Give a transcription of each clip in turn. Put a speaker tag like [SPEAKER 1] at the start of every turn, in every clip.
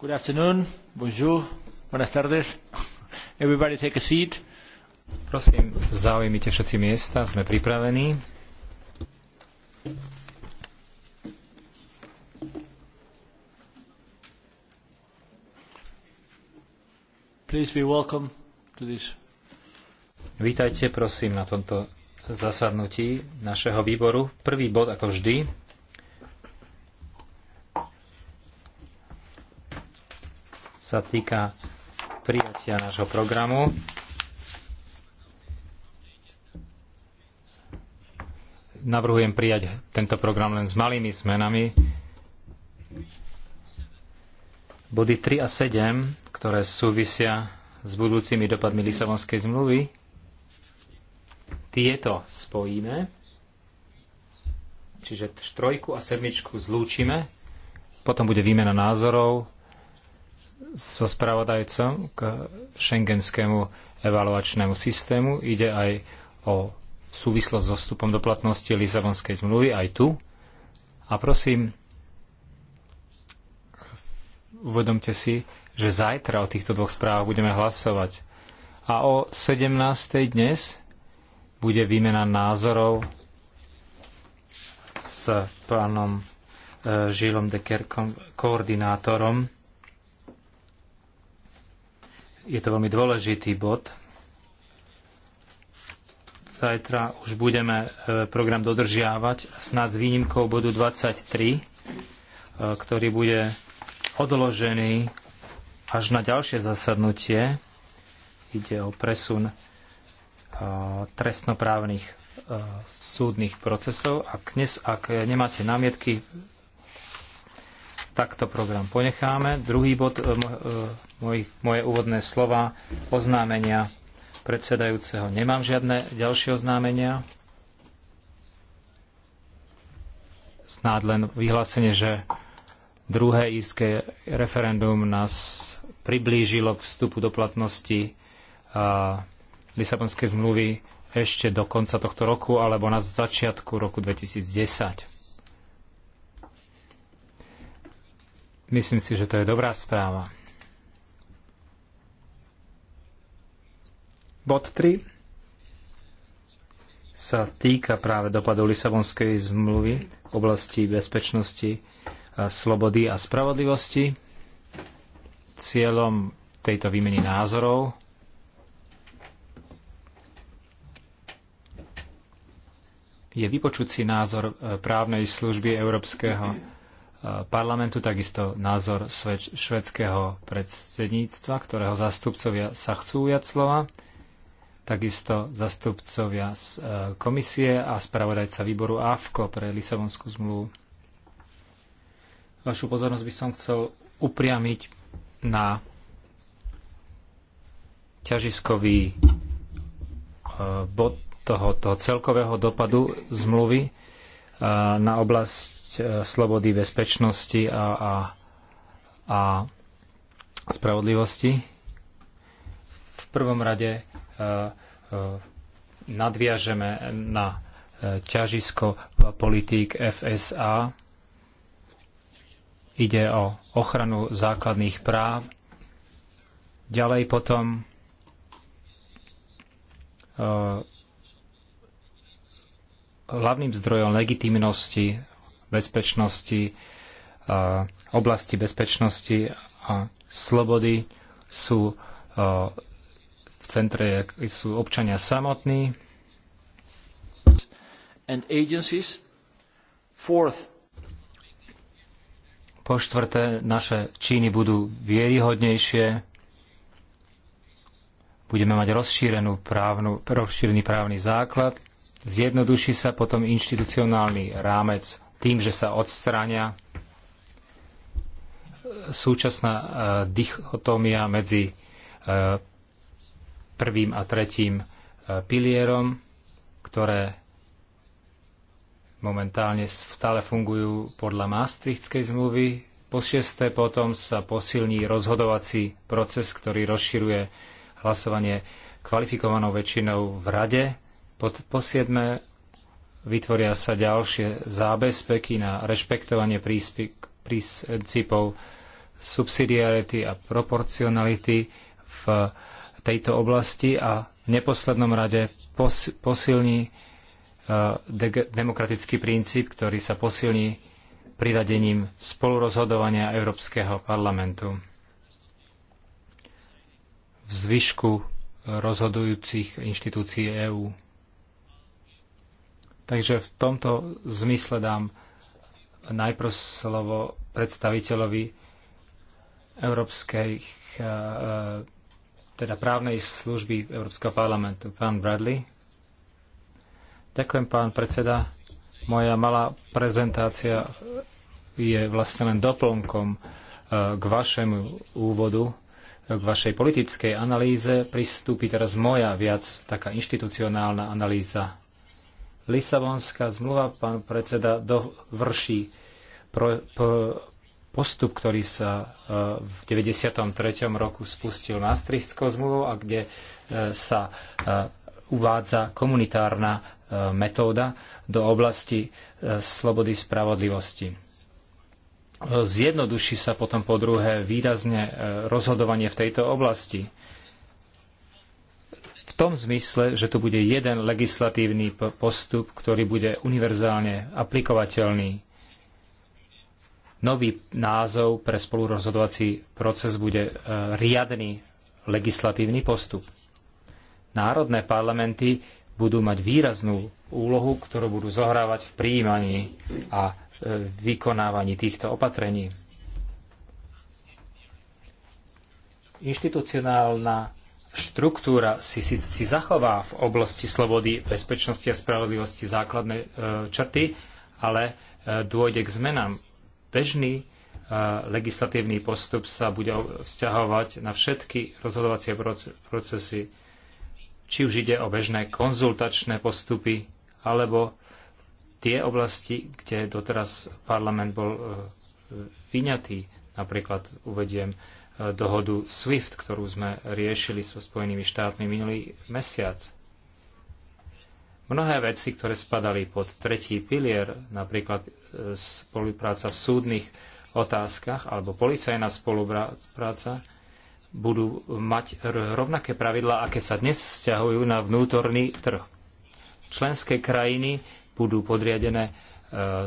[SPEAKER 1] Good afternoon, bonjour, buenas tardes. Everybody take a seat. Prosím, zaujmite všetci miesta, sme pripravení.
[SPEAKER 2] Please be welcome to this.
[SPEAKER 1] Vítajte prosím na tomto zasadnutí našeho výboru. Prvý bod, ako vždy, sa týka prijatia nášho programu. Navrhujem prijať tento program len s malými zmenami. Body 3 a 7, ktoré súvisia s budúcimi dopadmi Lisabonskej zmluvy, tieto spojíme, čiže trojku a sedmičku zlúčime, potom bude výmena názorov so spravodajcom k šengenskému evaluačnému systému. Ide aj o súvislosť so vstupom do platnosti Lisabonskej zmluvy aj tu. A prosím, uvedomte si, že zajtra o týchto dvoch správach budeme hlasovať. A o 17. dnes bude výmena názorov s pánom e, Žilom de Kerkom, koordinátorom je to veľmi dôležitý bod. Zajtra už budeme e, program dodržiavať, snad s výnimkou bodu 23, e, ktorý bude odložený až na ďalšie zasadnutie. Ide o presun e, trestnoprávnych súdnych procesov. Ak, dnes, ak nemáte námietky, takto program ponecháme. Druhý bod mojich, moje úvodné slova, oznámenia predsedajúceho. Nemám žiadne ďalšie oznámenia. Snáď len vyhlásenie, že druhé írske referendum nás priblížilo k vstupu do platnosti a, Lisabonskej zmluvy ešte do konca tohto roku alebo na začiatku roku 2010. Myslím si, že to je dobrá správa. Bod 3 sa týka práve dopadov Lisabonskej zmluvy v oblasti bezpečnosti, slobody a spravodlivosti. Cieľom tejto výmeny názorov je vypočúci názor e, právnej služby Európskeho e, parlamentu, takisto názor švedského predsedníctva, ktorého zástupcovia sa chcú ujať slova takisto zastupcovia z e, komisie a spravodajca výboru AFKO pre Lisabonskú zmluvu. Vašu pozornosť by som chcel upriamiť na ťažiskový e, bod toho, toho celkového dopadu zmluvy e, na oblasť slobody, bezpečnosti a, a, a spravodlivosti. V prvom rade Eh, eh, nadviažeme na eh, ťažisko politík FSA. Ide o ochranu základných práv. Ďalej potom hlavným zdrojom legitimnosti, bezpečnosti, oblasti bezpečnosti a slobody sú centre sú občania samotní. And agencies. Fourth. Po štvrté, naše činy budú vieryhodnejšie. Budeme mať rozšírenú právnu, rozšírený právny základ. Zjednoduší sa potom inštitucionálny rámec tým, že sa odstráňa súčasná eh, dichotómia medzi eh, prvým a tretím e, pilierom, ktoré momentálne stále fungujú podľa Maastrichtskej zmluvy. Po šiesté potom sa posilní rozhodovací proces, ktorý rozširuje hlasovanie kvalifikovanou väčšinou v rade. Po, siedme vytvoria sa ďalšie zábezpeky na rešpektovanie princípov subsidiarity a proporcionality v tejto oblasti a v neposlednom rade pos, posilní e, de, demokratický princíp, ktorý sa posilní priradením spolurozhodovania Európskeho parlamentu. V zvyšku rozhodujúcich inštitúcií EÚ. Takže v tomto zmysle dám najprv slovo predstaviteľovi Európskej e, teda právnej služby Európskeho parlamentu. Pán Bradley. Ďakujem, pán predseda. Moja malá prezentácia je vlastne len doplnkom e, k vašemu úvodu, e, k vašej politickej analýze. Pristúpi teraz moja viac taká inštitucionálna analýza. Lisabonská zmluva, pán predseda, dovrší pro, pro, postup, ktorý sa e, v 93. roku spustil Maastrichtskou zmluvou a kde e, sa e, uvádza komunitárna metóda do oblasti slobody spravodlivosti. Zjednoduší sa potom po druhé výrazne rozhodovanie v tejto oblasti. V tom zmysle, že tu bude jeden legislatívny postup, ktorý bude univerzálne aplikovateľný Nový názov pre spolurozhodovací proces bude e, riadny legislatívny postup. Národné parlamenty budú mať výraznú úlohu, ktorú budú zohrávať v prijímaní a e, vykonávaní týchto opatrení. Inštitucionálna štruktúra si, si, si zachová v oblasti slobody, bezpečnosti a spravodlivosti základné e, črty, ale e, dôjde k zmenám bežný legislatívny postup sa bude vzťahovať na všetky rozhodovacie procesy, či už ide o bežné konzultačné postupy, alebo tie oblasti, kde doteraz parlament bol e, vyňatý. Napríklad uvediem e, dohodu SWIFT, ktorú sme riešili so Spojenými štátmi minulý mesiac – Mnohé veci, ktoré spadali pod tretí pilier, napríklad e, spolupráca v súdnych otázkach alebo policajná spolupráca, budú mať rovnaké pravidlá, aké sa dnes vzťahujú na vnútorný trh. Členské krajiny budú podriadené e,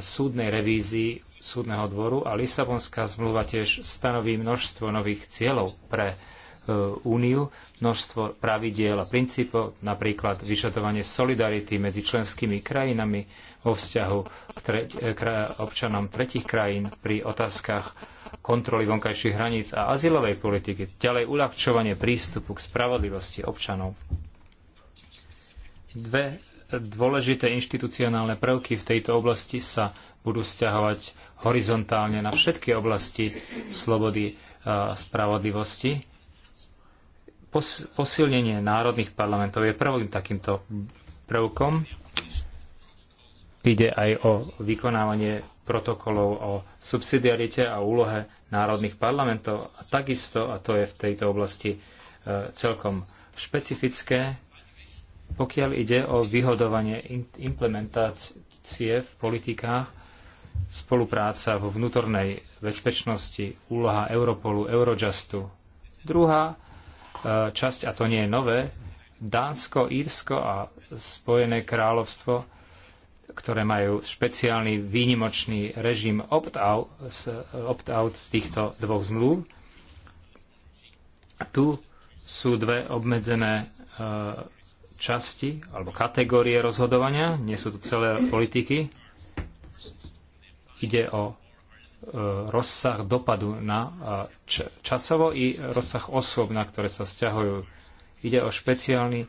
[SPEAKER 1] súdnej revízii súdneho dvoru a Lisabonská zmluva tiež stanoví množstvo nových cieľov pre E, úniu, množstvo pravidiel a princípov, napríklad vyšetovanie solidarity medzi členskými krajinami vo vzťahu k e, k občanom tretich krajín pri otázkach kontroly vonkajších hraníc a azylovej politiky, ďalej uľahčovanie prístupu k spravodlivosti občanov. Dve dôležité inštitucionálne prvky v tejto oblasti sa budú vzťahovať horizontálne na všetky oblasti slobody a spravodlivosti posilnenie národných parlamentov je prvým takýmto prvkom. Ide aj o vykonávanie protokolov o subsidiarite a úlohe národných parlamentov. A takisto, a to je v tejto oblasti e, celkom špecifické, pokiaľ ide o vyhodovanie implementácie v politikách, spolupráca vo vnútornej bezpečnosti, úloha Europolu, Eurojustu. Druhá E, časť, a to nie je nové, Dánsko, Írsko a Spojené kráľovstvo, ktoré majú špeciálny výnimočný režim opt-out opt z týchto dvoch zmluv. Tu sú dve obmedzené e, časti alebo kategórie rozhodovania, nie sú to celé politiky. Ide o rozsah dopadu na časovo i rozsah osôb, na ktoré sa vzťahujú. Ide o špeciálny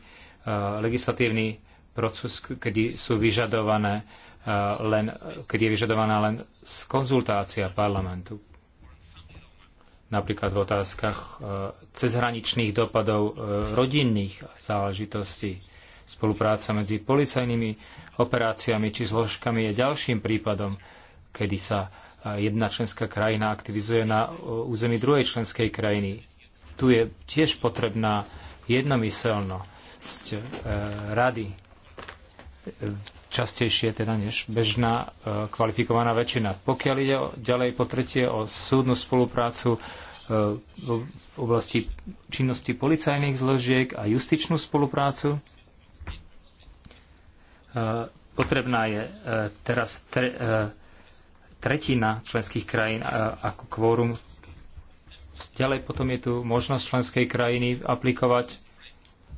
[SPEAKER 1] legislatívny proces, kedy sú vyžadované len, keď je vyžadovaná len konzultácia parlamentu. Napríklad v otázkach cezhraničných dopadov rodinných záležitostí. Spolupráca medzi policajnými operáciami či zložkami je ďalším prípadom, kedy sa jedna členská krajina aktivizuje na e, území druhej členskej krajiny. Tu je tiež potrebná jednomyselnosť e, rady častejšie teda než bežná e, kvalifikovaná väčšina. Pokiaľ ide o, ďalej po tretie o súdnu spoluprácu v oblasti činnosti policajných zložiek a justičnú spoluprácu, potrebná je teraz tre, tretina členských krajín ako kvórum. Ďalej potom je tu možnosť členskej krajiny aplikovať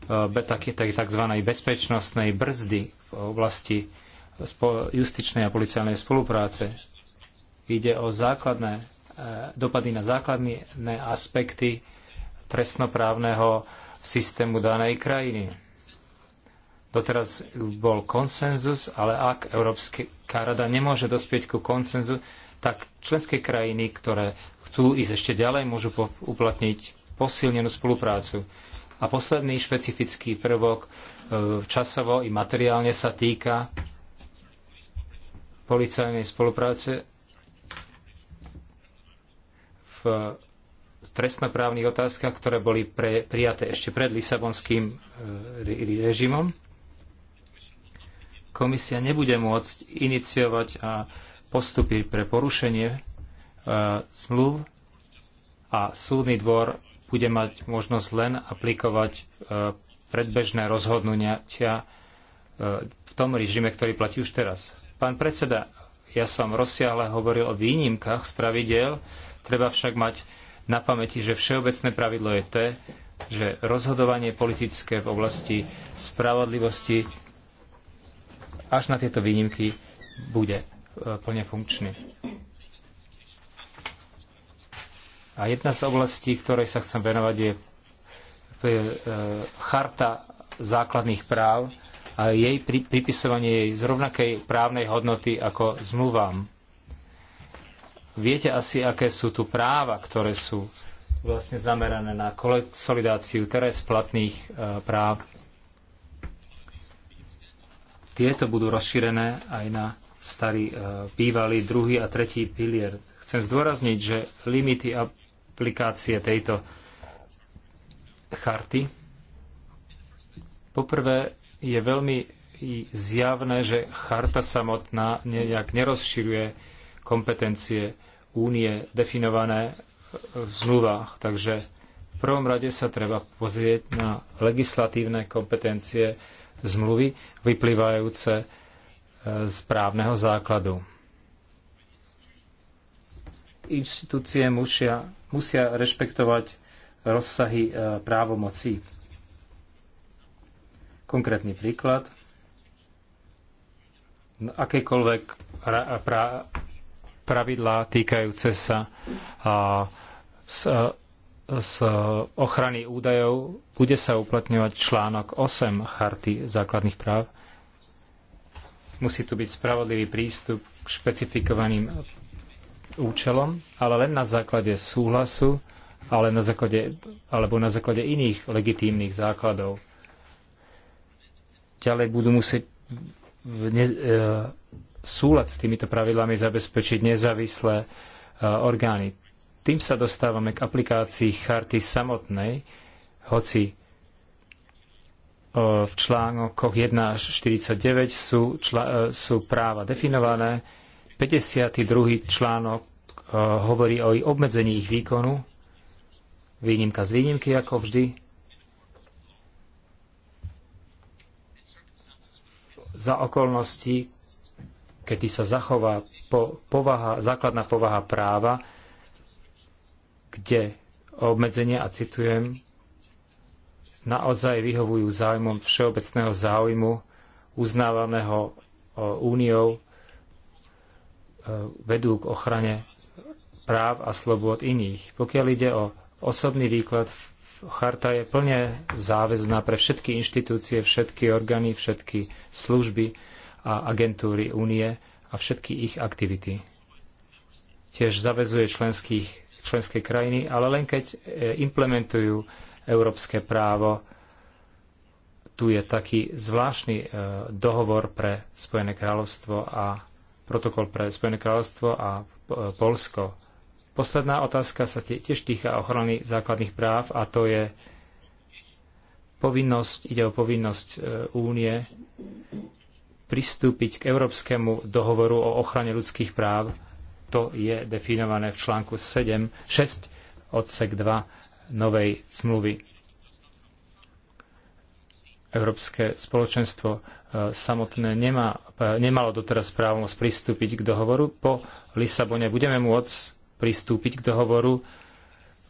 [SPEAKER 1] e, tzv. bezpečnostnej brzdy v oblasti justičnej a policajnej spolupráce. Ide o základné e, dopady na základné aspekty trestnoprávneho systému danej krajiny. Doteraz bol konsenzus, ale ak Európska rada nemôže dospieť ku konsenzu, tak členské krajiny, ktoré chcú ísť ešte ďalej, môžu uplatniť posilnenú spoluprácu. A posledný špecifický prvok e, časovo i materiálne sa týka policajnej spolupráce v trestnoprávnych otázkach, ktoré boli pre, prijaté ešte pred Lisabonským e, režimom komisia nebude môcť iniciovať a postupy pre porušenie e, zmluv a súdny dvor bude mať možnosť len aplikovať e, predbežné rozhodnutia e, v tom režime, ktorý platí už teraz. Pán predseda, ja som rozsiahle hovoril o výnimkách z pravidel, treba však mať na pamäti, že všeobecné pravidlo je té, že rozhodovanie politické v oblasti spravodlivosti až na tieto výnimky bude e, plne funkčný. A jedna z oblastí, ktorej sa chcem venovať, je e, e, charta základných práv a jej pripisovanie jej z rovnakej právnej hodnoty ako zmluvám. Viete asi, aké sú tu práva, ktoré sú vlastne zamerané na konsolidáciu teraz platných práv tieto budú rozšírené aj na starý e, bývalý druhý a tretí pilier. Chcem zdôrazniť, že limity aplikácie tejto charty poprvé je veľmi zjavné, že charta samotná nejak nerozširuje kompetencie únie definované v zmluvách. Takže v prvom rade sa treba pozrieť na legislatívne kompetencie zmluvy vyplývajúce e, z právneho základu. Inštitúcie musia, musia rešpektovať rozsahy e, právomocí. Konkrétny príklad. Akékoľvek pra, pravidlá týkajúce sa a, s, a, e, z ochrany údajov bude sa uplatňovať článok 8 Charty základných práv. Musí tu byť spravodlivý prístup k špecifikovaným účelom, ale len na základe súhlasu, ale na základe, alebo na základe iných legitímnych základov. Ďalej budú musieť ne, e, súlad s týmito pravidlami zabezpečiť nezávislé e, orgány tým sa dostávame k aplikácii charty samotnej, hoci v článkoch 1 až 49 sú, e, sú práva definované, 52. článok e, hovorí o obmedzení ich výkonu, výnimka z výnimky ako vždy, za okolnosti, kedy sa zachová po, povaha, základná povaha práva, kde obmedzenia, a citujem, naozaj vyhovujú záujmom všeobecného záujmu uznávaného úniou e, vedú k ochrane práv a slobôd iných. Pokiaľ ide o osobný výklad, charta je plne záväzná pre všetky inštitúcie, všetky orgány, všetky služby a agentúry únie a všetky ich aktivity. Tiež zavezuje členských členské krajiny, ale len keď e, implementujú európske právo. Tu je taký zvláštny e, dohovor pre Spojené kráľovstvo a protokol pre Spojené kráľovstvo a e, Polsko. Posledná otázka sa tiež týka ochrany základných práv a to je povinnosť, ide o povinnosť únie pristúpiť k Európskemu dohovoru o ochrane ľudských práv to je definované v článku 7, 6 odsek 2 novej zmluvy. Európske spoločenstvo e, samotné nemá, e, nemalo doteraz právomoc pristúpiť k dohovoru. Po Lisabone budeme môcť pristúpiť k dohovoru,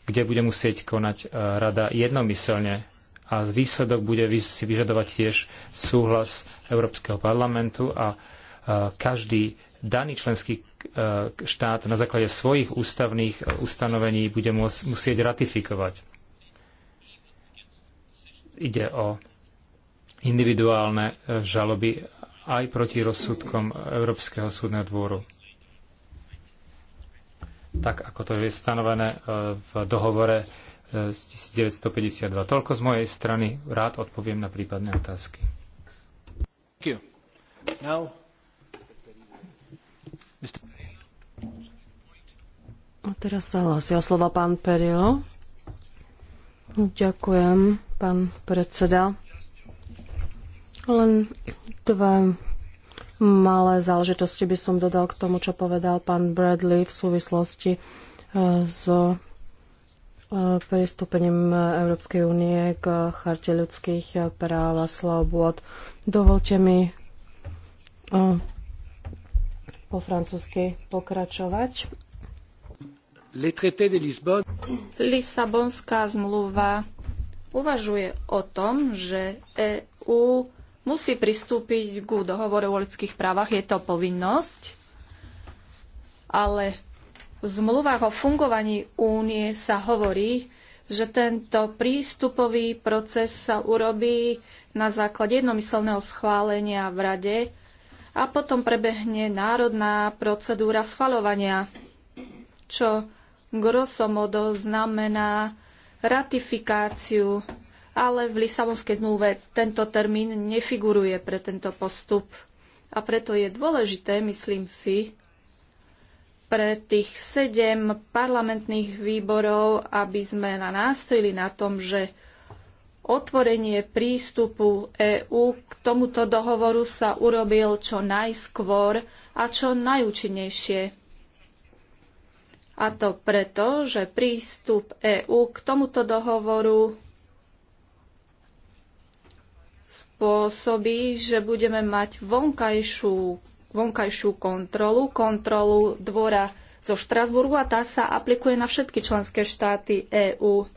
[SPEAKER 1] kde bude musieť konať e, rada jednomyselne a výsledok bude si vyžadovať tiež súhlas Európskeho parlamentu a každý daný členský E, štát na základe svojich ústavných e, ustanovení bude môcť, musieť ratifikovať. Ide o individuálne e, žaloby aj proti rozsudkom Európskeho súdneho dvoru. Tak, ako to je stanovené v dohovore z 1952. Toľko z mojej strany. Rád odpoviem na prípadné otázky.
[SPEAKER 2] Thank you. Now, Mr.
[SPEAKER 3] Teraz sa hlási o slovo pán Perilo. Ďakujem, pán predseda. Len dva malé záležitosti by som dodal k tomu, čo povedal pán Bradley v súvislosti e, s e, pristúpením Európskej únie k charte ľudských práv a slobôd. Dovolte mi e, po francúzsky pokračovať.
[SPEAKER 2] Lisabonská
[SPEAKER 4] zmluva uvažuje o tom, že EÚ musí pristúpiť k dohovoru o ľudských právach. Je to povinnosť, ale v zmluvách o fungovaní únie sa hovorí, že tento prístupový proces sa urobí na základe jednomyselného schválenia v Rade a potom prebehne národná procedúra schvalovania, čo Grosso modo znamená ratifikáciu, ale v Lisabonskej zmluve tento termín nefiguruje pre tento postup. A preto je dôležité, myslím si, pre tých sedem parlamentných výborov, aby sme na nástojili na tom, že otvorenie prístupu EÚ k tomuto dohovoru sa urobil čo najskôr a čo najúčinnejšie. A to preto, že prístup EÚ k tomuto dohovoru spôsobí, že budeme mať vonkajšiu, vonkajšiu kontrolu, kontrolu dvora zo Štrasburgu a tá sa aplikuje na všetky členské štáty EÚ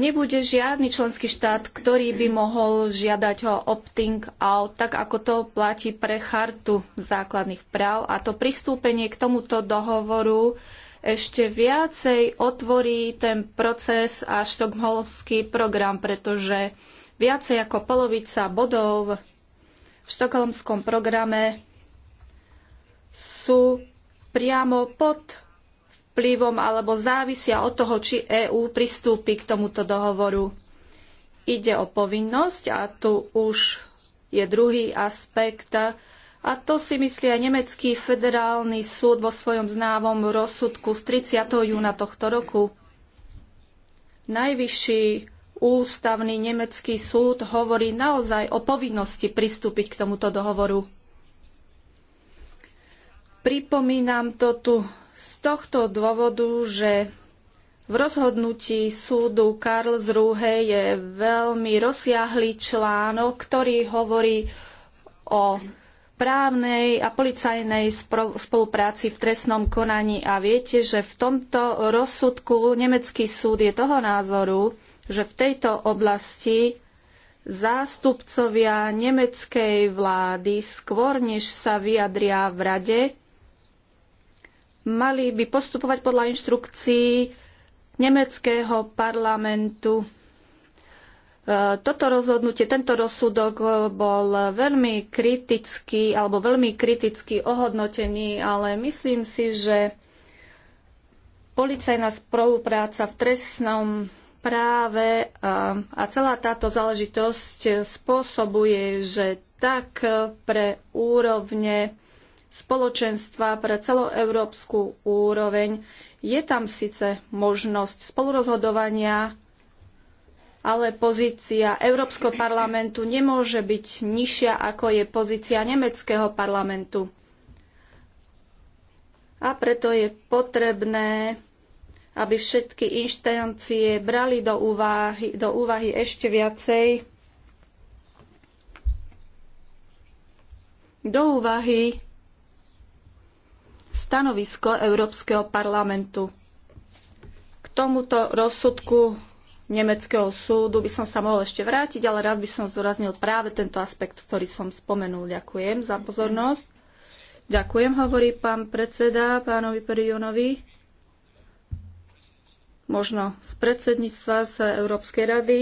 [SPEAKER 4] nebude žiadny členský štát, ktorý by mohol žiadať o opting out, tak ako to platí pre chartu základných práv. A to pristúpenie k tomuto dohovoru ešte viacej otvorí ten proces a štokholmský program, pretože viacej ako polovica bodov v štokholmskom programe sú priamo pod vplyvom alebo závisia od toho, či EÚ pristúpi k tomuto dohovoru. Ide o povinnosť a tu už je druhý aspekt. A to si myslí aj Nemecký federálny súd vo svojom známom rozsudku z 30. júna tohto roku. Najvyšší ústavný nemecký súd hovorí naozaj o povinnosti pristúpiť k tomuto dohovoru. Pripomínam to tu z tohto dôvodu, že v rozhodnutí súdu Karlsruhe je veľmi rozsiahly článok, ktorý hovorí o právnej a policajnej spolupráci v trestnom konaní a viete, že v tomto rozsudku nemecký súd je toho názoru, že v tejto oblasti zástupcovia nemeckej vlády skôr než sa vyjadria v rade, mali by postupovať podľa inštrukcií nemeckého parlamentu. E, toto rozhodnutie, tento rozsudok e, bol veľmi kritický alebo veľmi kriticky ohodnotený, ale myslím si, že policajná spolupráca v trestnom práve a, a celá táto záležitosť spôsobuje, že tak pre úrovne spoločenstva pre celoeurópsku úroveň. Je tam síce možnosť spolurozhodovania, ale pozícia Európskeho parlamentu nemôže byť nižšia, ako je pozícia nemeckého parlamentu. A preto je potrebné, aby všetky inštancie brali do úvahy, do úvahy ešte viacej do úvahy stanovisko Európskeho parlamentu. K tomuto rozsudku nemeckého súdu by som sa mohol ešte vrátiť, ale rád by som zdôraznil práve tento aspekt, ktorý som spomenul. Ďakujem za pozornosť. Ďakujem, hovorí pán predseda pánovi Perionovi. Možno z predsedníctva z Európskej rady.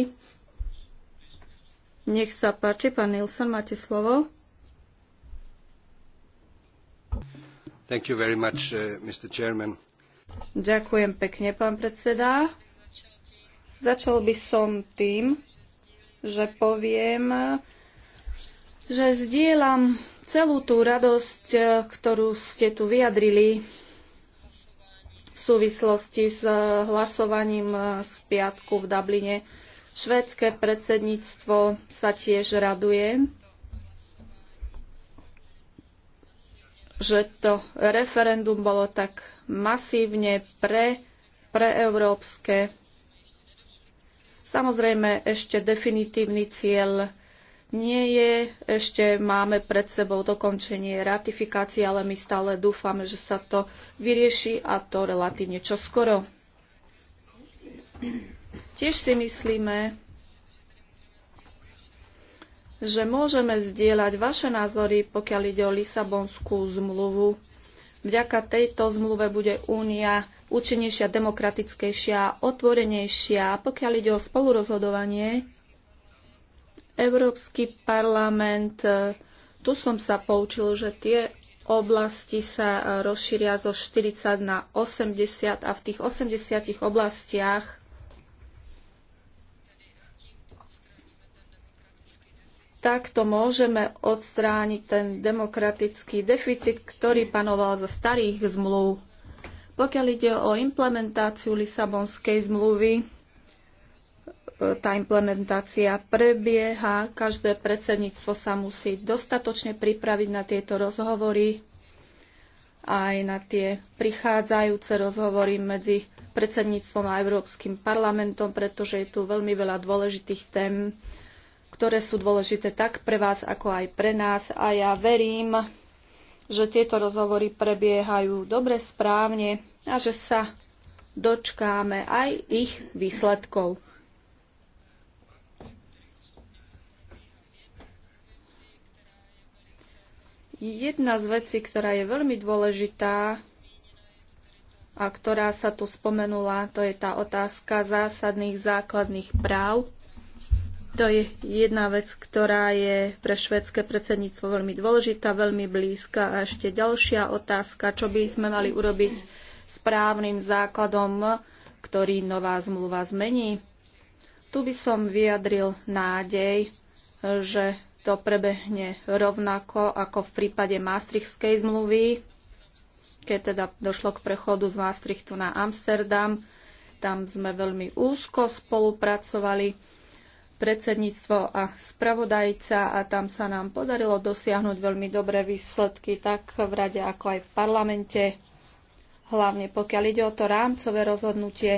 [SPEAKER 4] Nech sa páči, pán Nilsson, máte slovo.
[SPEAKER 2] Uh,
[SPEAKER 4] Ďakujem pekne, pán predseda. Začal by som tým, že poviem, že zdieľam celú tú radosť, eh, ktorú ste tu vyjadrili v súvislosti s eh, hlasovaním eh, z piatku v Dubline. Švédske predsedníctvo sa tiež raduje že to referendum bolo tak masívne pre, preeurópske. Samozrejme, ešte definitívny cieľ nie je. Ešte máme pred sebou dokončenie ratifikácie, ale my stále dúfame, že sa to vyrieši a to relatívne čoskoro. Tiež si myslíme, že môžeme zdieľať vaše názory, pokiaľ ide o Lisabonskú zmluvu. Vďaka tejto zmluve bude Únia účinnejšia, demokratickejšia, otvorenejšia. Pokiaľ ide o spolurozhodovanie, Európsky parlament, e, tu som sa poučil, že tie oblasti sa e, rozšíria zo 40 na 80 a v tých 80 oblastiach takto môžeme odstrániť ten demokratický deficit, ktorý panoval za starých zmluv. Pokiaľ ide o implementáciu Lisabonskej zmluvy, e, tá implementácia prebieha, každé predsedníctvo sa musí dostatočne pripraviť na tieto rozhovory, aj na tie prichádzajúce rozhovory medzi predsedníctvom a Európskym parlamentom, pretože je tu veľmi veľa dôležitých tém, ktoré sú dôležité tak pre vás, ako aj pre nás. A ja verím, že tieto rozhovory prebiehajú dobre, správne a že sa dočkáme aj ich výsledkov. Jedna z vecí, ktorá je veľmi dôležitá a ktorá sa tu spomenula, to je tá otázka zásadných základných práv to je jedna vec, ktorá je pre švedské predsedníctvo veľmi dôležitá, veľmi blízka. A ešte ďalšia otázka, čo by sme mali urobiť s právnym základom, ktorý nová zmluva zmení. Tu by som vyjadril nádej, že to prebehne rovnako ako v prípade Maastrichtskej zmluvy, keď teda došlo k prechodu z Maastrichtu na Amsterdam. Tam sme veľmi úzko spolupracovali predsedníctvo a spravodajca a tam sa nám podarilo dosiahnuť veľmi dobré výsledky tak v rade ako aj v parlamente, hlavne pokiaľ ide o to rámcové rozhodnutie.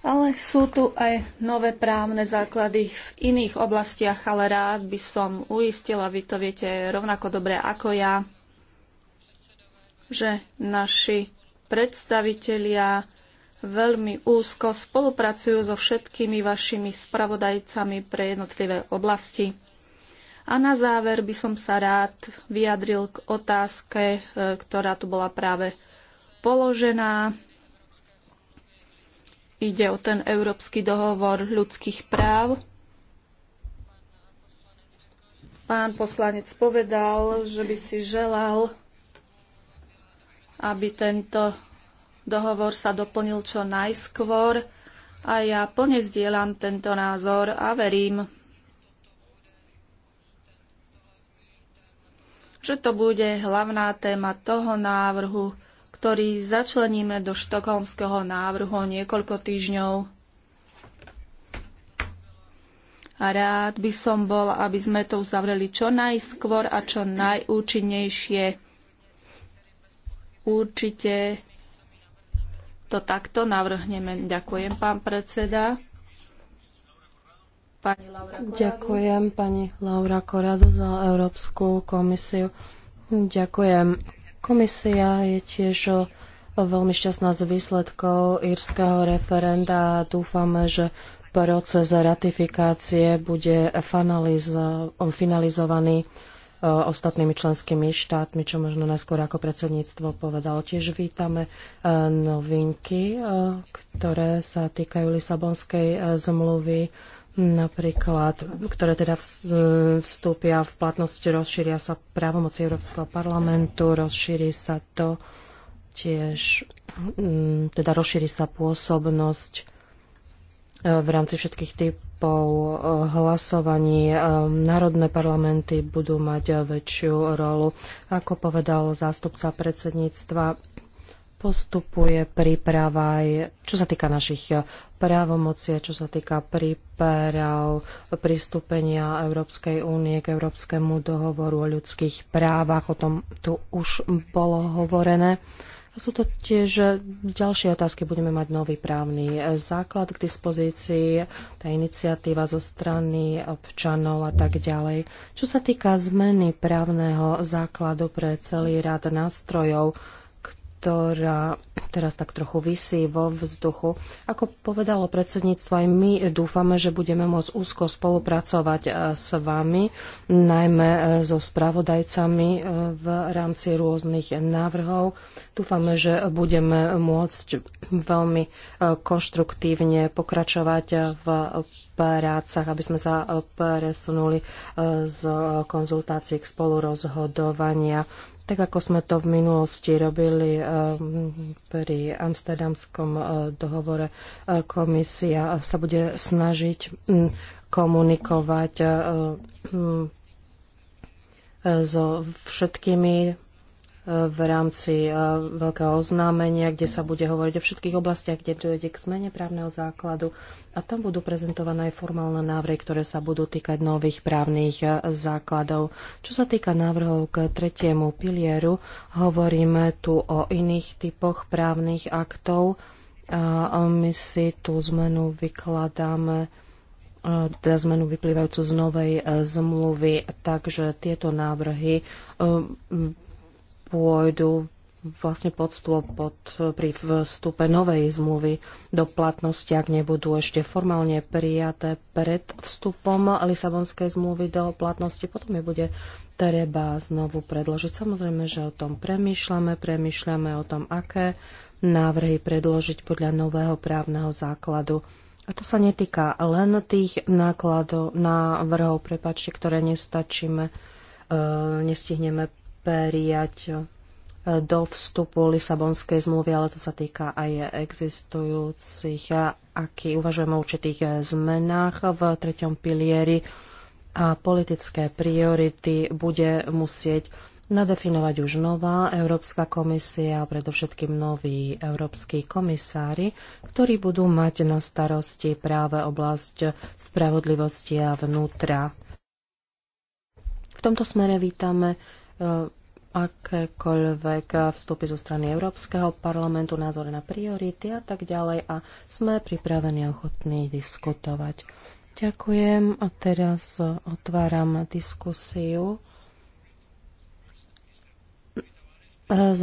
[SPEAKER 4] Ale sú tu aj nové právne základy v iných oblastiach, ale rád by som uistila, vy to viete rovnako dobre ako ja, že naši predstavitelia veľmi úzko spolupracujú so všetkými vašimi spravodajcami pre jednotlivé oblasti. A na záver by som sa rád vyjadril k otázke, e, ktorá tu bola práve položená. Ide o ten Európsky dohovor ľudských práv. Pán poslanec povedal, že by si želal, aby tento Dohovor sa doplnil čo najskôr a ja plne zdieľam tento názor a verím, že to bude hlavná téma toho návrhu, ktorý začleníme do štokholmského návrhu niekoľko týždňov. A rád by som bol, aby sme to uzavreli čo najskôr a čo najúčinnejšie. Určite to takto navrhneme. Ďakujem, pán predseda.
[SPEAKER 3] Pani Laura Ďakujem pani Laura Korado za Európsku komisiu. Ďakujem. Komisia je tiež veľmi šťastná z výsledkov írskeho referenda a dúfame, že proces ratifikácie bude finalizovaný Eh, ostatnými členskými štátmi, čo možno najskôr ako predsedníctvo povedalo. Tiež vítame eh, novinky, eh, ktoré sa týkajú Lisabonskej zmluvy napríklad, ktoré teda vstúpia v platnosť, rozšíria sa právomoci Európskeho parlamentu, rozšíri sa to tiež, mm, teda rozšíri sa pôsobnosť v rámci všetkých tých etapou eh, hlasovaní eh, národné parlamenty budú mať eh, väčšiu rolu. Ako povedal zástupca predsedníctva, postupuje príprava aj, čo sa týka našich právomocie, čo sa týka príprav pristúpenia Európskej únie k Európskemu dohovoru o ľudských právach. O tom tu už bolo hovorené. Sú to tiež e, ďalšie otázky. Budeme mať nový právny e, základ k dispozícii, tá iniciatíva zo strany občanov a tak ďalej. Čo sa týka zmeny právneho základu pre celý rád nástrojov, ktorá teraz tak trochu vysí vo vzduchu. Ako povedalo predsedníctvo, aj my dúfame, že budeme môcť úzko spolupracovať e, s vami, najmä e, so spravodajcami e, v rámci rôznych návrhov. Dúfame, že budeme môcť veľmi konštruktívne pokračovať v prácach, aby sme sa presunuli z konzultácií k spolurozhodovania tak ako sme to v minulosti robili eh, pri Amsterdamskom eh, dohovore. Eh, komisia sa bude snažiť hm, komunikovať hm, so všetkými v rámci e, veľkého oznámenia, kde sa bude hovoriť o všetkých oblastiach, kde dojde k zmene právneho základu a tam budú prezentované aj formálne návrhy, ktoré sa budú týkať nových právnych e, základov. Čo sa týka návrhov k tretiemu pilieru, hovoríme tu o iných typoch právnych aktov a my si tú zmenu vykladáme e, teda zmenu vyplývajúcu z novej zmluvy, takže tieto návrhy pôjdu vlastne pod stôl pod, pri vstupe novej zmluvy do platnosti, ak nebudú ešte formálne prijaté pred vstupom Lisabonskej zmluvy do platnosti. Potom je bude treba znovu predložiť. Samozrejme, že o tom premýšľame, premýšľame o tom, aké návrhy predložiť podľa nového právneho základu. A to sa netýka len tých nákladov, návrhov, prepačte, ktoré nestačíme, e, nestihneme prijať e, do vstupu Lisabonskej zmluvy, ale to sa týka aj existujúcich, aký uvažujeme o určitých zmenách v treťom pilieri a politické priority bude musieť nadefinovať už nová Európska komisia a predovšetkým noví európsky komisári, ktorí budú mať na starosti práve oblasť spravodlivosti a vnútra. V tomto smere vítame Eh, akékoľvek vstupy zo strany Európskeho parlamentu, názory na priority a tak ďalej a sme pripravení a ochotní diskutovať. Ďakujem a teraz otváram diskusiu.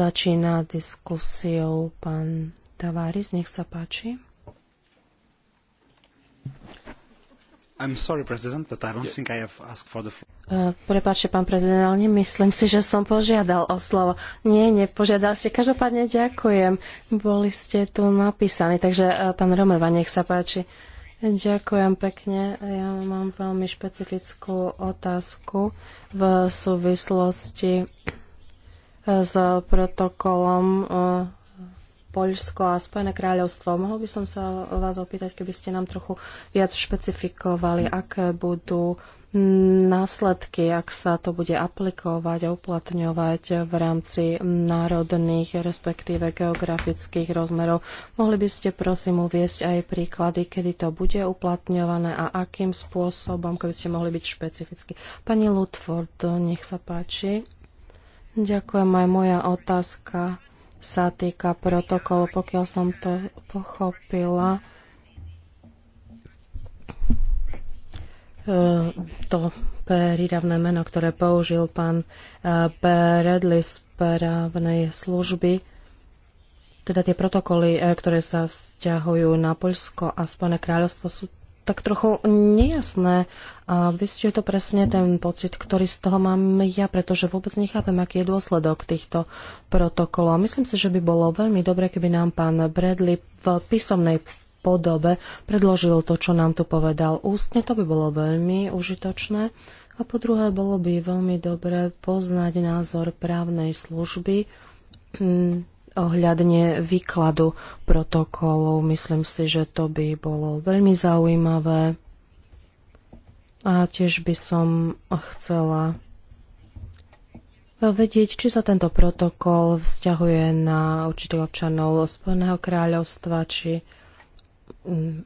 [SPEAKER 3] Začína diskusiou pán Tavares, nech sa páči.
[SPEAKER 1] I'm sorry, President, but I don't think I have asked for the floor.
[SPEAKER 3] Uh, prepáčte, pán prezident, ale nemyslím si, že som požiadal o slovo. Nie, nepožiadal ste. Každopádne ďakujem. Boli ste tu napísaní, takže uh, pán Romeva, nech sa páči. Ďakujem pekne. Ja mám veľmi špecifickú otázku v súvislosti uh, s protokolom uh, Poľsko a Spojené kráľovstvo. Mohol by som sa vás opýtať, keby ste nám trochu viac špecifikovali, aké budú následky, ak sa to bude aplikovať a uplatňovať v rámci národných, respektíve geografických rozmerov. Mohli by ste prosím uviesť aj príklady, kedy to bude uplatňované a akým spôsobom, keby ste mohli byť špecificky. Pani Lutford, nech sa páči. Ďakujem aj moja otázka sa týka protokolu, pokiaľ som to pochopila. E, to prídavné meno, ktoré použil pán e, Bredley z právnej služby, teda tie protokoly, e, ktoré sa vzťahujú na Poľsko a Spojené kráľovstvo, sú tak trochu nejasné. A vysťuje to presne ten pocit, ktorý z toho mám ja, pretože vôbec nechápem, aký je dôsledok týchto protokolov. Myslím si, že by bolo veľmi dobre, keby nám pán Bradley v písomnej podobe predložil to, čo nám tu povedal ústne. To by bolo veľmi užitočné. A po druhé, bolo by veľmi dobre poznať názor právnej služby hmm ohľadne výkladu protokolov. Myslím si, že to by bolo veľmi zaujímavé. A tiež by som chcela vedieť, či sa tento protokol vzťahuje na určitých občanov Spojeného kráľovstva, či mm,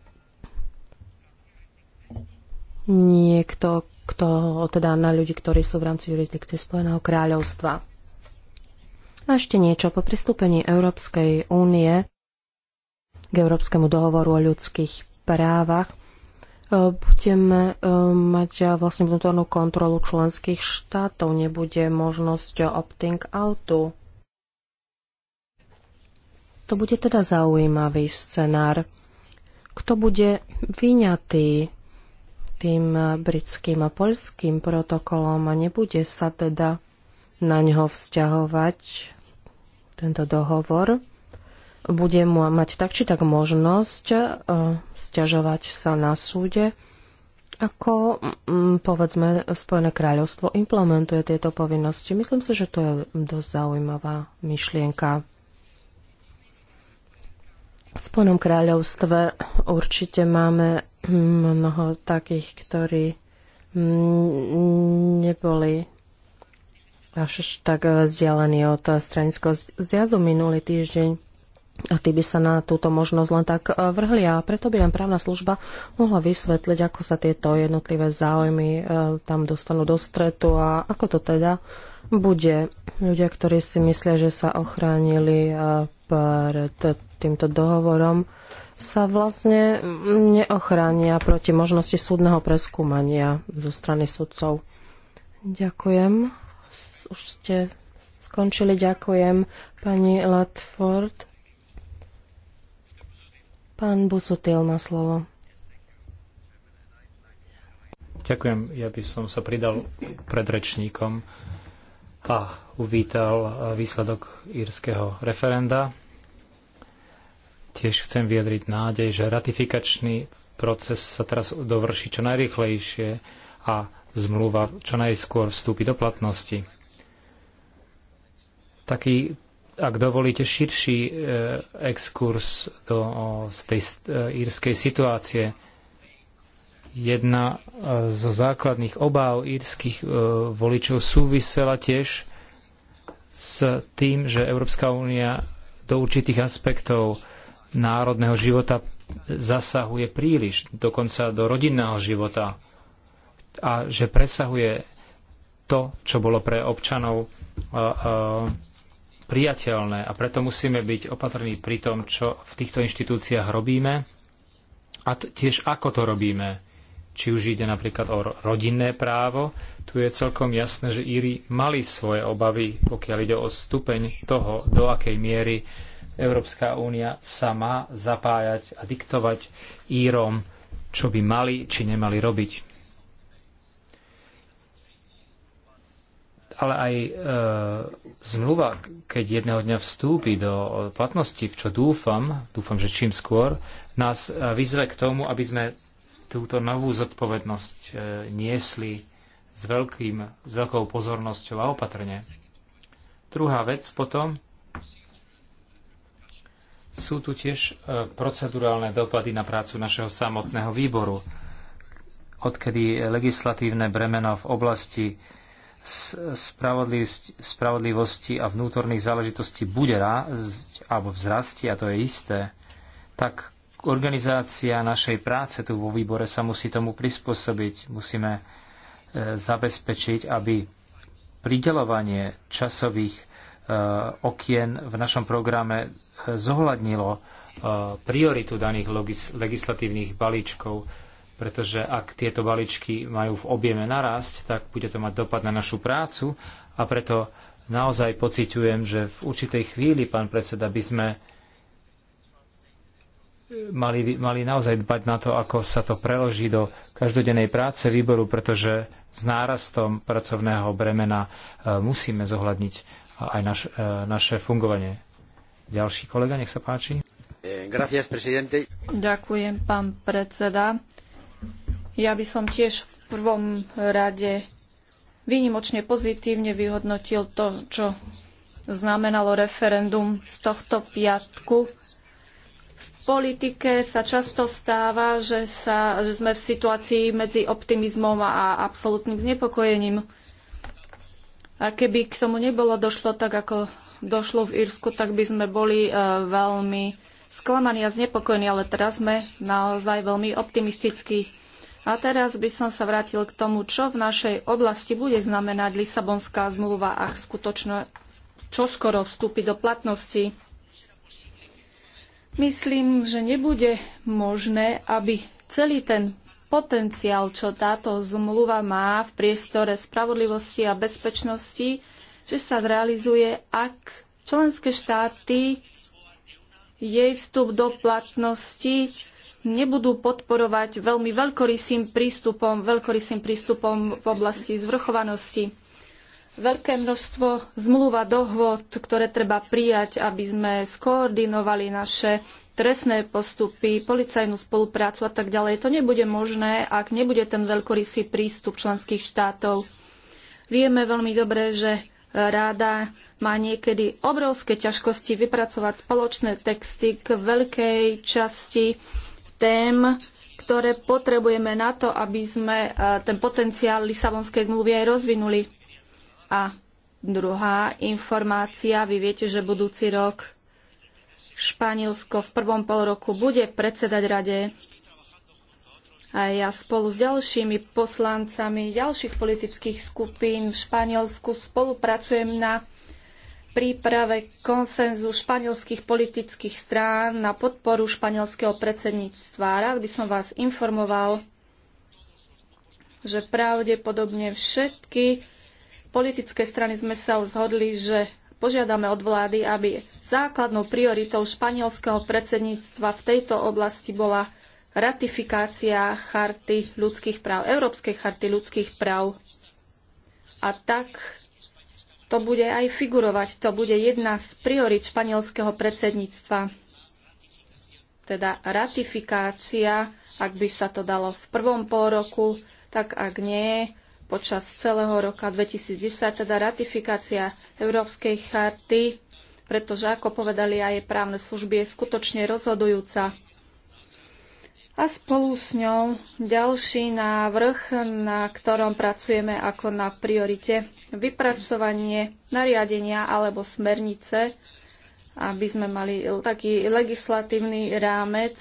[SPEAKER 3] niekto, kto, teda na ľudí, ktorí sú v rámci jurisdikcie Spojeného kráľovstva. A ešte niečo. Po pristúpení Európskej únie k Európskemu dohovoru o ľudských právach e, budeme e, mať vlastne vnútornú kontrolu členských štátov. Nebude možnosť opting-outu. To bude teda zaujímavý scenár. Kto bude vyňatý tým britským a poľským protokolom a nebude sa teda na ňo vzťahovať tento dohovor, bude mať tak či tak možnosť e, stiažovať sa na súde, ako povedzme Spojené kráľovstvo implementuje tieto povinnosti. Myslím si, že to je dosť zaujímavá myšlienka. V Spojenom kráľovstve určite máme mnoho takých, ktorí neboli až tak eh, vzdialený od eh, stranického zjazdu minulý týždeň. A tí by sa na túto možnosť len tak eh, vrhli a preto by nám právna služba mohla vysvetliť, ako sa tieto jednotlivé záujmy tam dostanú do stretu a ako to teda bude. Ľudia, ktorí si myslia, že sa ochránili pred týmto dohovorom, sa vlastne neochránia proti možnosti súdneho preskúmania zo strany sudcov. Ďakujem už ste skončili. Ďakujem pani Latford. Pán Busutil má slovo.
[SPEAKER 1] Ďakujem. Ja by som sa pridal pred rečníkom a uvítal výsledok írskeho referenda. Tiež chcem vyjadriť nádej, že ratifikačný proces sa teraz dovrší čo najrychlejšie a zmluva čo najskôr vstúpi do platnosti taký, ak dovolíte, širší e, exkurs do z tej e, írskej situácie. Jedna e, zo základných obáv írskych voličov súvisela tiež s tým, že Európska únia do určitých aspektov národného života zasahuje príliš, dokonca do rodinného života a že presahuje to, čo bolo pre občanov uh, uh, priateľné a preto musíme byť opatrní pri tom, čo v týchto inštitúciách robíme a tiež ako to robíme. Či už ide napríklad o rodinné právo, tu je celkom jasné, že Íri mali svoje obavy, pokiaľ ide o stupeň toho, do akej miery Európska únia sa má zapájať a diktovať Írom, čo by mali či nemali robiť. ale aj e, zmluva, keď jedného dňa vstúpi do platnosti, v čo dúfam, dúfam, že čím skôr, nás e, vyzve k tomu, aby sme túto novú zodpovednosť e, niesli s, veľkým, s veľkou pozornosťou a opatrne. Druhá vec potom, sú tu tiež e, procedurálne dopady na prácu našeho samotného výboru. Odkedy legislatívne bremeno v oblasti spravodlivosti a vnútorných záležitostí bude rásť alebo vzrastie, a to je isté, tak organizácia našej práce tu vo výbore sa musí tomu prispôsobiť. Musíme e, zabezpečiť, aby pridelovanie časových e, okien v našom programe e, zohľadnilo prioritu daných legislatívnych balíčkov pretože ak tieto balíčky majú v objeme narásť, tak bude to mať dopad na našu prácu a preto naozaj pociťujem, že v určitej chvíli, pán predseda, by sme mali, mali naozaj dbať na to, ako sa to preloží do každodennej práce výboru, pretože s nárastom pracovného bremena e, musíme zohľadniť aj naš, e, naše fungovanie. Ďalší kolega, nech sa páči.
[SPEAKER 4] Ďakujem, pán predseda. Ja by som tiež v prvom rade výnimočne pozitívne vyhodnotil to, čo znamenalo referendum z tohto piatku. V politike sa často stáva, že, sa, že sme v situácii medzi optimizmom a absolútnym znepokojením. A keby k tomu nebolo došlo tak, ako došlo v Írsku, tak by sme boli e, veľmi sklamaní a znepokojení, ale teraz sme naozaj veľmi optimistickí. A teraz by som sa vrátil k tomu, čo v našej oblasti bude znamenať Lisabonská zmluva, ak skutočne skoro vstúpi do platnosti. Myslím, že nebude možné, aby celý ten potenciál, čo táto zmluva má v priestore spravodlivosti a bezpečnosti, že sa zrealizuje, ak členské štáty jej vstup do platnosti nebudú podporovať veľmi veľkorysým prístupom, veľkorysým prístupom v oblasti zvrchovanosti. Veľké množstvo zmluv a dohôd, ktoré treba prijať, aby sme skoordinovali naše trestné postupy, policajnú spoluprácu a tak ďalej. To nebude možné, ak nebude ten veľkorysý prístup členských štátov. Vieme veľmi dobre, že Rada má niekedy obrovské ťažkosti vypracovať spoločné texty k veľkej časti tém, ktoré potrebujeme na to, aby sme e, ten potenciál Lisabonskej zmluvy aj rozvinuli. A druhá informácia, vy viete, že budúci rok Španielsko v prvom pol roku bude predsedať rade. A ja spolu s ďalšími poslancami ďalších politických skupín v Španielsku spolupracujem na príprave konsenzu španielských politických strán na podporu španielského predsedníctva. Rád by som vás informoval, že pravdepodobne všetky politické strany sme sa zhodli, že požiadame od vlády, aby základnou prioritou španielského predsedníctva v tejto oblasti bola ratifikácia charty ľudských práv, Európskej charty ľudských práv. A tak to bude aj figurovať. To bude jedna z priorit španielského predsedníctva. Teda ratifikácia, ak by sa to dalo v prvom pôroku, tak ak nie, počas celého roka 2010, teda ratifikácia Európskej charty, pretože, ako povedali aj právne služby, je skutočne rozhodujúca a spolu s ňou ďalší návrh, na ktorom pracujeme ako na priorite vypracovanie nariadenia alebo smernice, aby sme mali taký legislatívny rámec,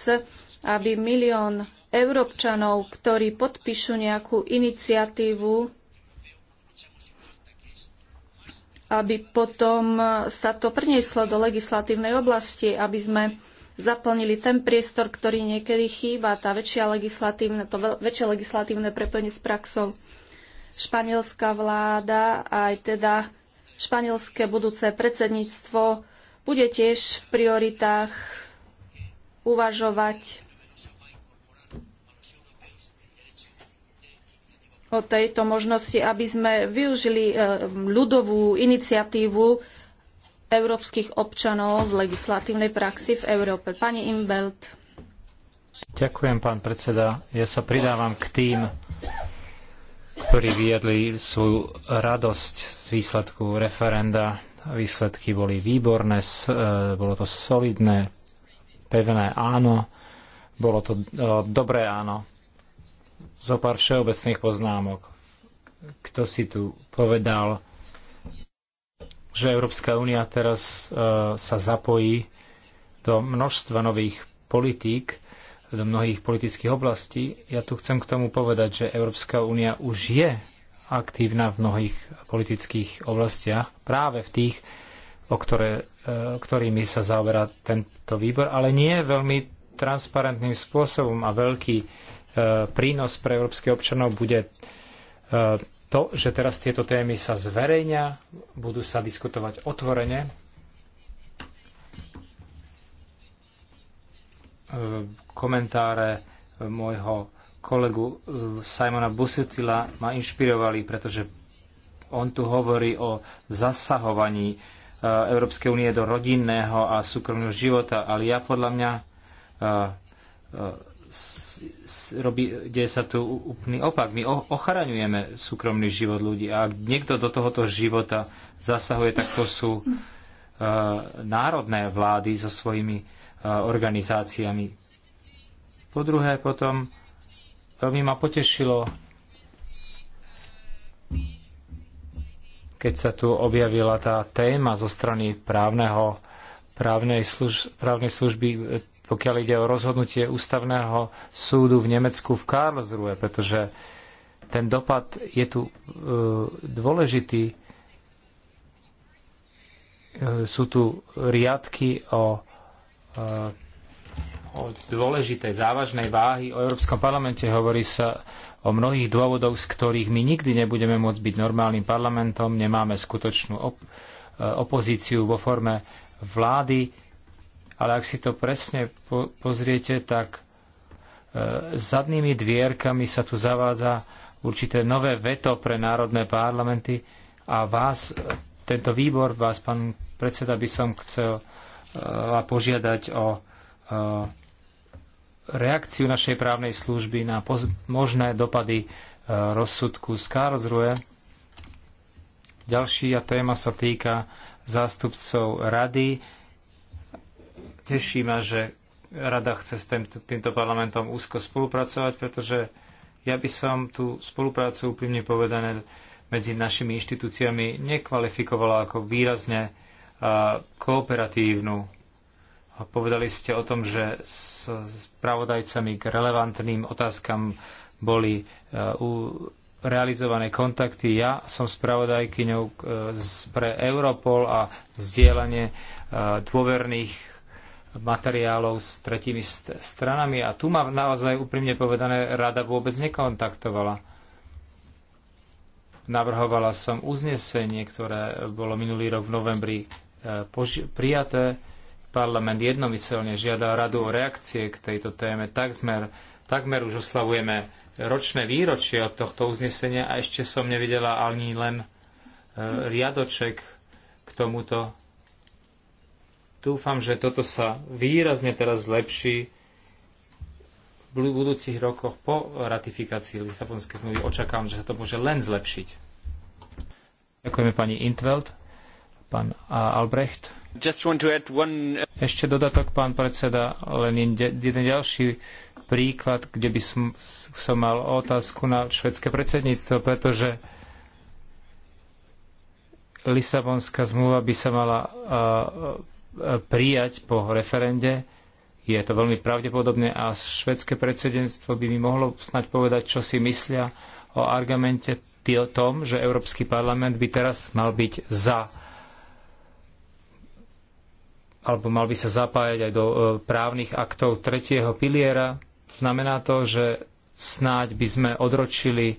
[SPEAKER 4] aby milión Európčanov, ktorí podpíšu nejakú iniciatívu, aby potom sa to prinieslo do legislatívnej oblasti, aby sme zaplnili ten priestor, ktorý niekedy chýba, tá väčšia legislatívne, to väčšie legislatívne prepojenie s praxou. Španielská vláda aj teda španielské budúce predsedníctvo bude tiež v prioritách uvažovať o tejto možnosti, aby sme využili eh, ľudovú iniciatívu európskych občanov v legislatívnej praxi v Európe. Pani
[SPEAKER 1] Imbelt. Ďakujem, pán predseda. Ja sa pridávam k tým, ktorí vyjadli svoju radosť z výsledku referenda. Výsledky boli výborné, e, bolo to solidné, pevné áno, bolo to e, dobré áno. Zo pár všeobecných poznámok. Kto si tu povedal, že Európska únia teraz e, sa zapojí do množstva nových politík, do mnohých politických oblastí. Ja tu chcem k tomu povedať, že Európska únia už je aktívna v mnohých politických oblastiach, práve v tých, o ktoré, e, ktorými sa zaoberá tento výbor, ale nie veľmi transparentným spôsobom a veľký e, prínos pre európskych občanov bude to, že teraz tieto témy sa zverejňa, budú sa diskutovať otvorene. E, komentáre e, môjho kolegu e, Simona Busetila ma inšpirovali, pretože on tu hovorí o zasahovaní Európskej únie do rodinného a súkromného života, ale ja podľa mňa robí, deje sa tu úplný opak. My ochraňujeme súkromný život ľudí a ak niekto do tohoto života zasahuje, tak to sú uh, národné vlády so svojimi uh, organizáciami. Po druhé potom veľmi ma potešilo, keď sa tu objavila tá téma zo strany právneho právnej, služ, právnej služby pokiaľ ide o rozhodnutie ústavného súdu v Nemecku v Karlsruhe, pretože ten dopad je tu e, dôležitý. E, sú tu riadky o, e, o dôležitej závažnej váhy. O Európskom parlamente hovorí sa o mnohých dôvodoch, z ktorých my nikdy nebudeme môcť byť normálnym parlamentom. Nemáme skutočnú op- e, opozíciu vo forme vlády ale ak si to presne po- pozriete, tak e, zadnými dvierkami sa tu zavádza určité nové veto pre národné parlamenty a vás, e, tento výbor, vás, pán predseda, by som chcel e, požiadať o e, reakciu našej právnej služby na možné dopady e, rozsudku z Karlsruhe. Ďalšia téma sa týka zástupcov rady Teší ma, že rada chce s týmto, týmto parlamentom úzko spolupracovať, pretože ja by som tú spoluprácu úprimne povedané medzi našimi inštitúciami nekvalifikovala ako výrazne kooperatívnu. Povedali ste o tom, že s spravodajcami k relevantným otázkam boli e, realizované kontakty. Ja som spravodajkyňou e, pre Europol a zdieľanie e, dôverných materiálov s tretími stranami a tu ma naozaj úprimne povedané rada vôbec nekontaktovala. Navrhovala som uznesenie, ktoré bolo minulý rok v novembri e, prijaté. Parlament jednomyselne žiada radu o reakcie k tejto téme. Takmer, takmer už oslavujeme ročné výročie od tohto uznesenia a ešte som nevidela ani len e, riadoček k tomuto Dúfam, že toto sa výrazne teraz zlepší v budúcich rokoch po ratifikácii Lisabonskej zmluvy. Očakávam, že sa to môže len zlepšiť. Ďakujeme pani Intveld, pán Albrecht. One... Uh, Ešte dodatok, pán predseda, len jeden ďalší príklad, kde by som, som mal otázku na švedské predsedníctvo, pretože Lisabonská zmluva by sa mala uh, prijať po referende. Je to veľmi pravdepodobné a švedské predsedníctvo by mi mohlo snať povedať, čo si myslia o argumente o tom, že Európsky parlament by teraz mal byť za alebo mal by sa zapájať aj do e, právnych aktov tretieho piliera. Znamená to, že snáď by sme odročili e,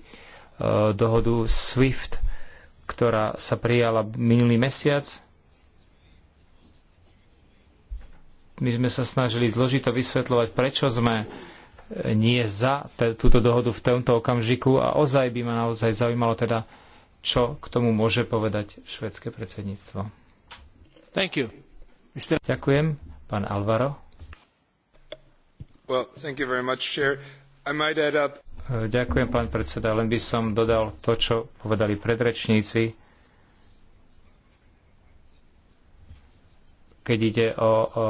[SPEAKER 1] dohodu SWIFT, ktorá sa prijala minulý mesiac My sme sa snažili zložito vysvetľovať, prečo sme e, nie za túto dohodu v tomto okamžiku a ozaj by ma naozaj zaujímalo teda, čo k tomu môže povedať švedské predsedníctvo. Thank you. Mr. Ďakujem. Pán Alvaro.
[SPEAKER 3] Well, thank you very much, Chair. I might add up...
[SPEAKER 1] E, ďakujem, pán predseda. Len by som dodal to, čo povedali predrečníci. keď ide o, o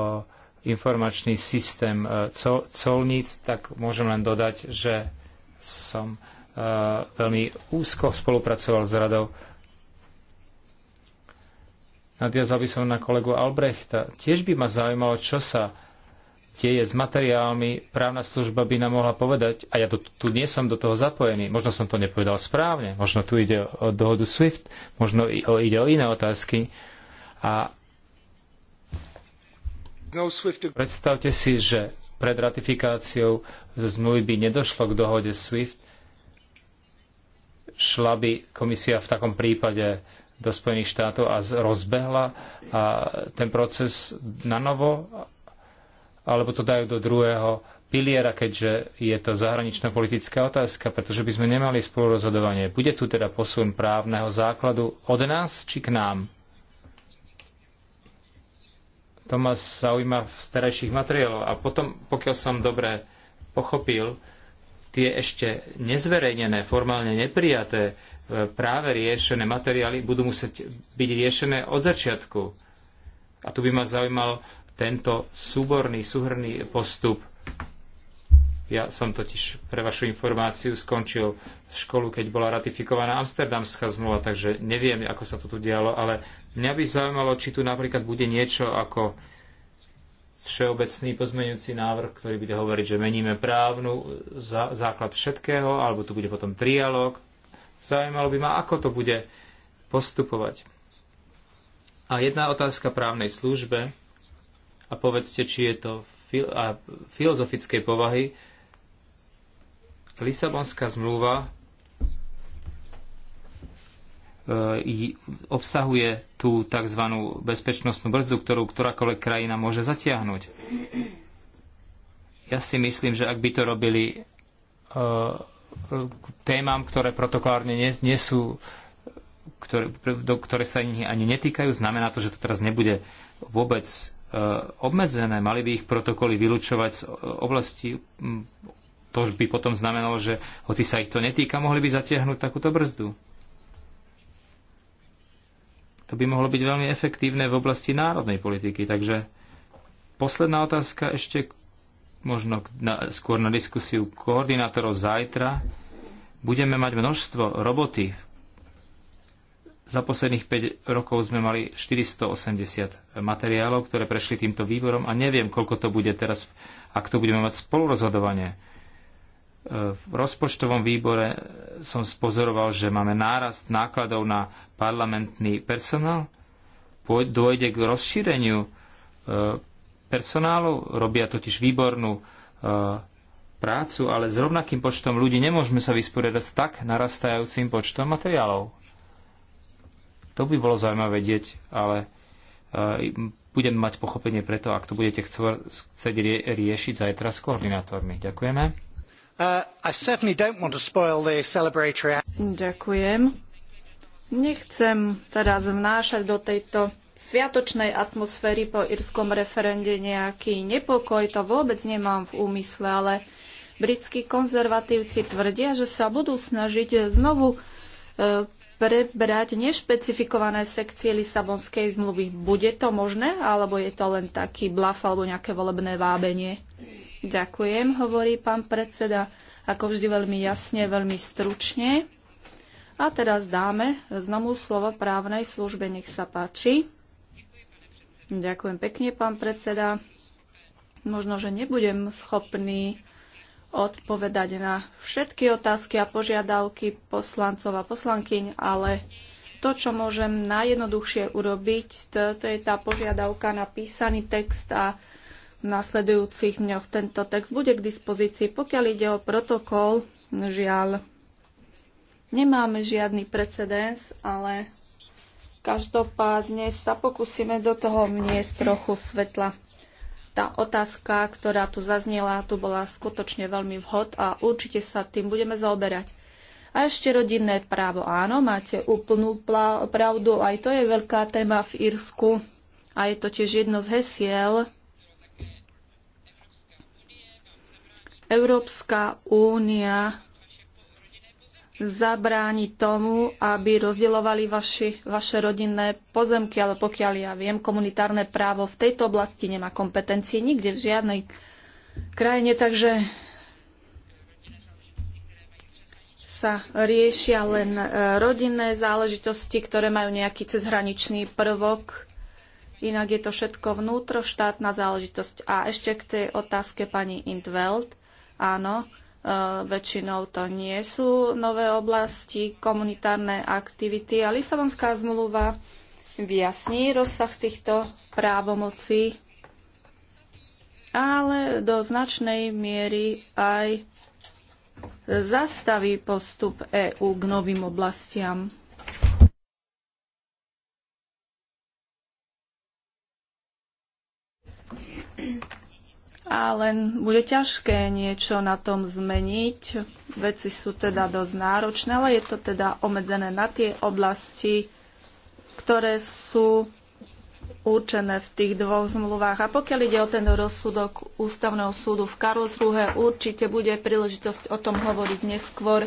[SPEAKER 1] informačný systém e, col, colníc, tak môžem len dodať, že som e, veľmi úzko spolupracoval s radou. Nadviazal by som na kolegu Albrechta. Tiež by ma zaujímalo, čo sa deje s materiálmi. Právna služba by nám mohla povedať, a ja to, tu nie som do toho zapojený, možno som to nepovedal správne, možno tu ide o dohodu SWIFT, možno ide o iné otázky. A No Predstavte si, že pred ratifikáciou zmluvy by nedošlo k dohode SWIFT, šla by komisia v takom prípade do Spojených štátov a rozbehla a ten proces na novo, alebo to dajú do druhého piliera, keďže je to zahraničná politická otázka, pretože by sme nemali spolurozhodovanie. Bude tu teda posun právneho základu od nás či k nám? to ma zaujíma v starejších materiálov. A potom, pokiaľ som dobre pochopil, tie ešte nezverejnené, formálne neprijaté, e, práve riešené materiály budú musieť byť riešené od začiatku. A tu by ma zaujímal tento súborný, súhrný postup. Ja som totiž pre vašu informáciu skončil školu, keď bola ratifikovaná Amsterdamská zmluva, takže neviem, ako sa to tu dialo, ale Mňa by zaujímalo, či tu napríklad bude niečo ako všeobecný pozmeňujúci návrh, ktorý bude hovoriť, že meníme právnu za, základ všetkého, alebo tu bude potom trialog. Zaujímalo by ma, ako to bude postupovať. A jedna otázka právnej službe, a povedzte, či je to fil- a filozofickej povahy, Lisabonská zmluva E, obsahuje tú tzv. bezpečnostnú brzdu, ktorú ktorákoľvek krajina môže zatiahnuť. Ja si myslím, že ak by to robili e, k témam, ktoré protokolárne nie, nie sú, ktoré, do, ktoré sa ani, ani netýkajú, znamená to, že to teraz nebude vôbec e, obmedzené. Mali by ich protokoly vylúčovať z oblasti. To by potom znamenalo, že hoci sa ich to netýka, mohli by zatiahnuť takúto brzdu. To by mohlo byť veľmi efektívne v oblasti národnej politiky. Takže posledná otázka ešte možno na, skôr na diskusiu koordinátorov zajtra. Budeme mať množstvo roboty. Za posledných 5 rokov sme mali 480 materiálov, ktoré prešli týmto výborom a neviem, koľko to bude teraz, ak to budeme mať spolurozhodovanie. V rozpočtovom výbore som spozoroval, že máme nárast nákladov na parlamentný personál. Dôjde k rozšíreniu e, personálu, robia totiž výbornú e, prácu, ale s rovnakým počtom ľudí nemôžeme sa vysporiadať s tak narastajúcim počtom materiálov. To by bolo zaujímavé vedieť, ale e, budem mať pochopenie preto, ak to budete chcieť riešiť zajtra s koordinátormi. Ďakujeme. Uh,
[SPEAKER 4] Ďakujem. Nechcem teraz vnášať do tejto sviatočnej atmosféry po írskom referende nejaký nepokoj, to vôbec nemám v úmysle, ale britskí konzervatívci tvrdia, že sa budú snažiť znovu e, prebrať nešpecifikované sekcie Lisabonskej zmluvy. Bude to možné, alebo je to len taký blaf alebo nejaké volebné vábenie? Ďakujem, hovorí pán predseda, ako vždy veľmi jasne, veľmi stručne. A teraz dáme znovu slovo právnej službe, nech sa páči. Ďakujem pekne, pán predseda. Možno, že nebudem schopný odpovedať na všetky otázky a požiadavky poslancov a poslankyň, ale to, čo môžem najjednoduchšie urobiť, to, to je tá požiadavka na písaný text a nasledujúcich dňoch. Tento text bude k dispozícii. Pokiaľ ide o protokol, žiaľ, nemáme žiadny precedens, ale každopádne sa pokúsime do toho vniesť trochu svetla. Tá otázka, ktorá tu zaznela, tu bola skutočne veľmi vhod a určite sa tým budeme zaoberať. A ešte rodinné právo. Áno, máte úplnú pravdu, aj to je veľká téma v Írsku a je to tiež jedno z hesiel Európska únia zabráni tomu, aby rozdielovali vaši, vaše rodinné pozemky, ale pokiaľ ja viem, komunitárne právo v tejto oblasti nemá kompetencie nikde v žiadnej krajine, takže sa riešia len e, rodinné záležitosti, ktoré majú nejaký cezhraničný prvok. Inak je to všetko vnútroštátna záležitosť. A ešte k tej otázke pani Intveld Áno, e, väčšinou to nie sú nové oblasti, komunitárne aktivity a Lisabonská zmluva vyjasní rozsah týchto právomocí, ale do značnej miery aj zastaví postup EÚ k novým oblastiam. Thank you a len bude ťažké niečo na tom zmeniť. Veci sú teda dosť náročné, ale je to teda obmedzené na tie oblasti, ktoré sú určené v tých dvoch zmluvách. A pokiaľ ide o ten rozsudok Ústavného súdu v Karlsruhe, určite bude príležitosť o tom hovoriť neskôr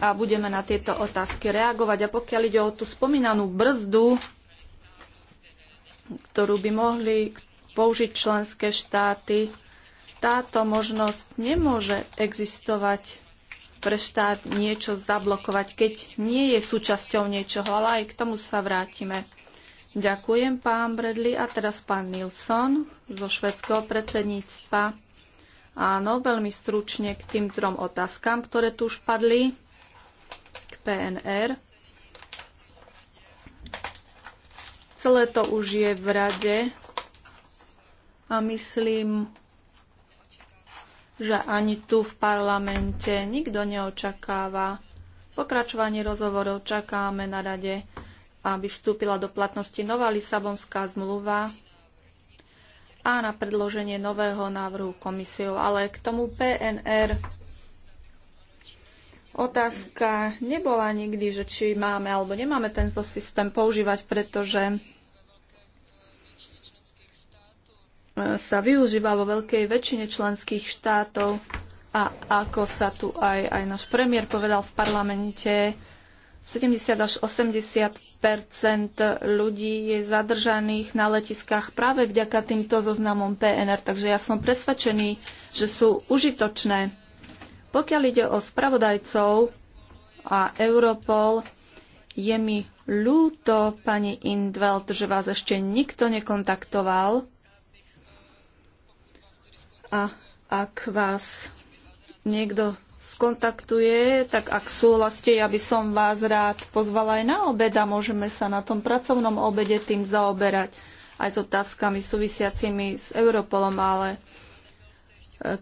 [SPEAKER 4] a budeme na tieto otázky reagovať. A pokiaľ ide o tú spomínanú brzdu, ktorú by mohli, použiť členské štáty. Táto možnosť nemôže existovať pre štát niečo zablokovať, keď nie je súčasťou niečoho, ale aj k tomu sa vrátime. Ďakujem pán Bredli a teraz pán Nilsson zo švedského predsedníctva. Áno, veľmi stručne k tým trom otázkam, ktoré tu už padli k PNR. Celé to už je v rade a myslím, že ani tu v parlamente nikto neočakáva. Pokračovanie rozhovorov čakáme na rade, aby vstúpila do platnosti nová Lisabonská zmluva a na predloženie nového návrhu komisiou. Ale k tomu PNR otázka nebola nikdy, že či máme alebo nemáme tento systém používať, pretože sa využíva vo veľkej väčšine členských štátov a ako sa tu aj, aj náš premiér povedal v parlamente, 70 až 80 ľudí je zadržaných na letiskách práve vďaka týmto zoznamom PNR, takže ja som presvedčený, že sú užitočné. Pokiaľ ide o spravodajcov a Europol, je mi ľúto, pani Indveld, že vás ešte nikto nekontaktoval a ak vás niekto skontaktuje, tak ak súhlasíte, ja by som vás rád pozvala aj na obed a môžeme sa na tom pracovnom obede tým zaoberať aj s otázkami súvisiacimi s Europolom, ale e,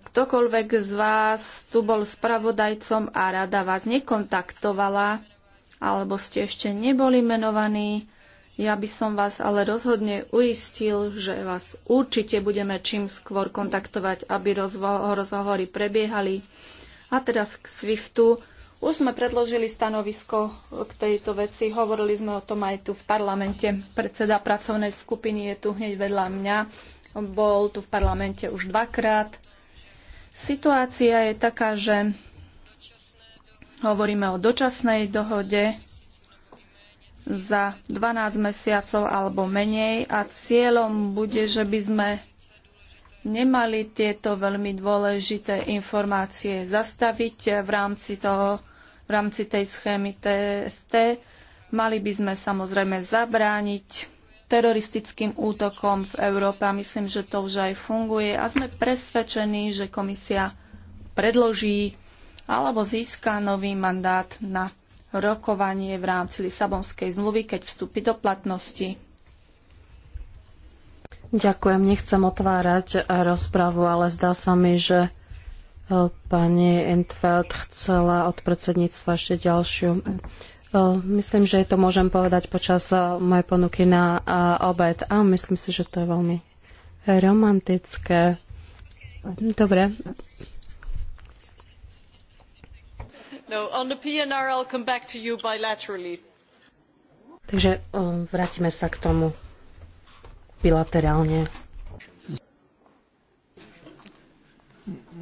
[SPEAKER 4] ktokoľvek z vás tu bol spravodajcom a rada vás nekontaktovala, alebo ste ešte neboli menovaní, ja by som vás ale rozhodne uistil, že vás určite budeme čím skôr kontaktovať, aby rozhovory prebiehali. A teraz k SWIFTu. Už sme predložili stanovisko k tejto veci, hovorili sme o tom aj tu v parlamente. Predseda pracovnej skupiny je tu hneď vedľa mňa, bol tu v parlamente už dvakrát. Situácia je taká, že hovoríme o dočasnej dohode, za 12 mesiacov alebo menej a cieľom bude, že by sme nemali tieto veľmi dôležité informácie zastaviť v rámci, toho, v rámci tej schémy TST. Mali by sme samozrejme zabrániť teroristickým útokom v Európe a myslím, že to už aj funguje a sme presvedčení, že komisia predloží alebo získa nový mandát na rokovanie v rámci Lisabonskej zmluvy, keď vstúpi do platnosti.
[SPEAKER 3] Ďakujem, nechcem otvárať rozpravu, ale zdá sa mi, že e, pani Entfeld chcela od predsedníctva ešte ďalšiu e, Myslím, že to môžem povedať počas e, mojej ponuky na obed a myslím si, že to je veľmi romantické. Dobre,
[SPEAKER 2] No, on the PNR I'll come back to you bilaterally.
[SPEAKER 3] Takže um, vrátime sa k tomu bilaterálne.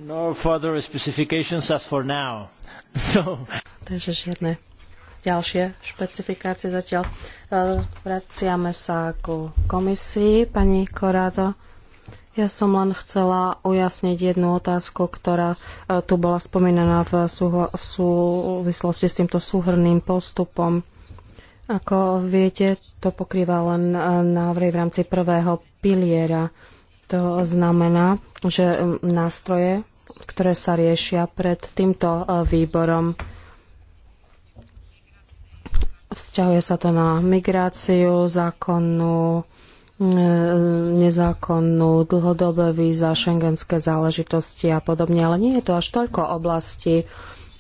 [SPEAKER 1] No further specifications as for now. So...
[SPEAKER 3] Takže žiadne ďalšie špecifikácie zatiaľ. Uh, vraciame sa ku komisii, pani Korado. Ja som len chcela ujasniť jednu otázku, ktorá e, tu bola spomínaná v, v súvislosti s týmto súhrným postupom. Ako viete, to pokrýva len e, návrhy v rámci prvého piliera. To znamená, že e, nástroje, ktoré sa riešia pred týmto výborom, vzťahuje sa to na migráciu, zákonnú nezákonnú dlhodobé víza, šengenské záležitosti a podobne, ale nie je to až toľko oblastí.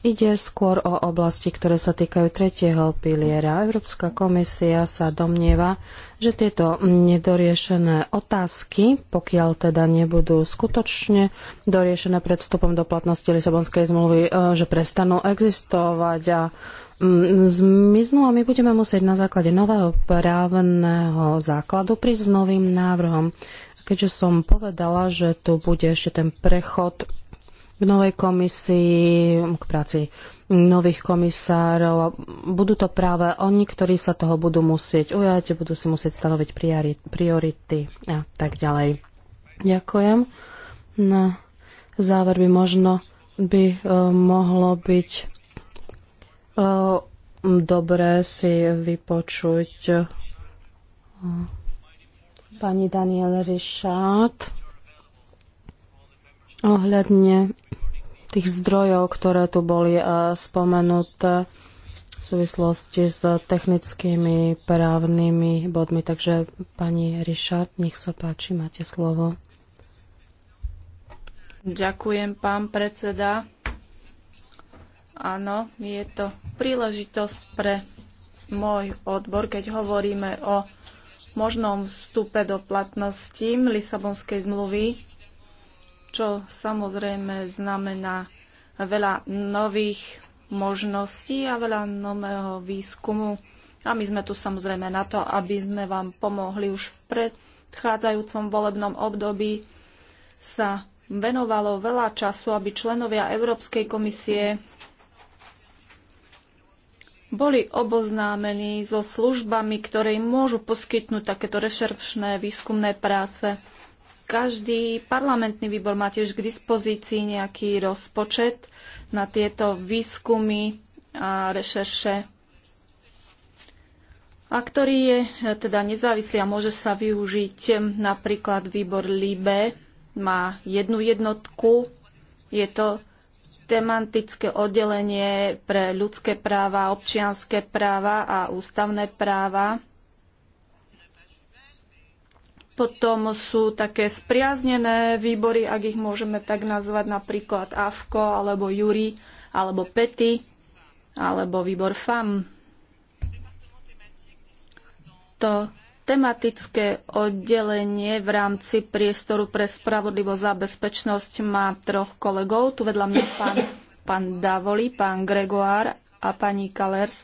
[SPEAKER 3] Ide skôr o oblasti, ktoré sa týkajú tretieho piliera. Európska komisia sa domnieva, že tieto nedoriešené otázky, pokiaľ teda nebudú skutočne doriešené pred vstupom do platnosti Lisabonskej zmluvy, e, že prestanú existovať a Mm, zmiznú a my budeme musieť na základe nového právneho základu prísť s novým návrhom. Keďže som povedala, že tu bude ešte ten prechod k novej komisii, k práci nových komisárov. Budú to práve oni, ktorí sa toho budú musieť ujať, budú si musieť stanoviť priority a tak ďalej. Ďakujem. Na záver by možno by eh, mohlo byť Ehm, dobre si vypočuť eh, pani Daniel Richard ohľadne tých zdrojov, ktoré tu boli eh, spomenuté v súvislosti s technickými právnymi bodmi. Takže pani Richard, nech sa páči, máte slovo.
[SPEAKER 4] Ďakujem, pán predseda. Áno, je to príležitosť pre môj odbor, keď hovoríme o možnom vstupe do platnosti Lisabonskej zmluvy, čo samozrejme znamená veľa nových možností a veľa nového výskumu. A my sme tu samozrejme na to, aby sme vám pomohli už v predchádzajúcom volebnom období sa venovalo veľa času, aby členovia Európskej komisie boli oboznámení so službami, ktoré im môžu poskytnúť takéto rešeršné výskumné práce. Každý parlamentný výbor má tiež k dispozícii nejaký rozpočet na tieto výskumy a rešerše a ktorý je eh, teda nezávislý a môže sa využiť eh, napríklad výbor LIBE, má jednu jednotku, je to tematické oddelenie pre ľudské práva, občianské práva a ústavné práva. Potom sú také spriaznené výbory, ak ich môžeme tak nazvať, napríklad AFKO, alebo Juri, alebo PETI, alebo výbor FAM. To tematické oddelenie v rámci priestoru pre spravodlivosť a bezpečnosť má troch kolegov. Tu vedľa mňa pán, pán Davoli, pán Gregoár a pani Kalers.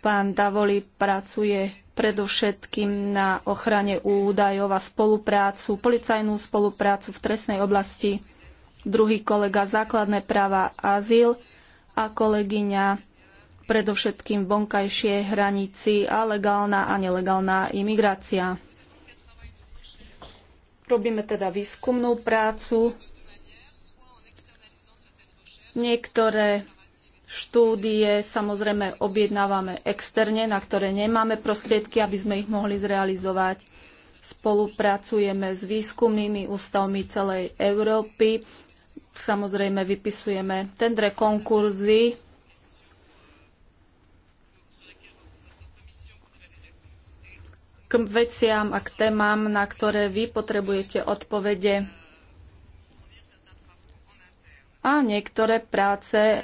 [SPEAKER 4] Pán Davoli pracuje predovšetkým na ochrane údajov a spoluprácu, policajnú spoluprácu v trestnej oblasti. Druhý kolega základné práva azyl a kolegyňa predovšetkým vonkajšie hranici a legálna a nelegálna imigrácia. Robíme teda výskumnú prácu. Niektoré štúdie samozrejme objednávame externe, na ktoré nemáme prostriedky, aby sme ich mohli zrealizovať. Spolupracujeme s výskumnými ústavmi celej Európy. Samozrejme vypisujeme tendre konkurzy veciam a k témam, na ktoré vy potrebujete odpovede. A niektoré práce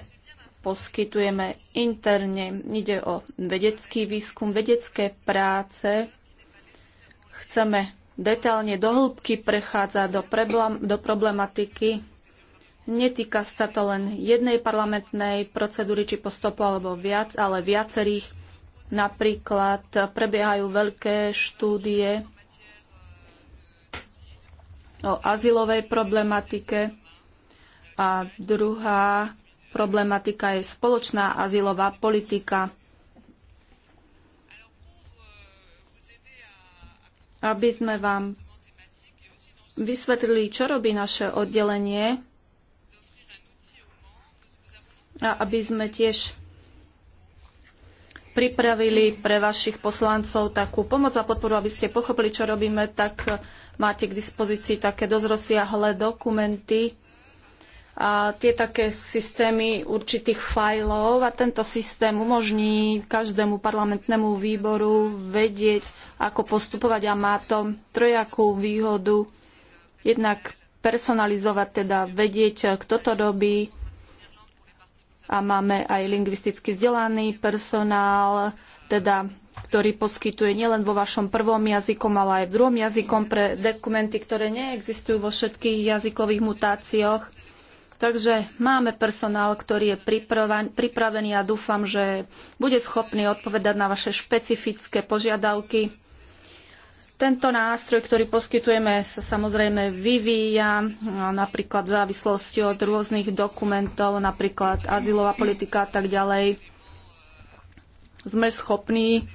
[SPEAKER 4] poskytujeme interne. Ide o vedecký výskum, vedecké práce. Chceme detálne do hĺbky prechádzať do, problém, do problematiky. Netýka sa to len jednej parlamentnej procedúry či postupu alebo viac, ale viacerých Napríklad prebiehajú veľké štúdie o azylovej problematike a druhá problematika je spoločná azylová politika. Aby sme vám vysvetlili, čo robí naše oddelenie a aby sme tiež pripravili pre vašich poslancov takú pomoc a podporu, aby ste pochopili, čo robíme, tak máte k dispozícii také dosť rozsiahle dokumenty a tie také systémy určitých fajlov a tento systém umožní každému parlamentnému výboru vedieť, ako postupovať a má to trojakú výhodu. Jednak personalizovať, teda vedieť, kto to robí, a máme aj lingvisticky vzdelaný personál, teda ktorý poskytuje nielen vo vašom prvom jazykom, ale aj v druhom jazykom pre dokumenty, ktoré neexistujú vo všetkých jazykových mutáciách. Takže máme personál, ktorý je pripravený a dúfam, že bude schopný odpovedať na vaše špecifické požiadavky. Tento nástroj, ktorý poskytujeme, sa samozrejme vyvíja napríklad v závislosti od rôznych dokumentov, napríklad azylová politika a tak ďalej. Sme schopní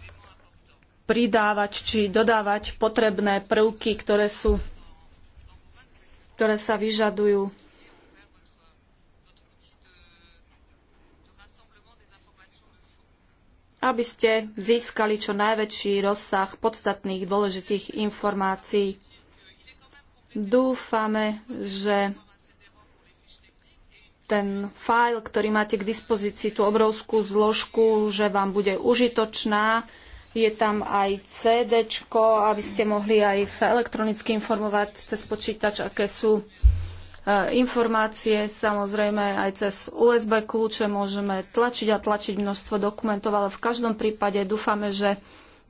[SPEAKER 4] pridávať či dodávať potrebné prvky, ktoré, sú, ktoré sa vyžadujú aby ste získali čo najväčší rozsah podstatných dôležitých informácií. Dúfame, že ten file, ktorý máte k dispozícii, tú obrovskú zložku, že vám bude užitočná. Je tam aj CD, aby ste mohli aj sa elektronicky informovať cez počítač, aké sú E, informácie. Samozrejme aj cez USB kľúče môžeme tlačiť a tlačiť množstvo dokumentov, ale v každom prípade dúfame, že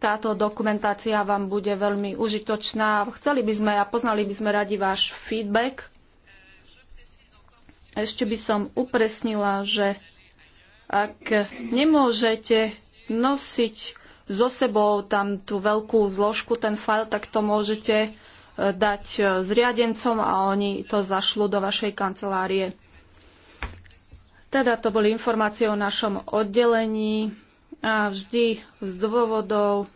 [SPEAKER 4] táto dokumentácia vám bude veľmi užitočná. Chceli by sme a poznali by sme radi váš feedback. Ešte by som upresnila, že ak nemôžete nosiť so sebou tam tú veľkú zložku, ten file, tak to môžete dať e, zriadencom a oni to zašlu do vašej kancelárie. Teda to boli informácie o našom oddelení a vždy z dôvodov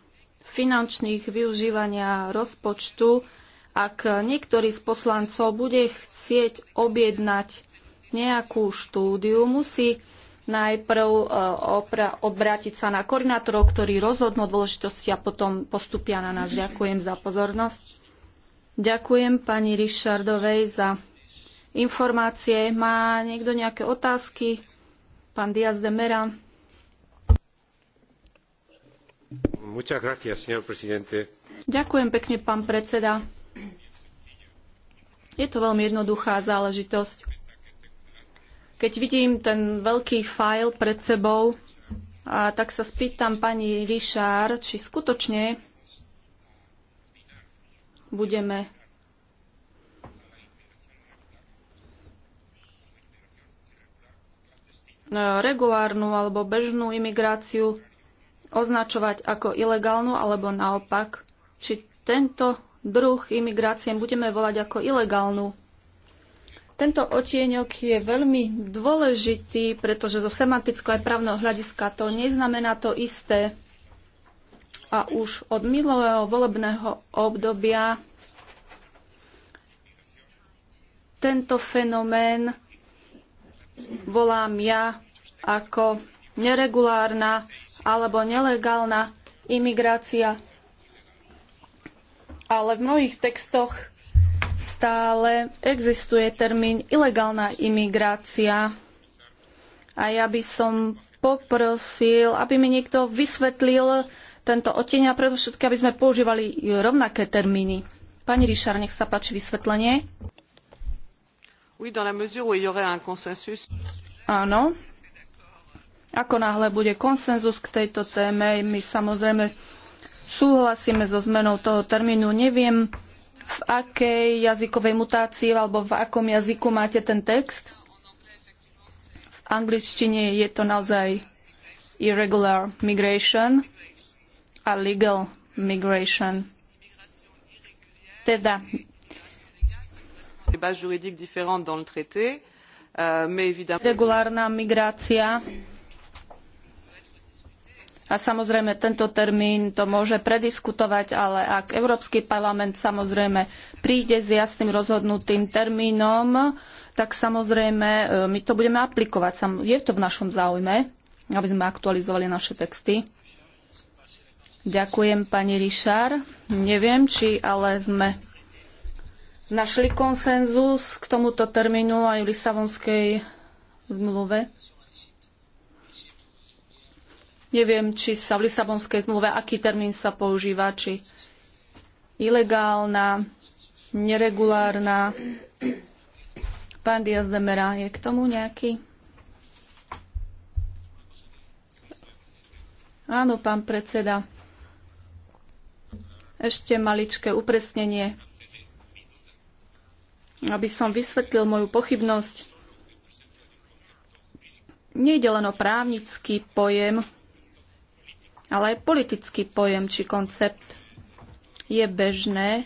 [SPEAKER 4] finančných využívania rozpočtu, ak niektorý z poslancov bude chcieť objednať nejakú štúdiu, musí najprv e, opra- obrátiť sa na koordinátorov, ktorí rozhodnú o dôležitosti a potom postupia na nás. Ďakujem za pozornosť. Ďakujem pani Richardovej za informácie. Má niekto nejaké otázky? Pán Diaz de Mera. Ďakujem pekne, pán predseda. Je to veľmi jednoduchá záležitosť. Keď vidím ten veľký file pred sebou, tak sa spýtam pani Richard, či skutočne budeme regulárnu alebo bežnú imigráciu označovať ako ilegálnu alebo naopak, či tento druh imigrácie budeme volať ako ilegálnu. Tento otieňok je veľmi dôležitý, pretože zo semantického aj právneho hľadiska to neznamená to isté a už od minulého volebného obdobia tento fenomén volám ja ako neregulárna alebo nelegálna imigrácia. Ale v mnohých textoch stále existuje termín ilegálna imigrácia. A ja by som poprosil, aby mi niekto vysvetlil, tento oteň a predovšetkým, aby sme používali rovnaké termíny. Pani Ríšar, nech sa páči vysvetlenie. Áno. Ako náhle bude konsenzus k tejto téme, my samozrejme súhlasíme so zmenou toho termínu. Neviem, v akej jazykovej mutácii alebo v akom jazyku máte ten text. V angličtine je to naozaj irregular migration a legal migration. Teda
[SPEAKER 2] euh,
[SPEAKER 4] Regulárna migrácia a samozrejme, tento termín to môže prediskutovať, ale ak Európsky parlament samozrejme príde s jasným rozhodnutým termínom, tak samozrejme e, my to budeme aplikovať. Je to v našom záujme, aby sme aktualizovali naše texty. Ďakujem pani Rišár. Neviem, či ale sme našli konsenzus k tomuto termínu aj v Lisabonskej zmluve. Neviem, či sa v Lisabonskej zmluve, aký termín sa používa, či ilegálna, neregulárna. Pán Diaz de Mera, je k tomu nejaký? Áno, pán predseda. Ešte maličké upresnenie, aby som vysvetlil moju pochybnosť. Nejde len o právnický pojem, ale aj politický pojem či koncept. Je bežné,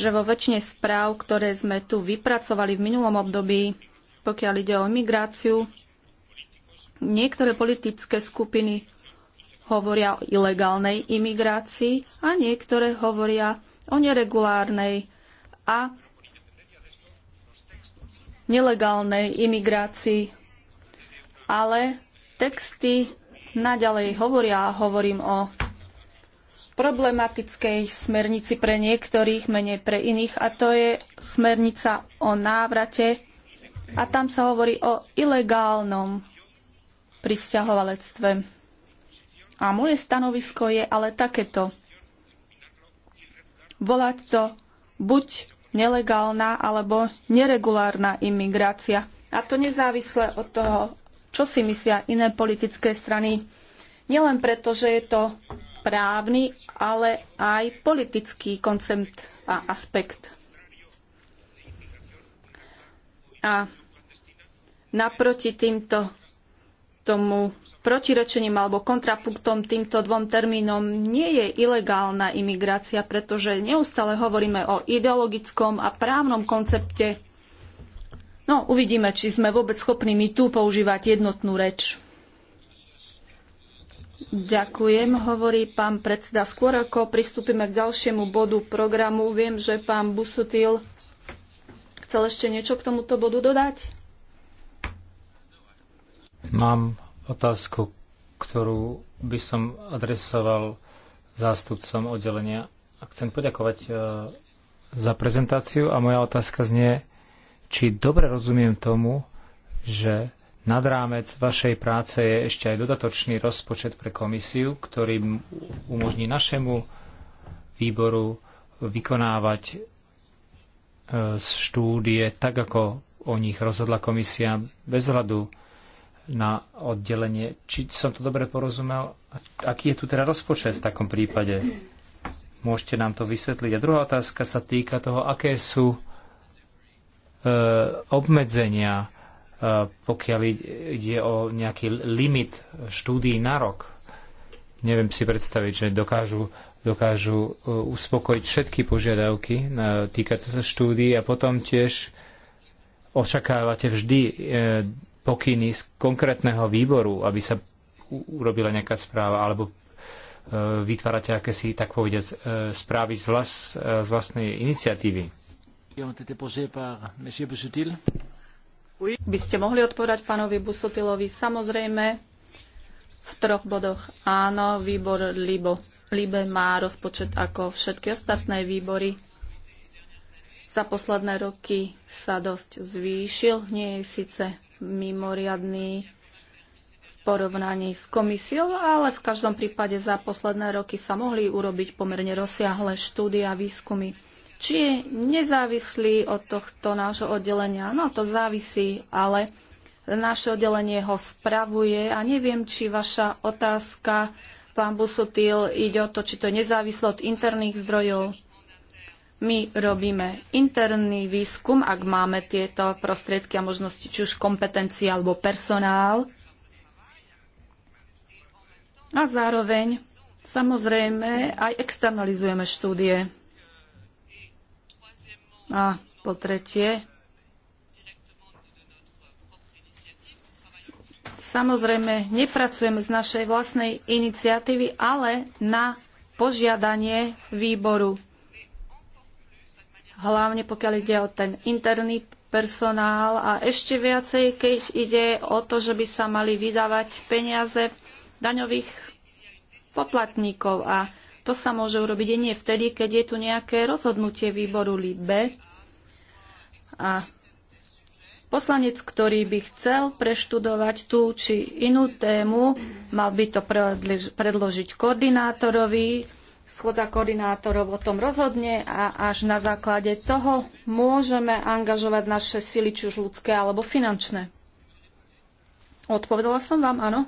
[SPEAKER 4] že vo väčšine správ, ktoré sme tu vypracovali v minulom období, pokiaľ ide o migráciu, niektoré politické skupiny hovoria o ilegálnej imigrácii a niektoré hovoria o neregulárnej a nelegálnej imigrácii. Ale texty naďalej hovoria a hovorím o problematickej smernici pre niektorých, menej pre iných, a to je smernica o návrate. A tam sa hovorí o ilegálnom prisťahovalectve. A moje stanovisko je ale takéto. Volať to buď nelegálna alebo neregulárna imigrácia. A to nezávisle od toho, čo si myslia iné politické strany. Nielen preto, že je to právny, ale aj politický koncept a aspekt. A naproti týmto tomu protirečením alebo kontrapunktom týmto dvom termínom nie je ilegálna imigrácia, pretože neustále hovoríme o ideologickom a právnom koncepte. No, uvidíme, či sme vôbec schopní my tu používať jednotnú reč. Ďakujem, hovorí pán predseda. Skôr ako pristúpime k ďalšiemu bodu programu, viem, že pán Busutil chcel ešte niečo k tomuto bodu dodať.
[SPEAKER 1] Mám otázku, ktorú by som adresoval zástupcom oddelenia. A chcem poďakovať e, za prezentáciu a moja otázka znie, či dobre rozumiem tomu, že nad rámec vašej práce je ešte aj dodatočný rozpočet pre komisiu, ktorý umožní našemu výboru vykonávať e, štúdie tak, ako o nich rozhodla komisia bez hľadu na oddelenie. Či som to dobre porozumel? Aký je tu teda rozpočet v takom prípade? Môžete nám to vysvetliť. A druhá otázka sa týka toho, aké sú e, obmedzenia, e, pokiaľ ide o nejaký limit štúdií na rok. Neviem si predstaviť, že dokážu, dokážu e, uspokojiť všetky požiadavky e, týkajúce sa štúdií a potom tiež očakávate vždy e, pokyny z konkrétneho výboru, aby sa urobila nejaká správa, alebo e, vytvárate akési, tak povediať, e, správy z, vlast, e, z vlastnej iniciatívy.
[SPEAKER 4] By ste mohli odpovedať pánovi Busutilovi? Samozrejme, v troch bodoch áno, výbor Libo. Libe má rozpočet ako všetky ostatné výbory. Za posledné roky sa dosť zvýšil, nie je síce mimoriadný v porovnaní s komisiou, ale v každom prípade za posledné roky sa mohli urobiť pomerne rozsiahle štúdia a výskumy. Či je nezávislý od tohto nášho oddelenia? No, to závisí, ale naše oddelenie ho spravuje a neviem, či vaša otázka, pán Busutil, ide o to, či to je nezávislo od interných zdrojov. My robíme interný výskum, ak máme tieto prostriedky a možnosti, či už kompetencie alebo personál. A zároveň samozrejme aj externalizujeme štúdie. A po tretie, samozrejme nepracujeme z našej vlastnej iniciatívy, ale na požiadanie výboru hlavne pokiaľ ide o ten interný personál a ešte viacej, keď ide o to, že by sa mali vydávať peniaze daňových poplatníkov. A to sa môže urobiť nie vtedy, keď je tu nejaké rozhodnutie výboru LIBE. A poslanec, ktorý by chcel preštudovať tú či inú tému, mal by to predložiť koordinátorovi, schôdza koordinátorov o tom rozhodne a až na základe toho môžeme angažovať naše sily, či už ľudské alebo finančné. Odpovedala som vám, áno?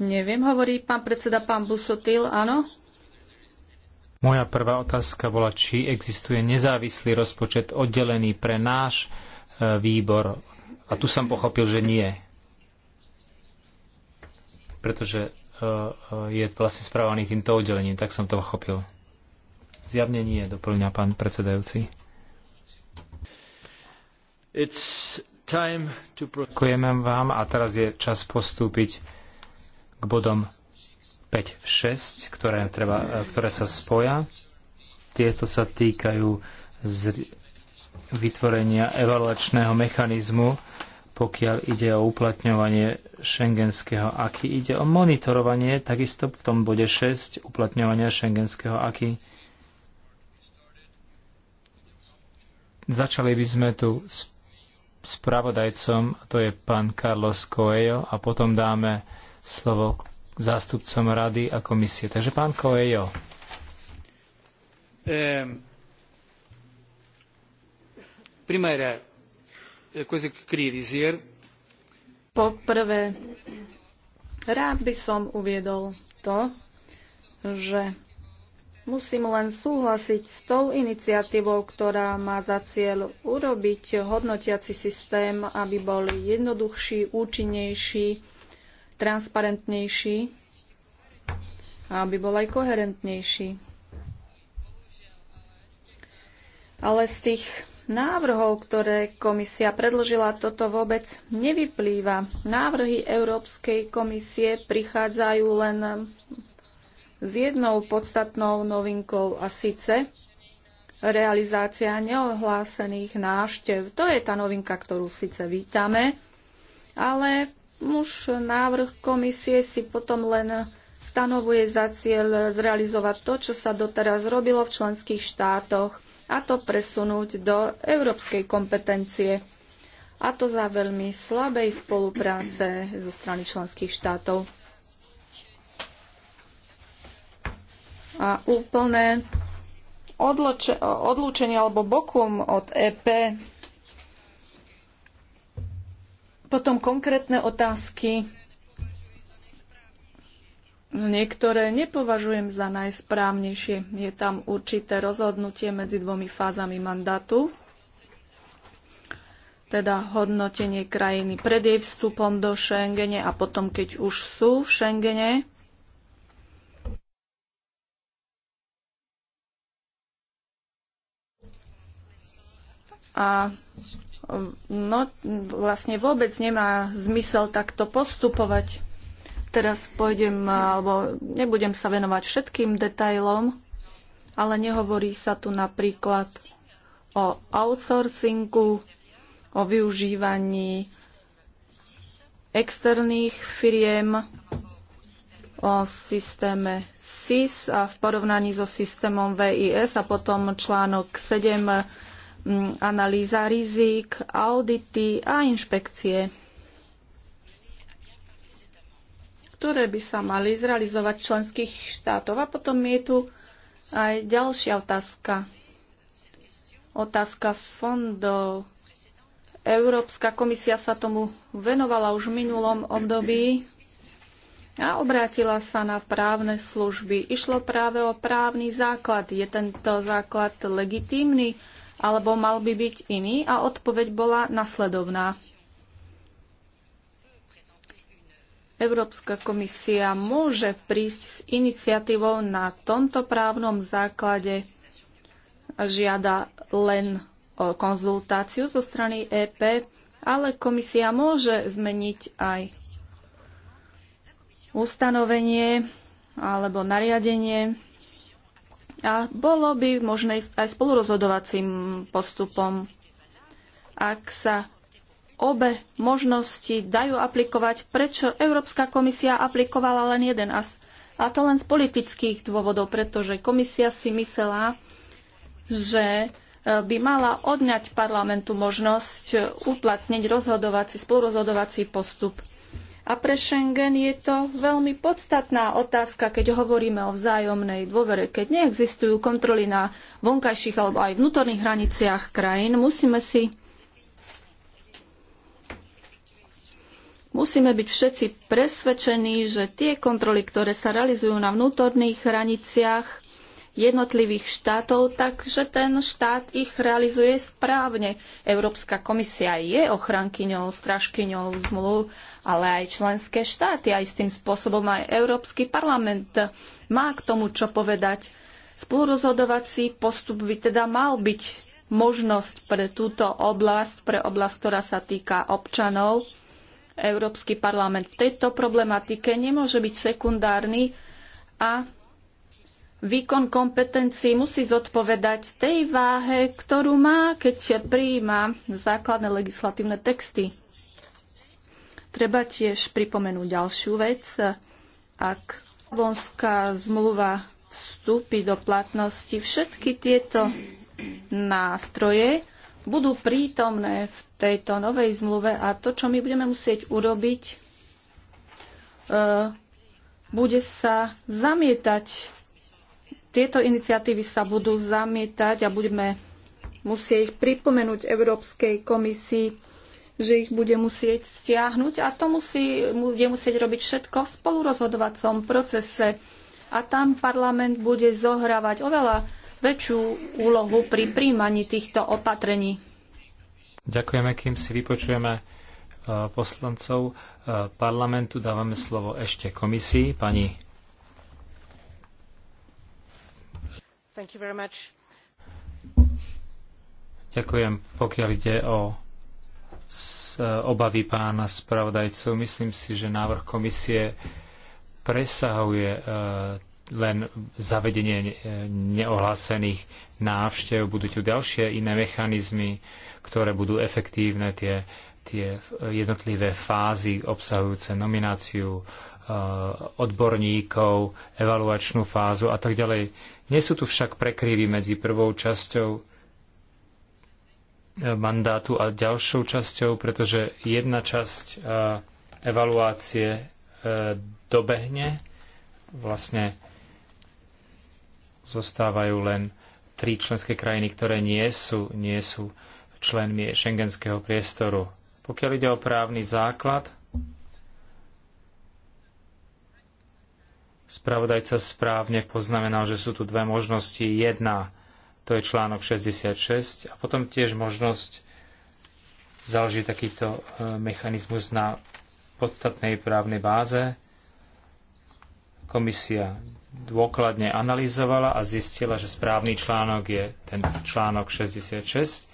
[SPEAKER 4] Neviem, hovorí pán predseda, pán Busotil, áno?
[SPEAKER 1] Moja prvá otázka bola, či existuje nezávislý rozpočet oddelený pre náš e, výbor. A tu som pochopil, že nie. Pretože E, je vlastne správaný týmto oddelením, tak som to pochopil. Zjavne nie, doplňa pán predsedajúci. It's time to... Ďakujeme vám a teraz je čas postúpiť k bodom 5-6, ktoré, treba, e, ktoré sa spoja. Tieto sa týkajú z vytvorenia evaluačného mechanizmu pokiaľ ide o uplatňovanie šengenského aky. Ide o monitorovanie, takisto v tom bode 6, uplatňovania šengenského aky. Začali by sme tu s spravodajcom, to je pán Carlos Coelho, a potom dáme slovo k zástupcom rady a komisie. Takže pán Coelho. Um, primera, Eh, coisa que queria dizer.
[SPEAKER 4] Poprvé, rád by som uviedol to, že musím len súhlasiť s tou iniciatívou, ktorá má za cieľ urobiť hodnotiaci systém, aby bol jednoduchší, účinnejší, transparentnejší a aby bol aj koherentnejší. Ale z tých návrhov, ktoré komisia predložila, toto vôbec nevyplýva. Návrhy Európskej komisie prichádzajú len s jednou podstatnou novinkou a síce realizácia neohlásených návštev. To je tá novinka, ktorú síce vítame, ale už návrh komisie si potom len stanovuje za cieľ zrealizovať to, čo sa doteraz robilo v členských štátoch – a to presunúť do európskej kompetencie. A to za veľmi slabej spolupráce zo strany členských štátov. A úplné odlúčenie alebo bokum od EP. Potom konkrétne otázky Niektoré nepovažujem za najsprávnejšie. Je tam určité rozhodnutie medzi dvomi fázami mandátu, teda hodnotenie krajiny pred jej vstupom do Schengene a potom, keď už sú v Schengene. A no, vlastne vôbec nemá zmysel takto postupovať Teraz pôjdem, alebo nebudem sa venovať všetkým detailom, ale nehovorí sa tu napríklad o outsourcingu, o využívaní externých firiem, o systéme SIS a v porovnaní so systémom VIS a potom článok 7 mm, analýza rizik, audity a inšpekcie. ktoré by sa mali zrealizovať členských štátov. A potom je tu aj ďalšia otázka. Otázka fondov. Európska komisia sa tomu venovala už v minulom období a obrátila sa na právne služby. Išlo práve o právny základ. Je tento základ legitímny alebo mal by byť iný? A odpoveď bola nasledovná. Európska komisia môže prísť s iniciatívou na tomto právnom základe a žiada len o konzultáciu zo strany EP, ale komisia môže zmeniť aj ustanovenie alebo nariadenie a bolo by možné ísť aj spolurozhodovacím postupom. Ak sa obe možnosti dajú aplikovať, prečo Európska komisia aplikovala len jeden as. A to len z politických dôvodov, pretože komisia si myslela, že e, by mala odňať parlamentu možnosť e, uplatniť rozhodovací, spolurozhodovací postup. A pre Schengen je to veľmi podstatná otázka, keď hovoríme o vzájomnej dôvere. Keď neexistujú kontroly na vonkajších alebo aj vnútorných hraniciach krajín, musíme si Musíme byť všetci presvedčení, že tie kontroly, ktoré sa realizujú na vnútorných hraniciach jednotlivých štátov, takže ten štát ich realizuje správne. Európska komisia je ochrankyňou, strážkyňou zmluv, ale aj členské štáty, aj s tým spôsobom aj Európsky parlament má k tomu čo povedať. Spolurozhodovací postup by teda mal byť možnosť pre túto oblasť, pre oblasť, ktorá sa týka občanov, Európsky parlament v tejto problematike nemôže byť sekundárny a výkon kompetencií musí zodpovedať tej váhe, ktorú má, keď prijíma základné legislatívne texty. Treba tiež pripomenúť ďalšiu vec. Ak Lisabonská zmluva vstúpi do platnosti, všetky tieto nástroje budú prítomné v tejto novej zmluve a to, čo my budeme musieť urobiť, e, bude sa zamietať. Tieto iniciatívy sa budú zamietať a budeme musieť pripomenúť Európskej komisii, že ich bude musieť stiahnuť a to musí, bude musieť robiť všetko v spolurozhodovacom procese. A tam parlament bude zohrávať oveľa väčšiu úlohu pri príjmaní týchto opatrení.
[SPEAKER 1] Ďakujeme, kým si vypočujeme e, poslancov e, parlamentu. Dávame slovo ešte komisii. Pani. Ďakujem, pokiaľ ide o e, obavy pána spravodajcov, Myslím si, že návrh komisie presahuje len zavedenie e, neohlásených návštev, budú tu ďalšie iné mechanizmy, ktoré budú efektívne, tie, tie jednotlivé fázy obsahujúce nomináciu e, odborníkov, evaluačnú fázu a tak ďalej. Nie sú tu však prekryvy medzi prvou časťou e, mandátu a ďalšou časťou, pretože jedna časť evaluácie dobehne vlastne zostávajú len tri členské krajiny, ktoré nie sú, nie sú členmi šengenského priestoru. Pokiaľ ide o právny základ, spravodajca správne poznamenal, že sú tu dve možnosti. Jedna, to je článok 66, a potom tiež možnosť založiť takýto e, mechanizmus na podstatnej právnej báze. Komisia dôkladne analyzovala a zistila, že správny článok je ten článok 66.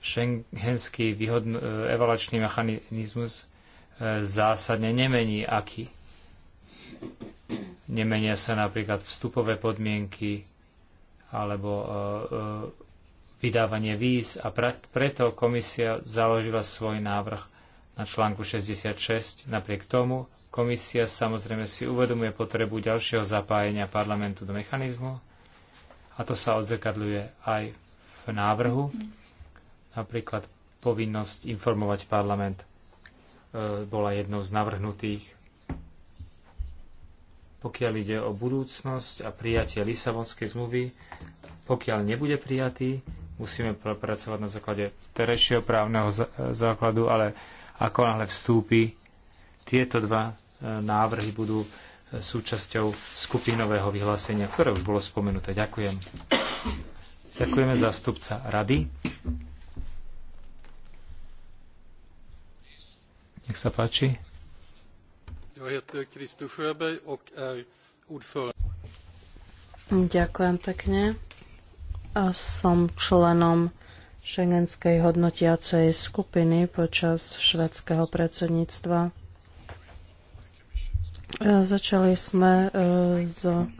[SPEAKER 1] Schengenský eh, evaluačný mechanizmus eh, zásadne nemení aký. Nemenia sa napríklad vstupové podmienky alebo eh, vydávanie víz a preto komisia založila svoj návrh na článku 66. Napriek tomu Komisia samozrejme si uvedomuje potrebu ďalšieho zapájenia parlamentu do mechanizmu a to sa odzrkadľuje aj v návrhu, napríklad povinnosť informovať parlament e, bola jednou z navrhnutých. Pokiaľ ide o budúcnosť a prijatie Lisabonskej zmluvy, pokiaľ nebude prijatý, musíme pracovať na základe terejšieho právneho základu, ale ako náhle vstúpi, tieto dva návrhy budú súčasťou skupinového vyhlásenia, ktoré už bolo spomenuté. Ďakujem. Ďakujeme zástupca rady. Nech sa páči.
[SPEAKER 3] Ďakujem pekne. A som členom šengenskej hodnotiacej skupiny počas švedského predsedníctva. E, začali sme e, s, so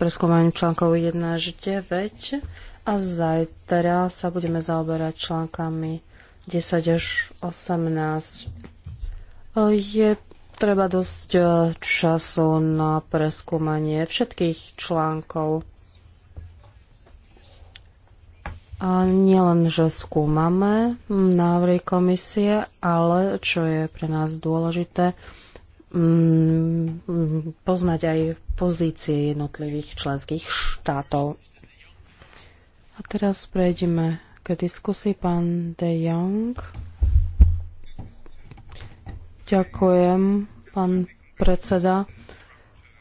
[SPEAKER 3] preskúmaním článkov 1 až 9 a zajtra sa budeme zaoberať článkami 10 až 18. E, je treba dosť času na preskúmanie všetkých článkov nielen, že skúmame návrhy komisie, ale čo je pre nás dôležité, mm, poznať aj pozície jednotlivých členských štátov. A teraz prejdeme k diskusii. Pán De Jong. Ďakujem, pán predseda.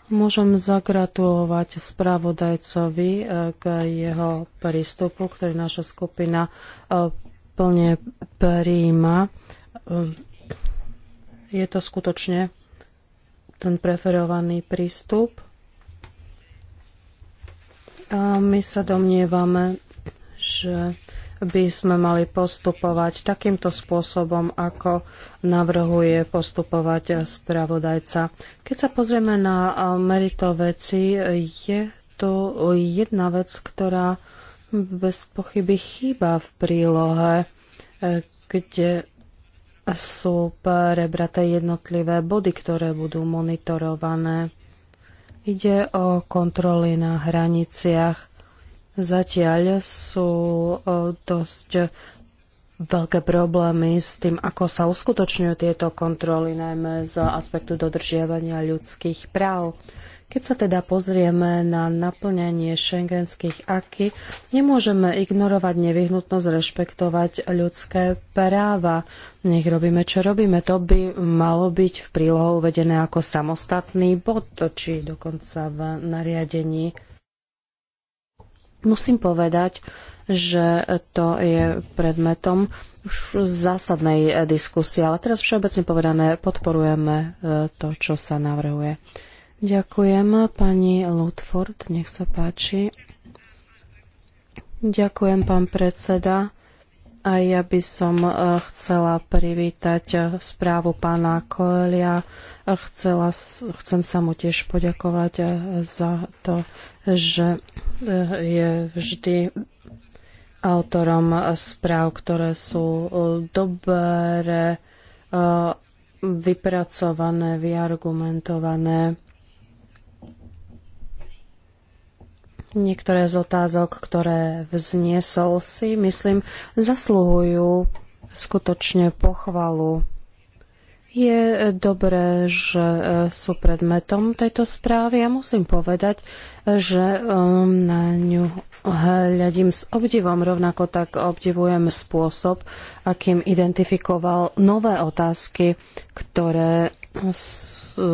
[SPEAKER 3] Môžem zagratulovať spravodajcovi eh, k jeho prístupu, ktorý naša skupina eh, plne príjima. Eh, je to skutočne ten preferovaný prístup. A my sa domnievame, že by sme mali postupovať takýmto spôsobom, ako navrhuje postupovať spravodajca. Keď sa pozrieme na eh, merito veci, je tu jedna vec, ktorá bez pochyby chýba v prílohe, eh, kde sú prebraté jednotlivé body, ktoré budú monitorované. Ide o kontroly na hraniciach Zatiaľ sú e, dosť veľké problémy s tým, ako sa uskutočňujú tieto kontroly, najmä z aspektu dodržiavania ľudských práv. Keď sa teda pozrieme na naplňanie šengenských aky, nemôžeme ignorovať nevyhnutnosť rešpektovať ľudské práva. Nech robíme, čo robíme. To by malo byť v prílohu uvedené ako samostatný bod, či dokonca v nariadení Musím povedať, že to je predmetom už zásadnej diskusie, ale teraz všeobecne povedané podporujeme e, to, čo sa navrhuje. Ďakujem pani Ludford, nech sa páči. Ďakujem, pán predseda. A ja by som e, chcela privítať e, správu pána Koelia. Chcela, chcem sa mu tiež poďakovať za to, že je vždy autorom správ, ktoré sú e, dobre vypracované, vyargumentované. Niektoré z otázok, ktoré vzniesol si, myslím, zasluhujú skutočne pochvalu. Je e, dobré, že e, sú predmetom tejto správy Ja musím povedať, že um, na ňu hľadím s obdivom, rovnako tak obdivujem spôsob, akým identifikoval nové otázky, ktoré sú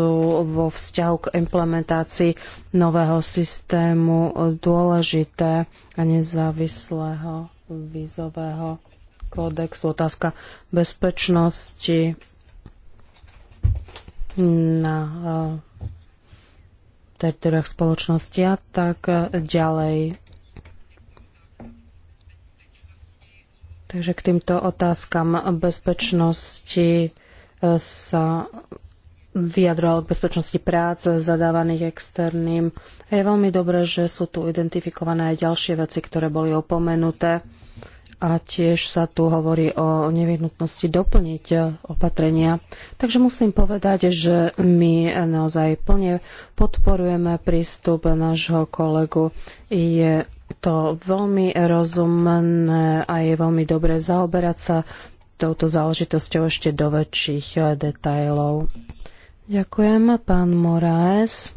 [SPEAKER 3] vo vzťahu k implementácii nového systému dôležité a nezávislého vízového kódexu. Otázka bezpečnosti, na eh, teritoriách spoločnosti a tak eh, ďalej. Takže k týmto otázkam bezpečnosti eh, sa vyjadroval k bezpečnosti práce zadávaných externým. A je veľmi dobré, že sú tu identifikované aj ďalšie veci, ktoré boli opomenuté. A tiež sa tu hovorí o nevyhnutnosti doplniť opatrenia. Takže musím povedať, že my naozaj plne podporujeme prístup nášho kolegu. Je to veľmi rozumné a je veľmi dobré zaoberať sa touto záležitosťou ešte do väčších detajlov. Ďakujem, pán Moraes.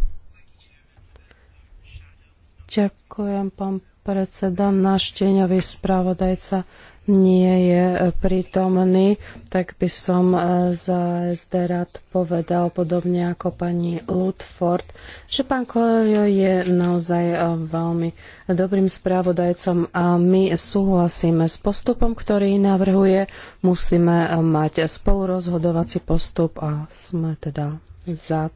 [SPEAKER 3] Ďakujem, pán predseda, náš tieňový správodajca nie je eh, prítomný, tak by som eh, za SD rád povedal, podobne ako pani Ludford, že pán Kolejo je naozaj eh, veľmi dobrým správodajcom a my súhlasíme s postupom, ktorý navrhuje. Musíme mať spolurozhodovací postup a sme teda za.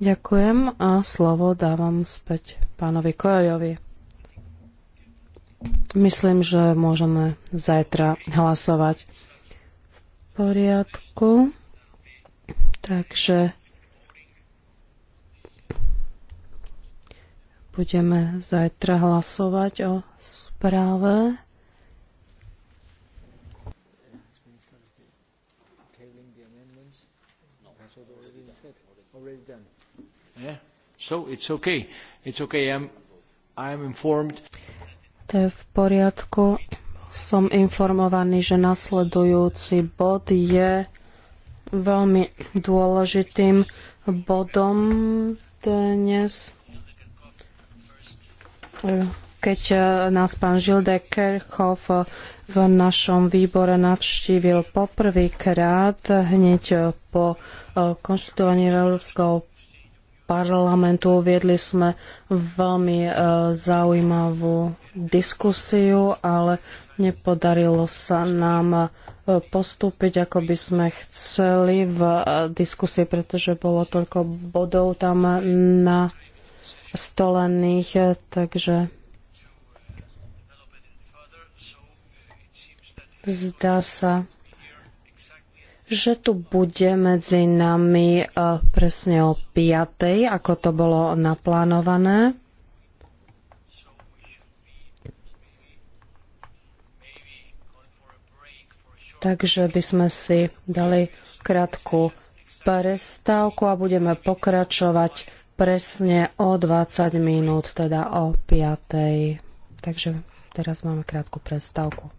[SPEAKER 3] Ďakujem a slovo dávam späť pánovi Kojovi. Myslím, že môžeme zajtra hlasovať v poriadku. Takže budeme zajtra hlasovať o správe.
[SPEAKER 2] Yeah. So it's okay. It's okay, I'm, I'm informed.
[SPEAKER 3] To je v poriadku. Som informovaný, že nasledujúci bod je veľmi dôležitým bodom dnes. Keď nás pán Žilde Kerchov v našom výbore navštívil poprvýkrát hneď po konštitúvaní Európskeho parlamentu. Viedli sme veľmi e, zaujímavú diskusiu, ale nepodarilo sa nám e, postúpiť, ako by sme chceli v e, diskusii, pretože bolo toľko bodov tam na stolených, takže zdá sa, že tu bude medzi nami e, presne o 5, ako to bolo naplánované. Takže by sme si dali krátku prestávku a budeme pokračovať presne o 20 minút, teda o 5. Takže teraz máme krátku prestávku.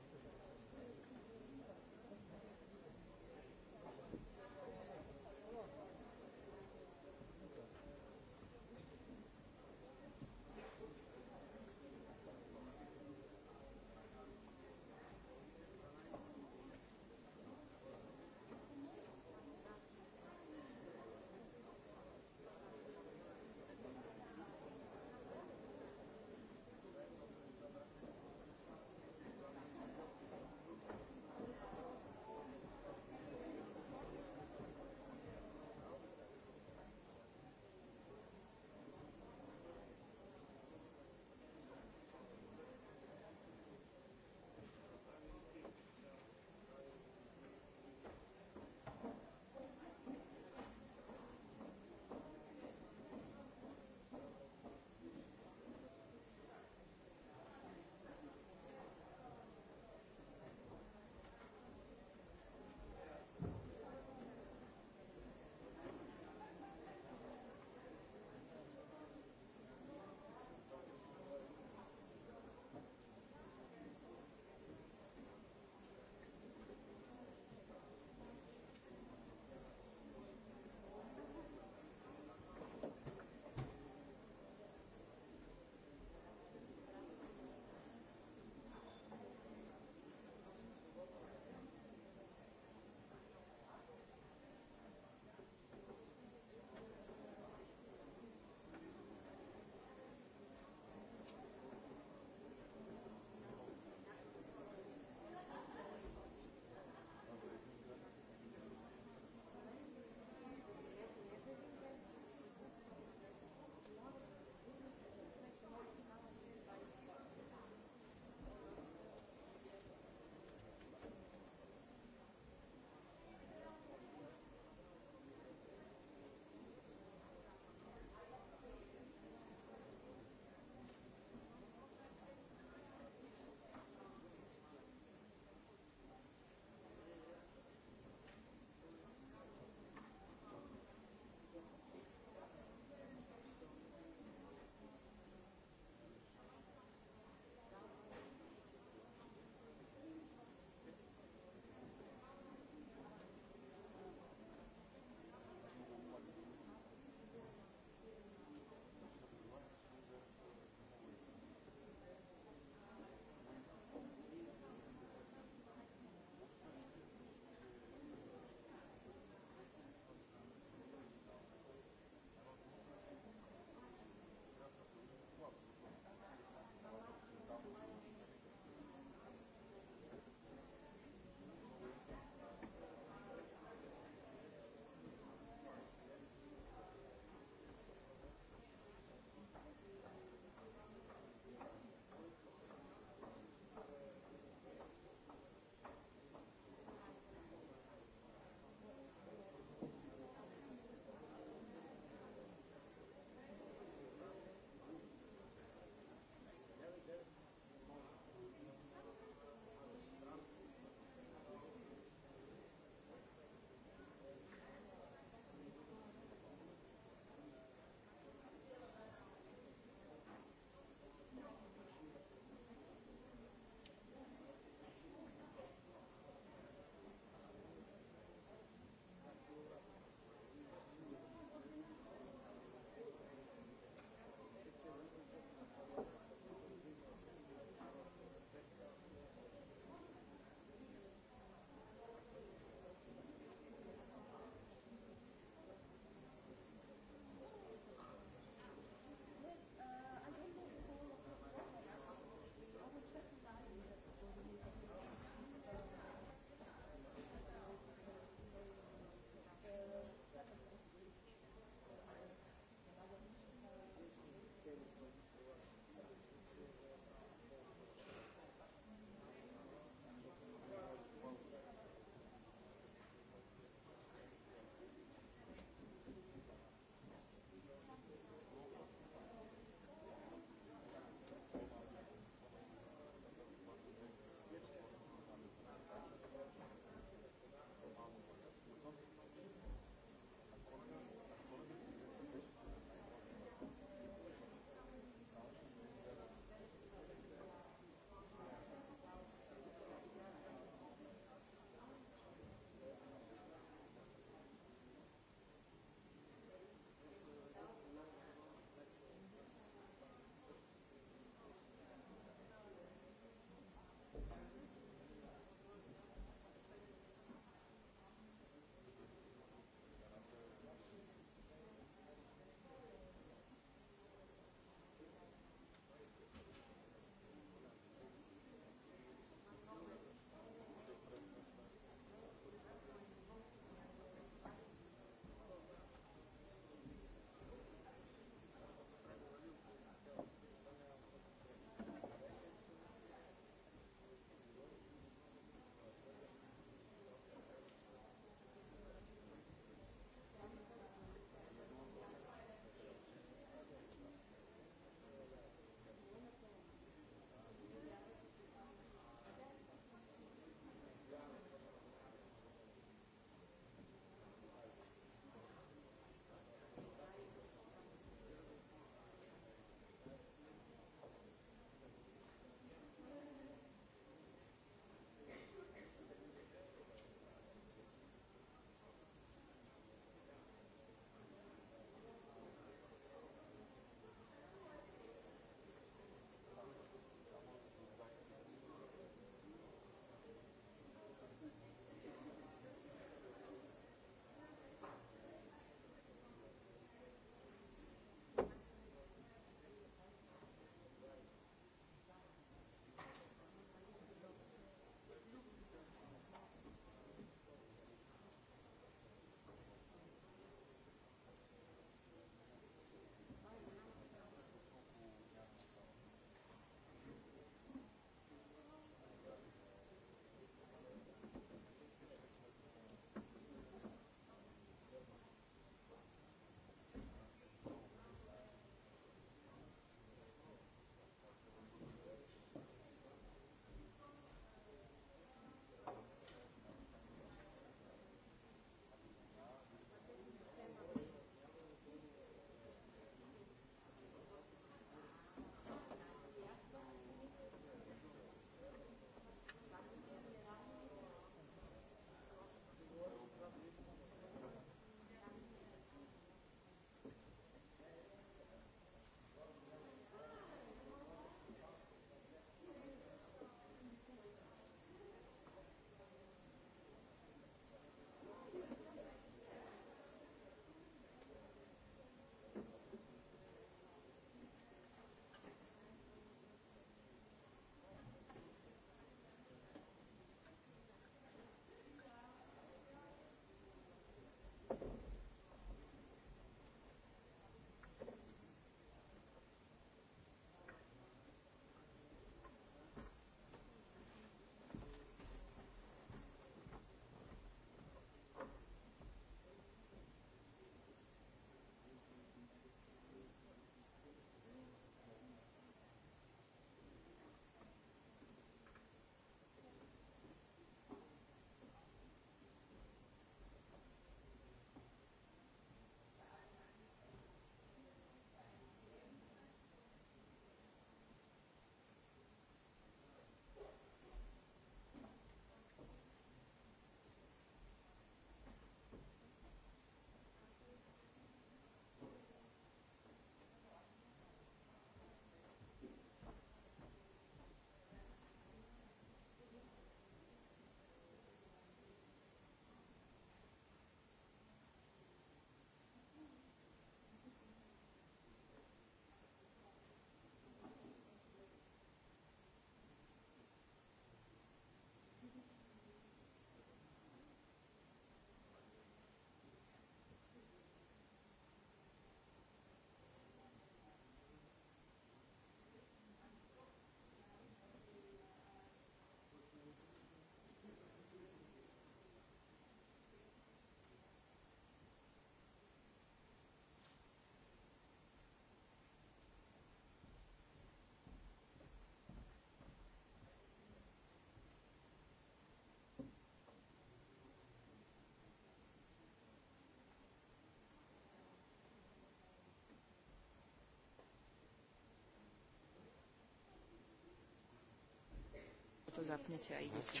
[SPEAKER 3] zapnete a idete.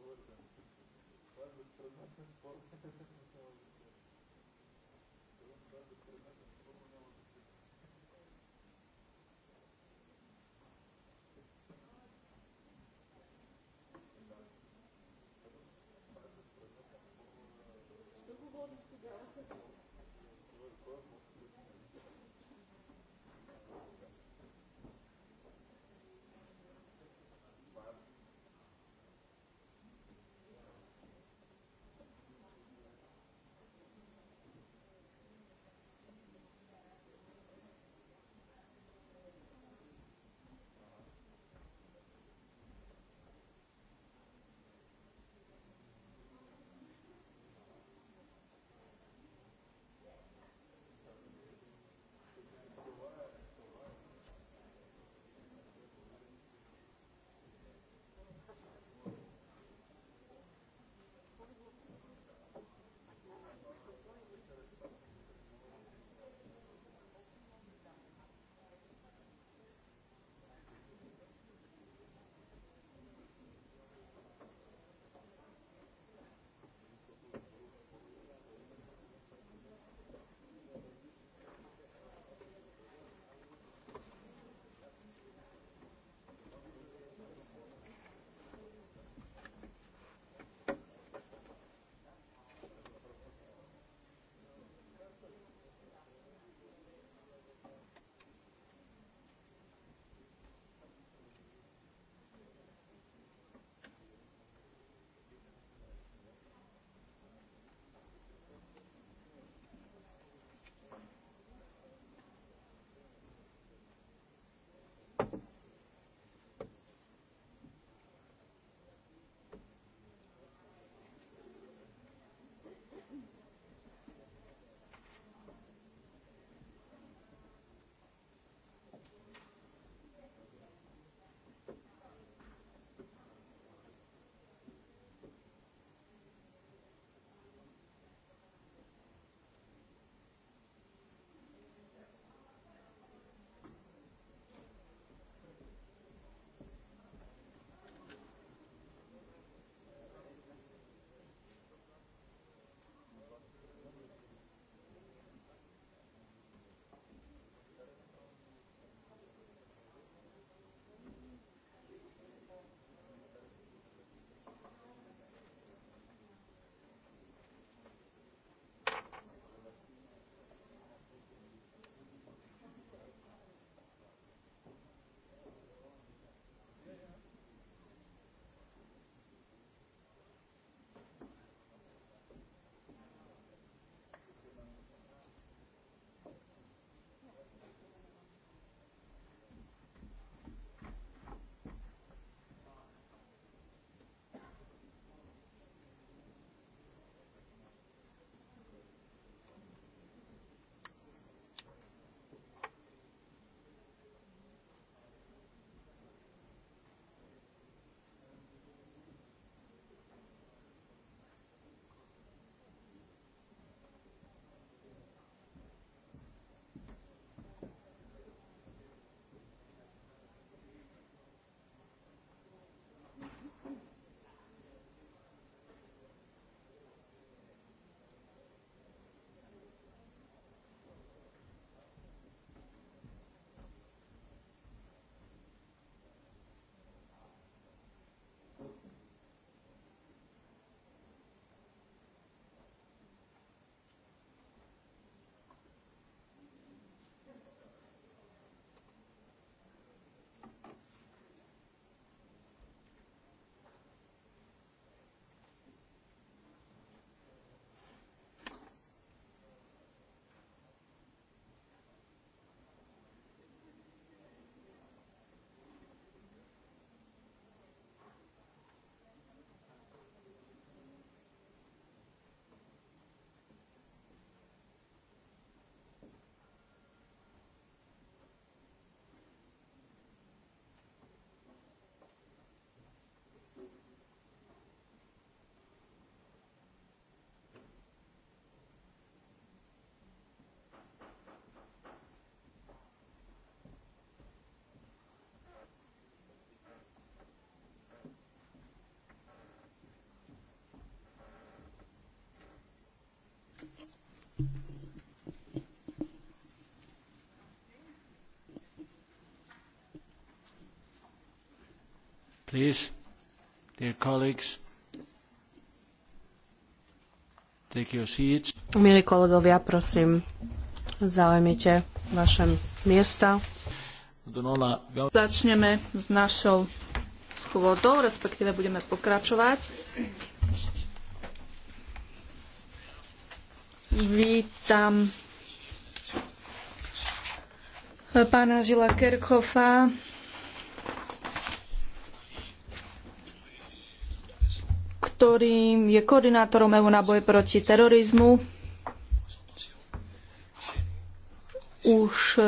[SPEAKER 1] hovorí ten, len pred spor.
[SPEAKER 2] Please, dear colleagues, take your seats.
[SPEAKER 3] Milí kolegovia, prosím, zaujmite vaše miesta.
[SPEAKER 4] Začneme s našou schôdou, respektíve budeme pokračovať. Vítam pána Žila Kerchoffa, ktorým je koordinátorom EU na boj proti terorizmu. Už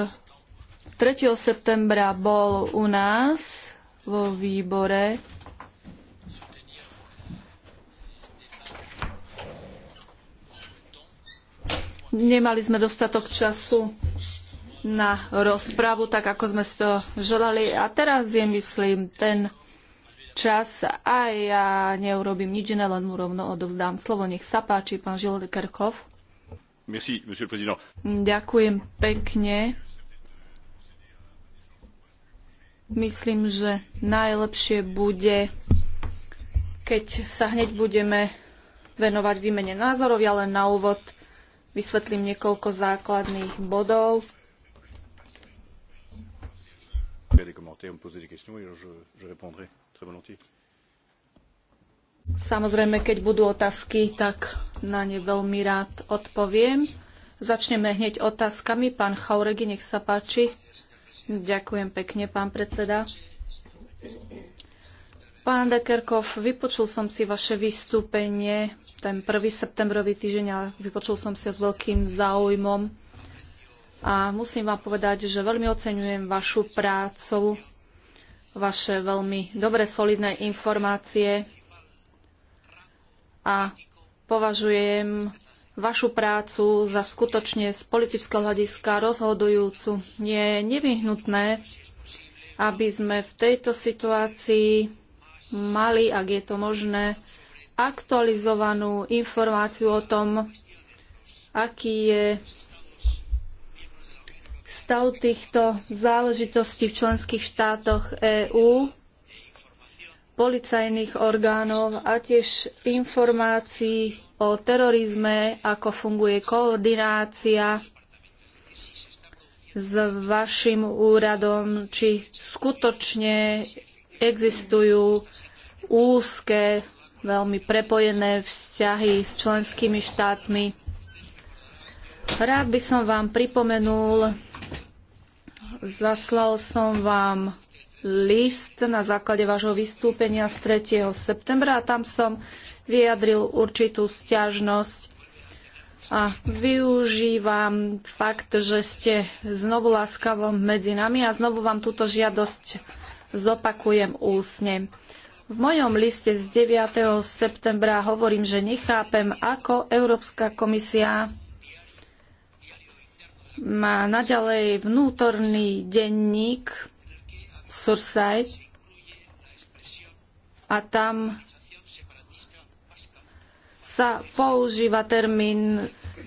[SPEAKER 4] 3. septembra bol u nás vo výbore nemali sme dostatok času na rozpravu, tak ako sme si to želali. A teraz je, myslím, ten čas a ja neurobím nič iné, len mu rovno odovzdám slovo. Nech sa páči, pán Žil Kerkov.
[SPEAKER 2] Merci, monsieur le président.
[SPEAKER 4] Ďakujem pekne. Myslím, že najlepšie bude, keď sa hneď budeme venovať výmene názorov. Ja len na úvod vysvetlím niekoľko základných bodov.
[SPEAKER 3] Vous avez des commentaires, me poser des questions et je, je répondrai très volontiers.
[SPEAKER 4] Samozrejme, keď budú otázky, tak na ne veľmi rád odpoviem. Začneme hneď otázkami. Pán Chauregi, nech sa páči. Ďakujem pekne, pán predseda. Pán Dekerkov, vypočul som si vaše vystúpenie, ten 1. septembrový týždeň a vypočul som si ho s veľkým záujmom. A musím vám povedať, že veľmi oceňujem vašu prácu vaše veľmi dobre solidné informácie a považujem vašu prácu za skutočne z politického hľadiska rozhodujúcu. Je nevyhnutné, aby sme v tejto situácii mali, ak je to možné, aktualizovanú informáciu o tom, aký je stav týchto záležitostí v členských štátoch EÚ, policajných orgánov a tiež informácií o terorizme, ako funguje koordinácia s vašim úradom, či skutočne existujú úzke, veľmi prepojené vzťahy s členskými štátmi. Rád by som vám pripomenul Zaslal som vám list na základe vášho vystúpenia z 3. septembra a tam som vyjadril určitú stiažnosť a využívam fakt, že ste znovu láskavo medzi nami a znovu vám túto žiadosť zopakujem úsne. V mojom liste z 9. septembra hovorím, že nechápem, ako Európska komisia má naďalej vnútorný denník Surside a tam sa používa termín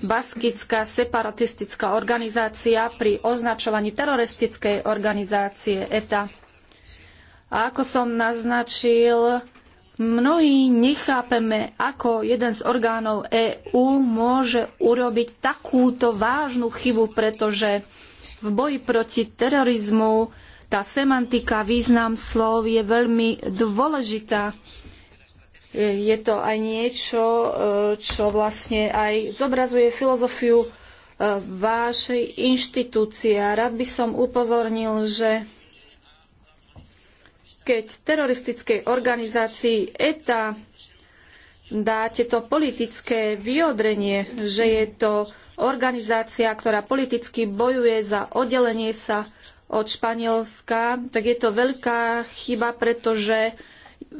[SPEAKER 4] baskická separatistická organizácia pri označovaní teroristickej organizácie ETA. A ako som naznačil, Mnohí nechápeme, ako jeden z orgánov EÚ môže urobiť takúto vážnu chybu, pretože v boji proti terorizmu tá semantika, význam slov je veľmi dôležitá. Je to aj niečo, e, čo vlastne aj zobrazuje filozofiu e, vašej inštitúcie. a Rád by som upozornil, že keď teroristickej organizácii ETA dáte to politické vyjadrenie, že je to organizácia, ktorá politicky bojuje za oddelenie sa od Španielska, tak je to veľká chyba, pretože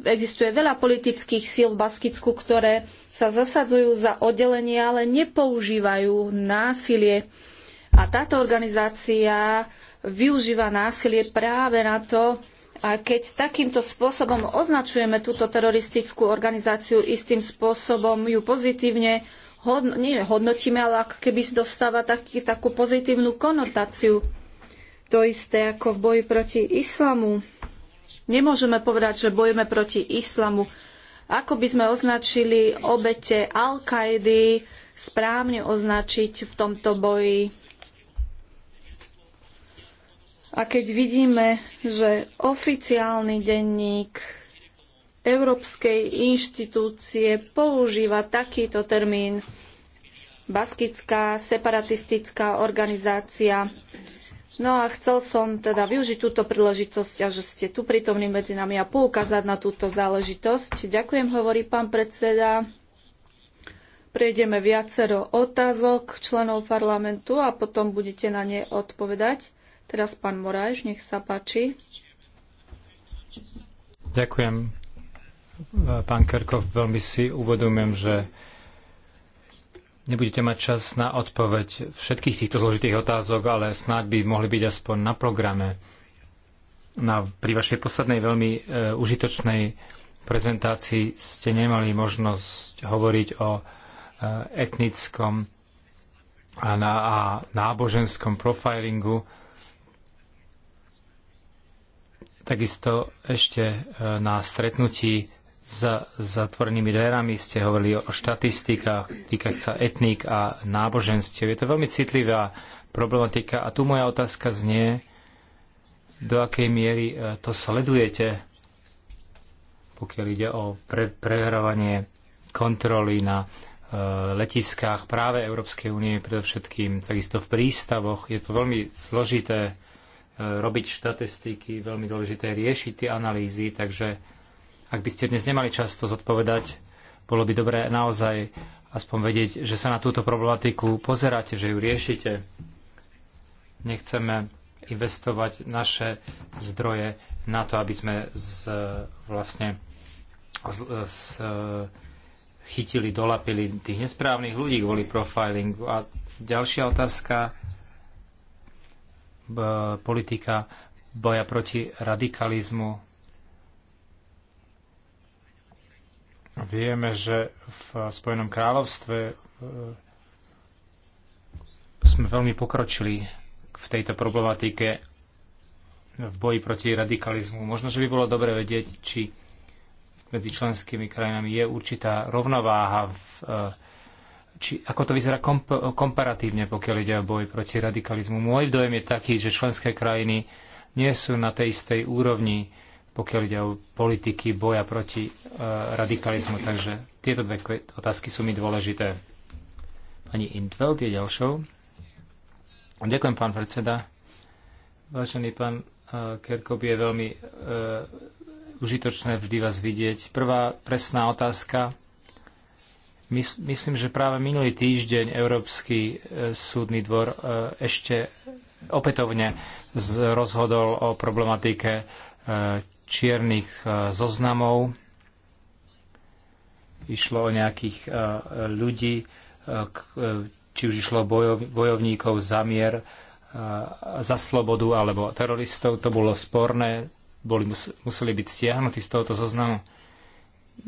[SPEAKER 4] existuje veľa politických síl v Baskicku, ktoré sa zasadzujú za oddelenie, ale nepoužívajú násilie. A táto organizácia využíva násilie práve na to, a keď takýmto spôsobom označujeme túto teroristickú organizáciu istým spôsobom, ju pozitívne hodno, nie hodnotíme, ale ako keby dostáva taký, takú pozitívnu konotáciu. To isté ako v boji proti islamu. Nemôžeme povedať, že bojujeme proti islamu. Ako by sme označili obete Al-Kaidy, správne označiť v tomto boji a keď vidíme, že oficiálny denník Európskej inštitúcie používa takýto termín baskická separatistická organizácia. No a chcel som teda využiť túto príležitosť a že ste tu prítomní medzi nami a poukázať na túto záležitosť. Ďakujem, hovorí pán predseda. Prejdeme viacero otázok členov parlamentu a potom budete na ne odpovedať. Teraz pán Morajš, nech sa páči.
[SPEAKER 1] Ďakujem, pán Kerkov. Veľmi si uvedomujem, že nebudete mať čas na odpoveď všetkých týchto zložitých otázok, ale snáď by mohli byť aspoň na programe. Na, pri vašej poslednej veľmi e, užitočnej prezentácii ste nemali možnosť hovoriť o e, etnickom a, na, a náboženskom profilingu. E, Takisto ešte e, na stretnutí za zatvorenými dverami ste hovorili o štatistikách, týkach sa etník a náboženstiev. Je to veľmi citlivá problematika a tu moja otázka znie, do akej miery e, to sledujete, pokiaľ ide o pre, preverovanie kontroly na e, letiskách práve Európskej únie, predovšetkým takisto v prístavoch. Je to veľmi zložité robiť štatistiky, veľmi dôležité riešiť tie analýzy, takže ak by ste dnes nemali čas to zodpovedať, bolo by dobré naozaj aspoň vedieť, že sa na túto problematiku pozeráte, že ju riešite. Nechceme investovať naše zdroje na to, aby sme z, vlastne z, z, chytili, dolapili tých nesprávnych ľudí kvôli profilingu. A ďalšia otázka politika boja proti radikalizmu. Vieme, že v Spojenom kráľovstve e, sme veľmi pokročili v tejto problematike v boji proti radikalizmu. Možno, že by bolo dobre vedieť, či medzi členskými krajinami je určitá rovnováha v, e, či, ako to vyzerá komp- komparatívne, pokiaľ ide o boj proti radikalizmu. Môj dojem je taký, že členské krajiny nie sú na tej istej úrovni, pokiaľ ide o politiky boja proti uh, radikalizmu. Takže tieto dve otázky sú mi dôležité. Pani Intveld je ďalšou. Ďakujem, pán predseda. Vážený pán uh, e, Kerkob, je veľmi uh, užitočné vždy vás vidieť. Prvá presná otázka Myslím, že práve minulý týždeň Európsky e, súdny dvor e, ešte opätovne rozhodol o problematike e, čiernych zoznamov. Išlo o nejakých ľudí, či už išlo bojovníkov za mier, za slobodu alebo teroristov. To bolo sporné, boli, museli byť stiahnutí z tohoto zoznamu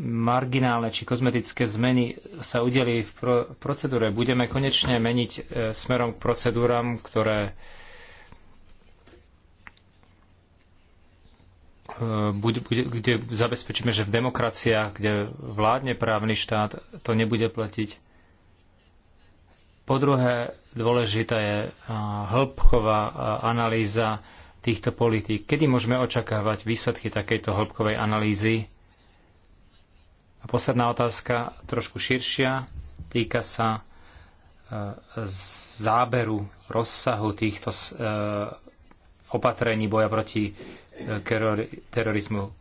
[SPEAKER 1] marginálne či kozmetické zmeny sa udeli v pro- procedúre. Budeme konečne meniť e, smerom k procedúram, ktoré e, Bude, bude, kde zabezpečíme, že v demokraciách, kde vládne právny štát, to nebude platiť. Po druhé, dôležitá je e, hĺbková e, analýza týchto politík. Kedy môžeme očakávať výsledky takejto hĺbkovej analýzy? posledná otázka, trošku širšia, týka sa e, záberu, rozsahu týchto e, opatrení boja proti e, terorizmu.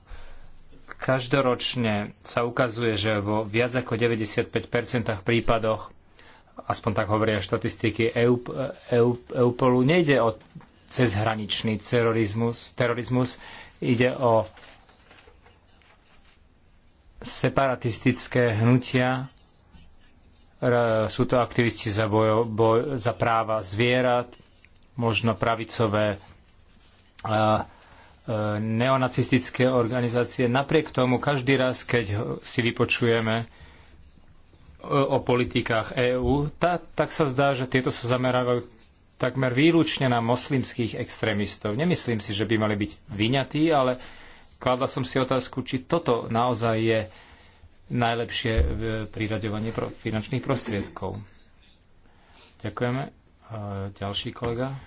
[SPEAKER 1] Každoročne sa ukazuje, že vo viac ako 95% prípadoch, aspoň tak hovoria štatistiky EUP, EUPOLu, nejde o cezhraničný terorizmus, terorizmus ide o separatistické hnutia. Sú to aktivisti za, bojo, boj, za práva zvierat, možno pravicové a, e, neonacistické organizácie. Napriek tomu každý raz, keď si vypočujeme o, e, o politikách EÚ, tak sa zdá, že tieto sa zamerajú takmer výlučne na moslimských extrémistov. Nemyslím si, že by mali byť vyňatí, ale Kladla som si otázku, či toto naozaj je najlepšie priraďovanie finančných prostriedkov. Ďakujeme. Ďalší kolega.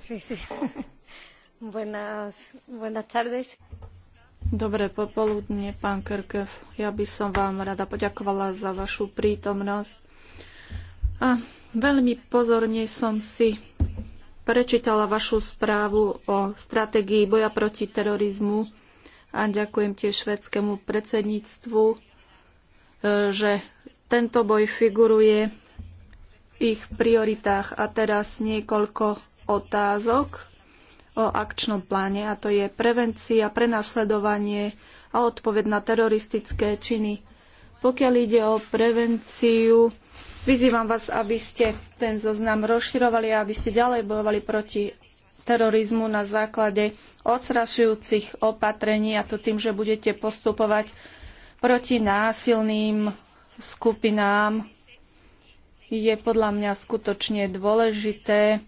[SPEAKER 5] Sí, sí.
[SPEAKER 4] Buenas, buenas tardes. Dobré popoludne, pán Krkev. Ja by som vám rada poďakovala za vašu prítomnosť. A veľmi pozorne som si prečítala vašu správu o stratégii boja proti terorizmu a ďakujem tiež švedskému predsedníctvu, e, že tento boj figuruje v ich prioritách. A teraz niekoľko otázok o akčnom pláne, a to je prevencia, prenasledovanie a odpoved na teroristické činy. Pokiaľ ide o prevenciu, Vyzývam vás, aby ste ten zoznam rozširovali a aby ste ďalej bojovali proti terorizmu na základe odstrašujúcich opatrení a to tým, že budete postupovať proti násilným skupinám. Je podľa mňa skutočne dôležité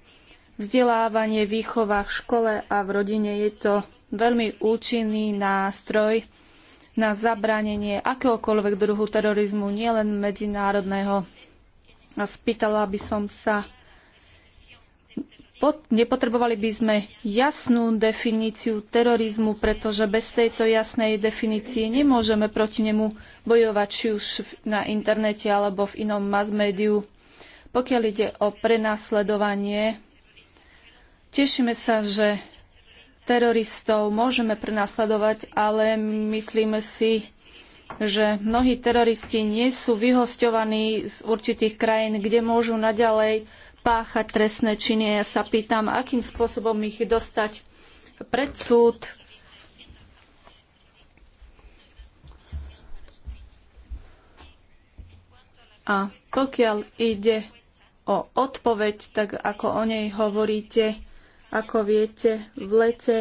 [SPEAKER 4] vzdelávanie, výchova v škole a v rodine. Je to veľmi účinný nástroj na zabránenie akéhokoľvek druhu terorizmu, nielen medzinárodného Spýtala by som sa, nepotrebovali by sme jasnú definíciu terorizmu, pretože bez tejto jasnej definície nemôžeme proti nemu bojovať či už na internete alebo v inom mass médiu. Pokiaľ ide o prenasledovanie, tešíme sa, že teroristov môžeme prenasledovať, ale myslíme si, že mnohí teroristi nie sú vyhosťovaní z určitých krajín, kde môžu naďalej páchať trestné činy. Ja sa pýtam, akým spôsobom ich dostať pred súd. A pokiaľ ide o odpoveď, tak ako o nej hovoríte, ako viete, v lete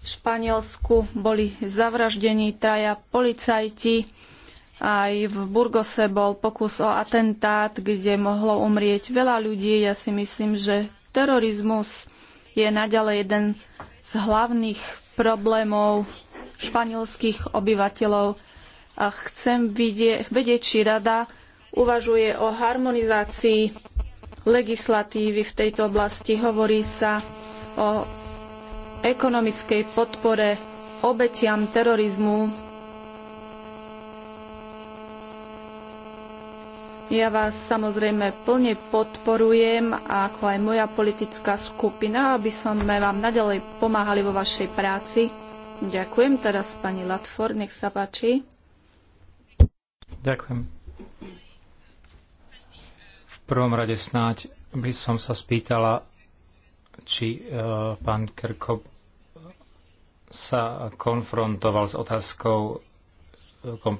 [SPEAKER 4] v Španielsku boli zavraždení traja policajti. Aj v Burgose bol pokus o atentát, kde mohlo umrieť veľa ľudí. Ja si myslím, že terorizmus je naďalej jeden z hlavných problémov španielských obyvateľov. A chcem vedieť, či rada uvažuje o harmonizácii legislatívy v tejto oblasti. Hovorí sa o ekonomickej podpore obetiam terorizmu. Ja vás samozrejme plne podporujem, ako aj moja politická skupina, aby sme vám nadalej pomáhali vo vašej práci. Ďakujem teraz pani Latford, nech sa páči.
[SPEAKER 1] Ďakujem. V prvom rade snáď by som sa spýtala, či e, pán Krko sa konfrontoval s otázkou e,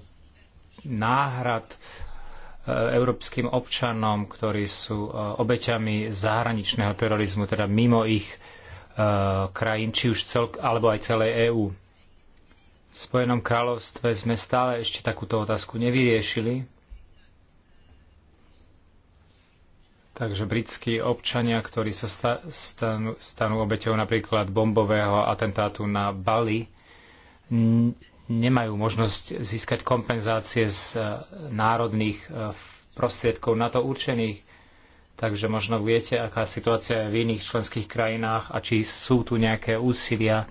[SPEAKER 1] náhrad e, európskym občanom, ktorí sú obeťami zahraničného terorizmu, teda mimo ich krajín, či už cel, alebo aj celej EÚ. V Spojenom kráľovstve sme stále ešte takúto otázku nevyriešili, Takže britskí občania, ktorí sa sta- stanú, stanú obeťou napríklad bombového atentátu na Bali, nemajú možnosť získať kompenzácie z e, národných e, prostriedkov na to určených. Takže možno viete, aká situácia je v iných členských krajinách a či sú tu nejaké úsilia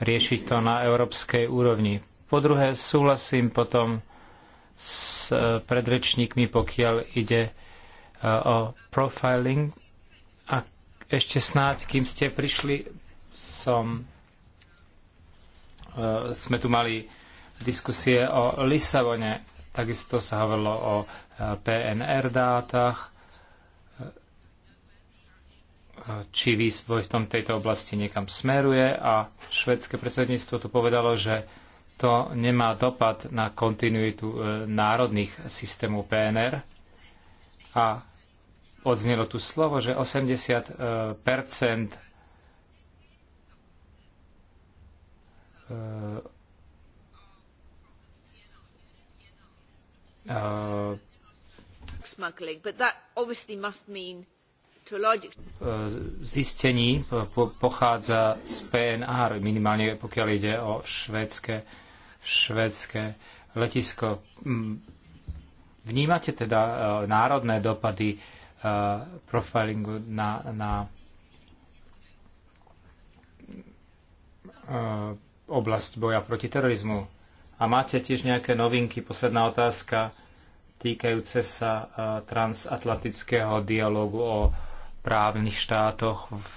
[SPEAKER 1] riešiť to na európskej úrovni. Po druhé, súhlasím potom s e, predrečníkmi, pokiaľ ide Eh, o profiling a ešte snáď, kým ste prišli, som, eh, sme tu mali diskusie o Lisabone, takisto sa hovorilo o eh, PNR dátach, či výsvoj v tom, tejto oblasti niekam smeruje a švedské predsedníctvo tu povedalo, že to nemá dopad na kontinuitu národných systémov PNR a odznelo tu slovo, že 80 e, e, e, zistení pochádza z PNR, minimálne pokiaľ ide o švédske, švédske letisko. Mm, vnímate teda národné dopady Uh, profilingu na, na uh, oblasť boja proti terorizmu. A máte tiež nejaké novinky? Posledná otázka týkajúce sa uh, transatlantického dialogu o právnych štátoch v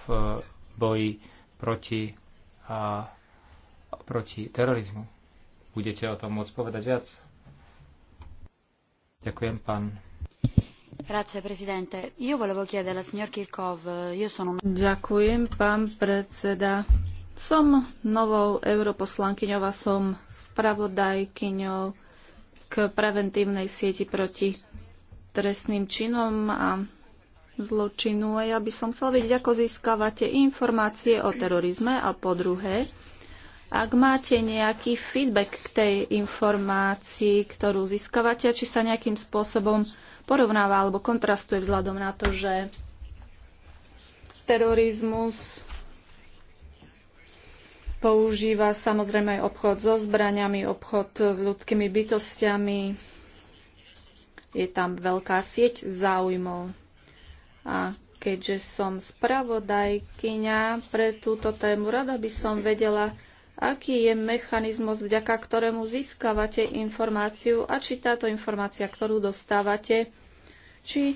[SPEAKER 1] boji proti, a, proti terorizmu. Budete o tom môcť povedať viac? Ďakujem, pán
[SPEAKER 4] Grazie, Presidente. Io volevo chiedere al signor Kirchhoff, eh, io sono... Ďakujem, pán predseda. Som novou europoslankyňou a som spravodajkyňou k preventívnej sieti proti trestným činom a zločinu. A ja by som chcel vedieť, ako získavate informácie o terorizme a po druhé, ak máte nejaký feedback k tej informácii, ktorú získavate, či sa nejakým spôsobom porovnáva alebo kontrastuje vzhľadom na to, že terorizmus používa samozrejme aj obchod so zbraniami, obchod s ľudskými bytostiami. Je tam veľká sieť záujmov. A keďže som spravodajkyňa pre túto tému, rada by som vedela, aký je mechanizmus, vďaka ktorému získavate informáciu a či táto informácia, ktorú dostávate, či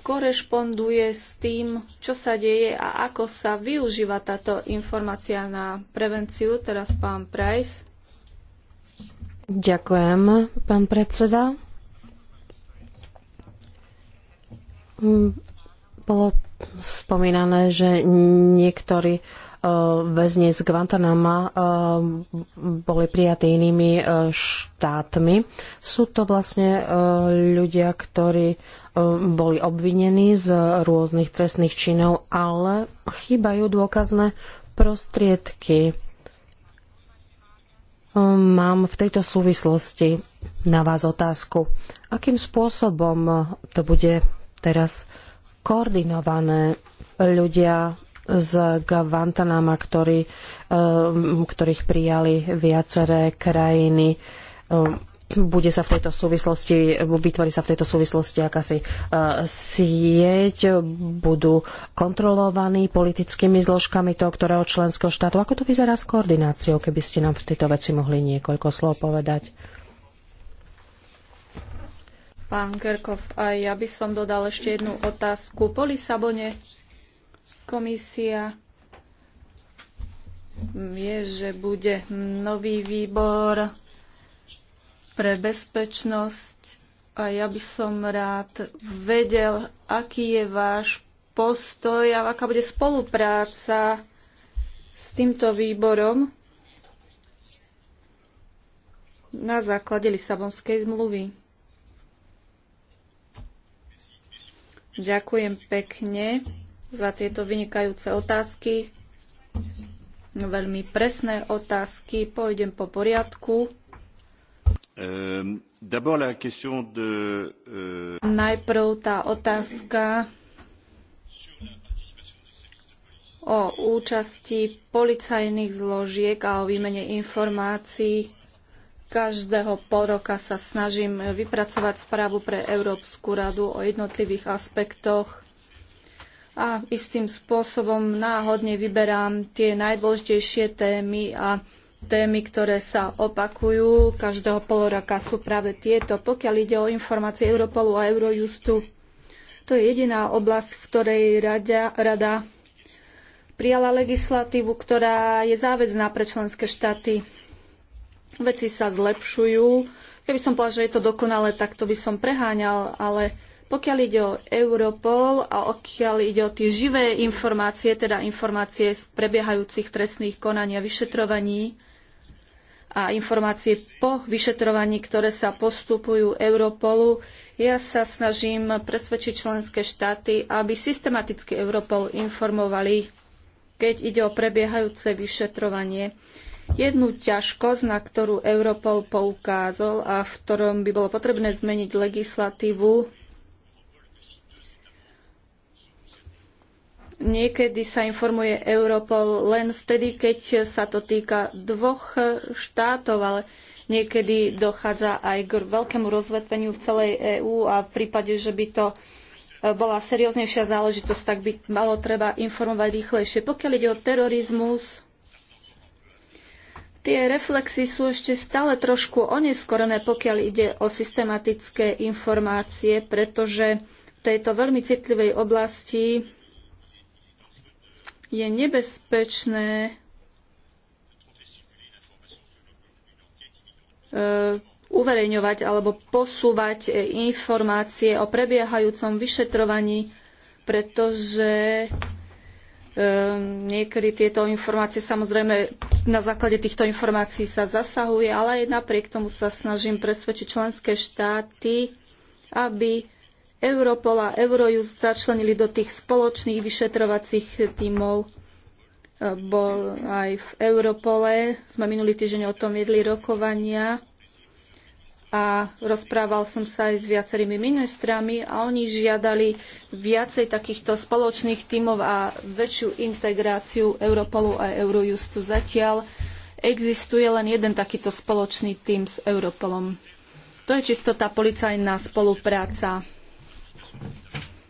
[SPEAKER 4] korešponduje s tým, čo sa deje a ako sa využíva táto informácia na prevenciu. Teraz pán Price.
[SPEAKER 3] Ďakujem, pán predseda. Hm, bolo spomínané, že niektorí E, väzni z Guantanama e, boli prijatí inými e, štátmi. Sú to vlastne ľudia, ktorí boli obvinení z rôznych trestných činov, ale chýbajú dôkazné prostriedky. Mám v tejto súvislosti na vás otázku. Akým spôsobom to bude teraz koordinované? Ľudia z Guantanama, ktorý, um, ktorých prijali viaceré krajiny. Um, bude sa v tejto súvislosti, vytvorí sa v tejto súvislosti akási uh, sieť, budú kontrolovaní politickými zložkami toho, ktorého členského štátu. Ako to vyzerá s koordináciou, keby ste nám v tejto veci mohli niekoľko slov povedať?
[SPEAKER 4] Pán Kerkov, a ja by som dodal ešte jednu otázku. Po Lisabone Komisia vie, že bude nový výbor pre bezpečnosť a ja by som rád vedel, aký je váš postoj a aká bude spolupráca s týmto výborom na základe Lisabonskej zmluvy. Ďakujem pekne za tieto vynikajúce otázky. Veľmi presné otázky. Pôjdem po poriadku.
[SPEAKER 3] Um, de, euh,
[SPEAKER 4] Najprv tá otázka o účasti policajných zložiek a o výmene informácií. Každého pol roka sa snažím vypracovať správu pre Európsku radu o jednotlivých aspektoch a istým spôsobom náhodne vyberám tie najdôležitejšie témy a témy, ktoré sa opakujú každého pol roka sú práve tieto. Pokiaľ ide o informácie Europolu a Eurojustu, to je jediná oblasť, v ktorej rada, rada prijala legislatívu, ktorá je záväzná pre členské štáty. Veci sa zlepšujú. Keby som povedal, že je to dokonale, tak to by som preháňal, ale pokiaľ ide o Europol a pokiaľ ide o tie živé informácie, teda informácie z prebiehajúcich trestných konaní a vyšetrovaní a informácie po vyšetrovaní, ktoré sa postupujú Europolu, ja sa snažím presvedčiť členské štáty, aby systematicky Europol informovali, keď ide o prebiehajúce vyšetrovanie. Jednu ťažkosť, na ktorú Europol poukázal a v ktorom by bolo potrebné zmeniť legislatívu, Niekedy sa informuje Europol len vtedy, keď sa to týka dvoch štátov, ale niekedy dochádza aj k veľkému rozvetveniu v celej EÚ a v prípade, že by to eh, bola serióznejšia záležitosť, tak by malo treba informovať rýchlejšie. Pokiaľ ide o terorizmus, tie reflexy sú ešte stále trošku oneskorené, pokiaľ ide o systematické informácie, pretože v tejto veľmi citlivej oblasti je nebezpečné e, uverejňovať alebo posúvať informácie o prebiehajúcom vyšetrovaní, pretože e, niekedy tieto informácie, samozrejme na základe týchto informácií sa zasahuje, ale aj napriek tomu sa snažím presvedčiť členské štáty, aby Europol a Eurojust začlenili do tých spoločných vyšetrovacích tímov. Bol aj v Europole, sme minulý týždeň o tom jedli rokovania a rozprával som sa aj s viacerými ministrami a oni žiadali viacej takýchto spoločných tímov a väčšiu integráciu Europolu a Eurojustu. Zatiaľ existuje len jeden takýto spoločný tím s Europolom. To je čisto tá policajná spolupráca.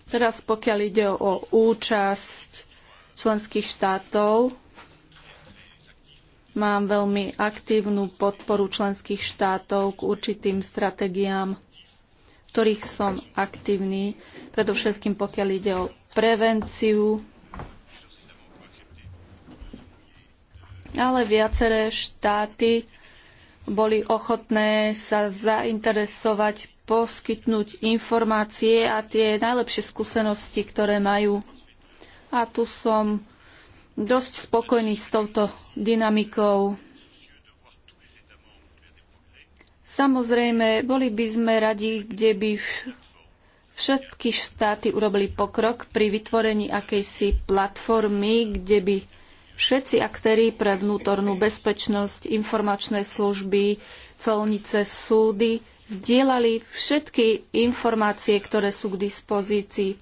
[SPEAKER 4] Teraz pokiaľ ide o účasť členských štátov, mám veľmi aktívnu podporu členských štátov k určitým stratégiám, ktorých som aktívny, predovšetkým pokiaľ ide o prevenciu, ale viaceré štáty boli ochotné sa zainteresovať poskytnúť informácie a tie najlepšie skúsenosti, ktoré majú. A tu som dosť spokojný s touto dynamikou. Samozrejme, boli by sme radi, kde by všetky štáty urobili pokrok pri vytvorení akejsi platformy, kde by všetci aktéri pre vnútornú bezpečnosť, informačné služby, colnice, súdy zdieľali všetky informácie, ktoré sú k dispozícii.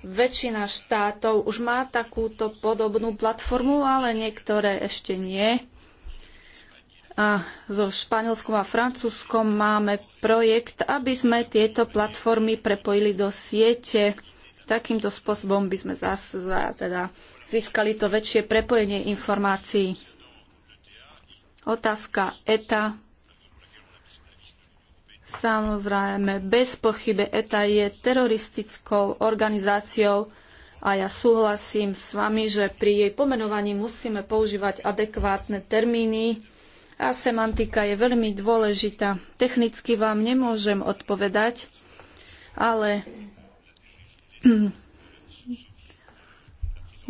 [SPEAKER 4] Väčšina štátov už má takúto podobnú platformu, ale niektoré ešte nie. A so Španielskom a Francúzskom máme projekt, aby sme tieto platformy prepojili do siete. Takýmto spôsobom by sme zas, za, teda, získali to väčšie prepojenie informácií. Otázka ETA Samozrejme, bez pochybe ETA je teroristickou organizáciou a ja súhlasím s vami, že pri jej pomenovaní musíme používať adekvátne termíny a semantika je veľmi dôležitá. Technicky vám nemôžem odpovedať, ale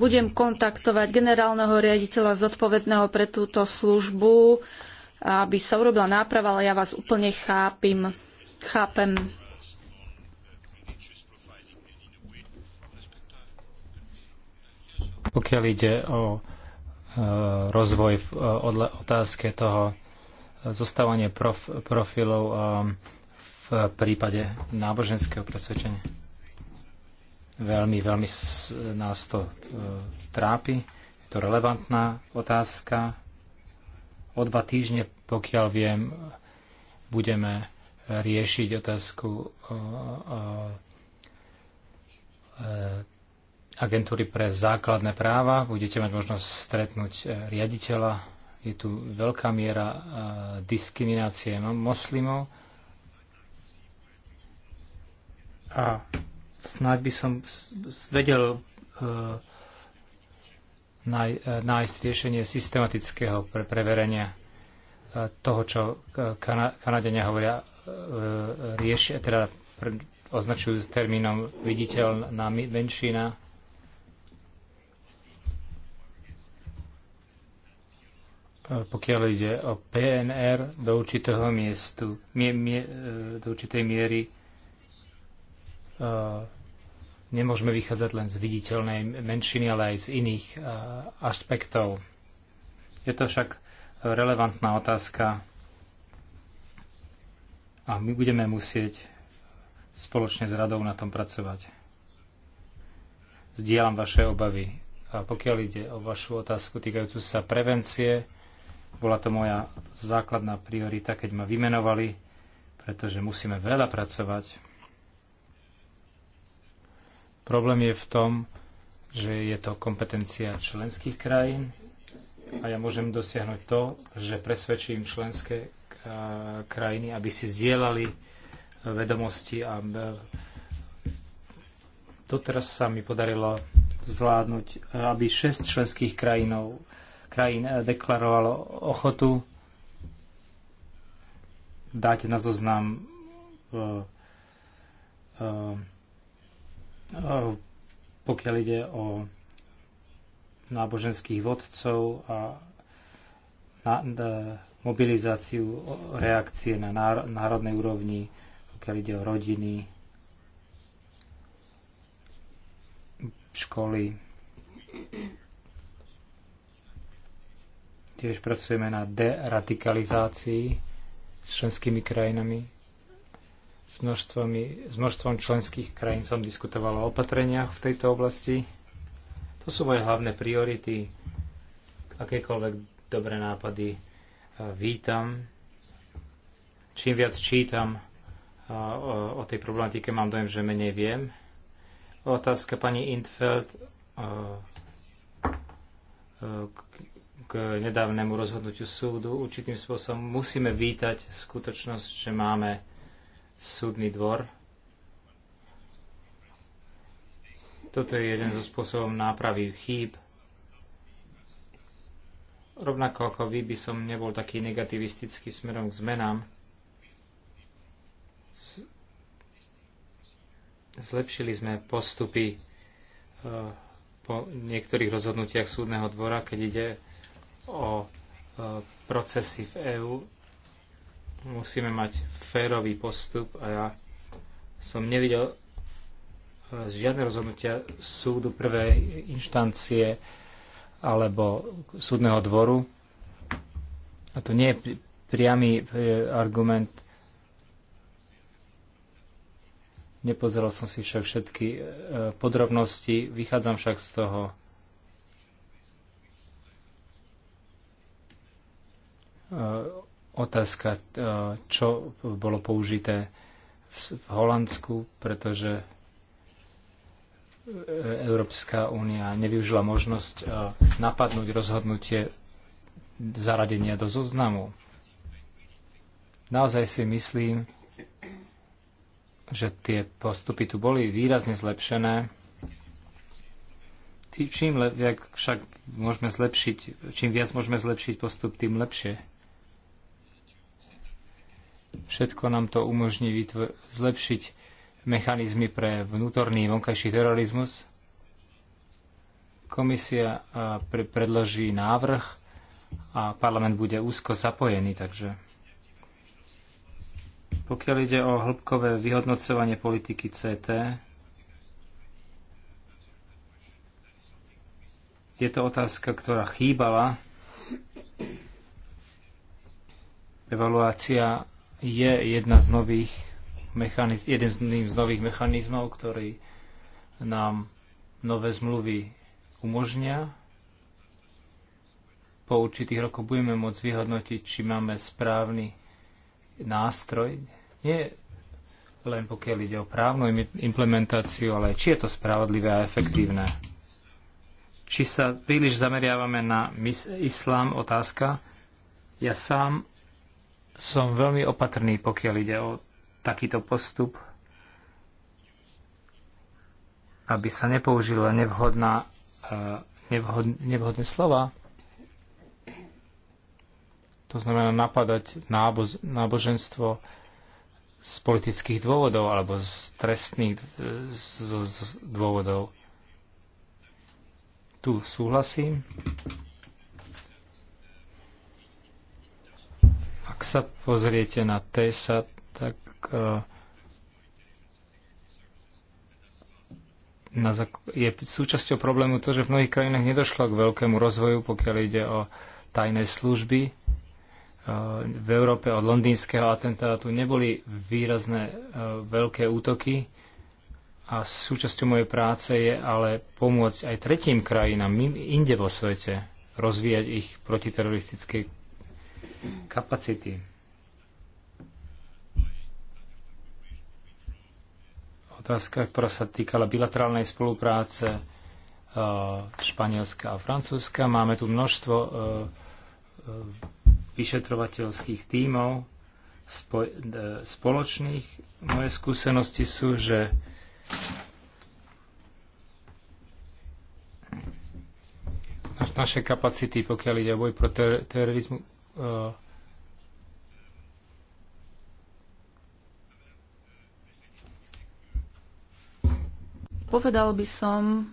[SPEAKER 4] budem kontaktovať generálneho riaditeľa zodpovedného pre túto službu aby sa urobila náprava, ale ja vás úplne chápim, chápem.
[SPEAKER 1] Pokiaľ ide o e, rozvoj v e, otázke toho e, zostávania prof, profilov v prípade náboženského presvedčenia. Veľmi, veľmi nás to trápi. Je to relevantná otázka. O dva týždne, pokiaľ viem, budeme riešiť otázku e, agentúry pre základné práva. Budete mať možnosť stretnúť e, riaditeľa. Je tu veľká miera e, diskriminácie moslimov. A snáď by som vedel E, nájsť riešenie systematického pre preverenia e, toho, čo Kana- Kanadenia hovoria, e, riešia, teda označujú s termínom viditeľná menšina. Pokiaľ ide o PNR do určitého miestu, mie, mie, do určitej miery Nemôžeme vychádzať len z viditeľnej menšiny, ale aj z iných eh, aspektov. Je to však relevantná otázka a my budeme musieť spoločne s radou na tom pracovať. Zdieľam vaše obavy. A pokiaľ ide o vašu otázku týkajúcu sa prevencie, bola to moja základná priorita, keď ma vymenovali, pretože musíme veľa pracovať Problém je v tom, že je to kompetencia členských krajín a ja môžem dosiahnuť to, že presvedčím členské eh, krajiny, aby si zdieľali eh, vedomosti a doteraz eh, sa mi podarilo zvládnuť, aby 6 členských krajinov, krajín deklarovalo ochotu dať na zoznam Eh, pokiaľ ide o náboženských vodcov a na, na, mobilizáciu reakcie na národnej úrovni, pokiaľ ide o rodiny, školy. Tiež pracujeme na deradikalizácii s členskými krajinami s, s množstvom členských krajín som diskutoval o opatreniach v tejto oblasti. To sú moje hlavné priority. Akékoľvek dobré nápady e, vítam. Čím viac čítam e, o, tej problematike, mám dojem, že menej viem. Otázka pani Intfeld e, k nedávnemu rozhodnutiu súdu. Určitým spôsobom musíme vítať skutočnosť, že máme súdny dvor. Toto je jeden zo spôsobov nápravy chýb. Rovnako ako vy by som nebol taký negativistický smerom k zmenám. Zlepšili sme postupy e, po niektorých rozhodnutiach súdneho dvora, keď ide o e, procesy v EÚ Musíme mať férový postup a ja som nevidel e, žiadne rozhodnutia súdu prvej inštancie alebo súdneho dvoru. A to nie je priamy e, argument. Nepozeral som si však všetky e, podrobnosti, vychádzam však z toho, otázka, e, čo bolo použité v Holandsku, pretože Európska únia nevyužila možnosť e, napadnúť rozhodnutie zaradenia do zoznamu. Naozaj si myslím, že tie postupy tu boli výrazne zlepšené. Čím le- však môžeme zlepšiť, čím viac môžeme zlepšiť postup, tým lepšie. Všetko nám to umožní zlepšiť mechanizmy pre vnútorný vonkajší terorizmus. Komisia pre- predloží návrh a parlament bude úzko zapojený, takže pokiaľ ide o hĺbkové vyhodnocovanie politiky CT, je to otázka, ktorá chýbala. Evaluácia je jedna z nových mechaniz- jeden z nových mechanizmov, ktorý nám nové zmluvy umožnia. Po určitých rokoch budeme môcť vyhodnotiť, či máme správny nástroj. Nie len pokiaľ ide o právnu implementáciu, ale či je to spravodlivé a efektívne. Či sa príliš zameriavame na islám, otázka. Ja sám som veľmi opatrný, pokiaľ ide o takýto postup, aby sa nepoužila nevhodná, e, nevhod, nevhodné slova. To znamená napadať náboz, náboženstvo z politických dôvodov alebo z trestných z, z, z dôvodov. Tu súhlasím. Ak sa pozriete na TESA, tak eh, na, je súčasťou problému to, že v mnohých krajinách nedošlo k veľkému rozvoju, pokiaľ ide o tajné služby. Eh, v Európe od londýnskeho atentátu neboli výrazné eh, veľké útoky a súčasťou mojej práce je ale pomôcť aj tretím krajinám inde vo svete rozvíjať ich protiteroristické kapacity. Otázka, ktorá sa týkala bilaterálnej spolupráce e, Španielska a Francúzska. Máme tu množstvo e, e, vyšetrovateľských tímov spoločných. Moje skúsenosti sú, že naše kapacity, pokiaľ ide o boj pro terorizmu,
[SPEAKER 2] E,
[SPEAKER 4] povedal by som,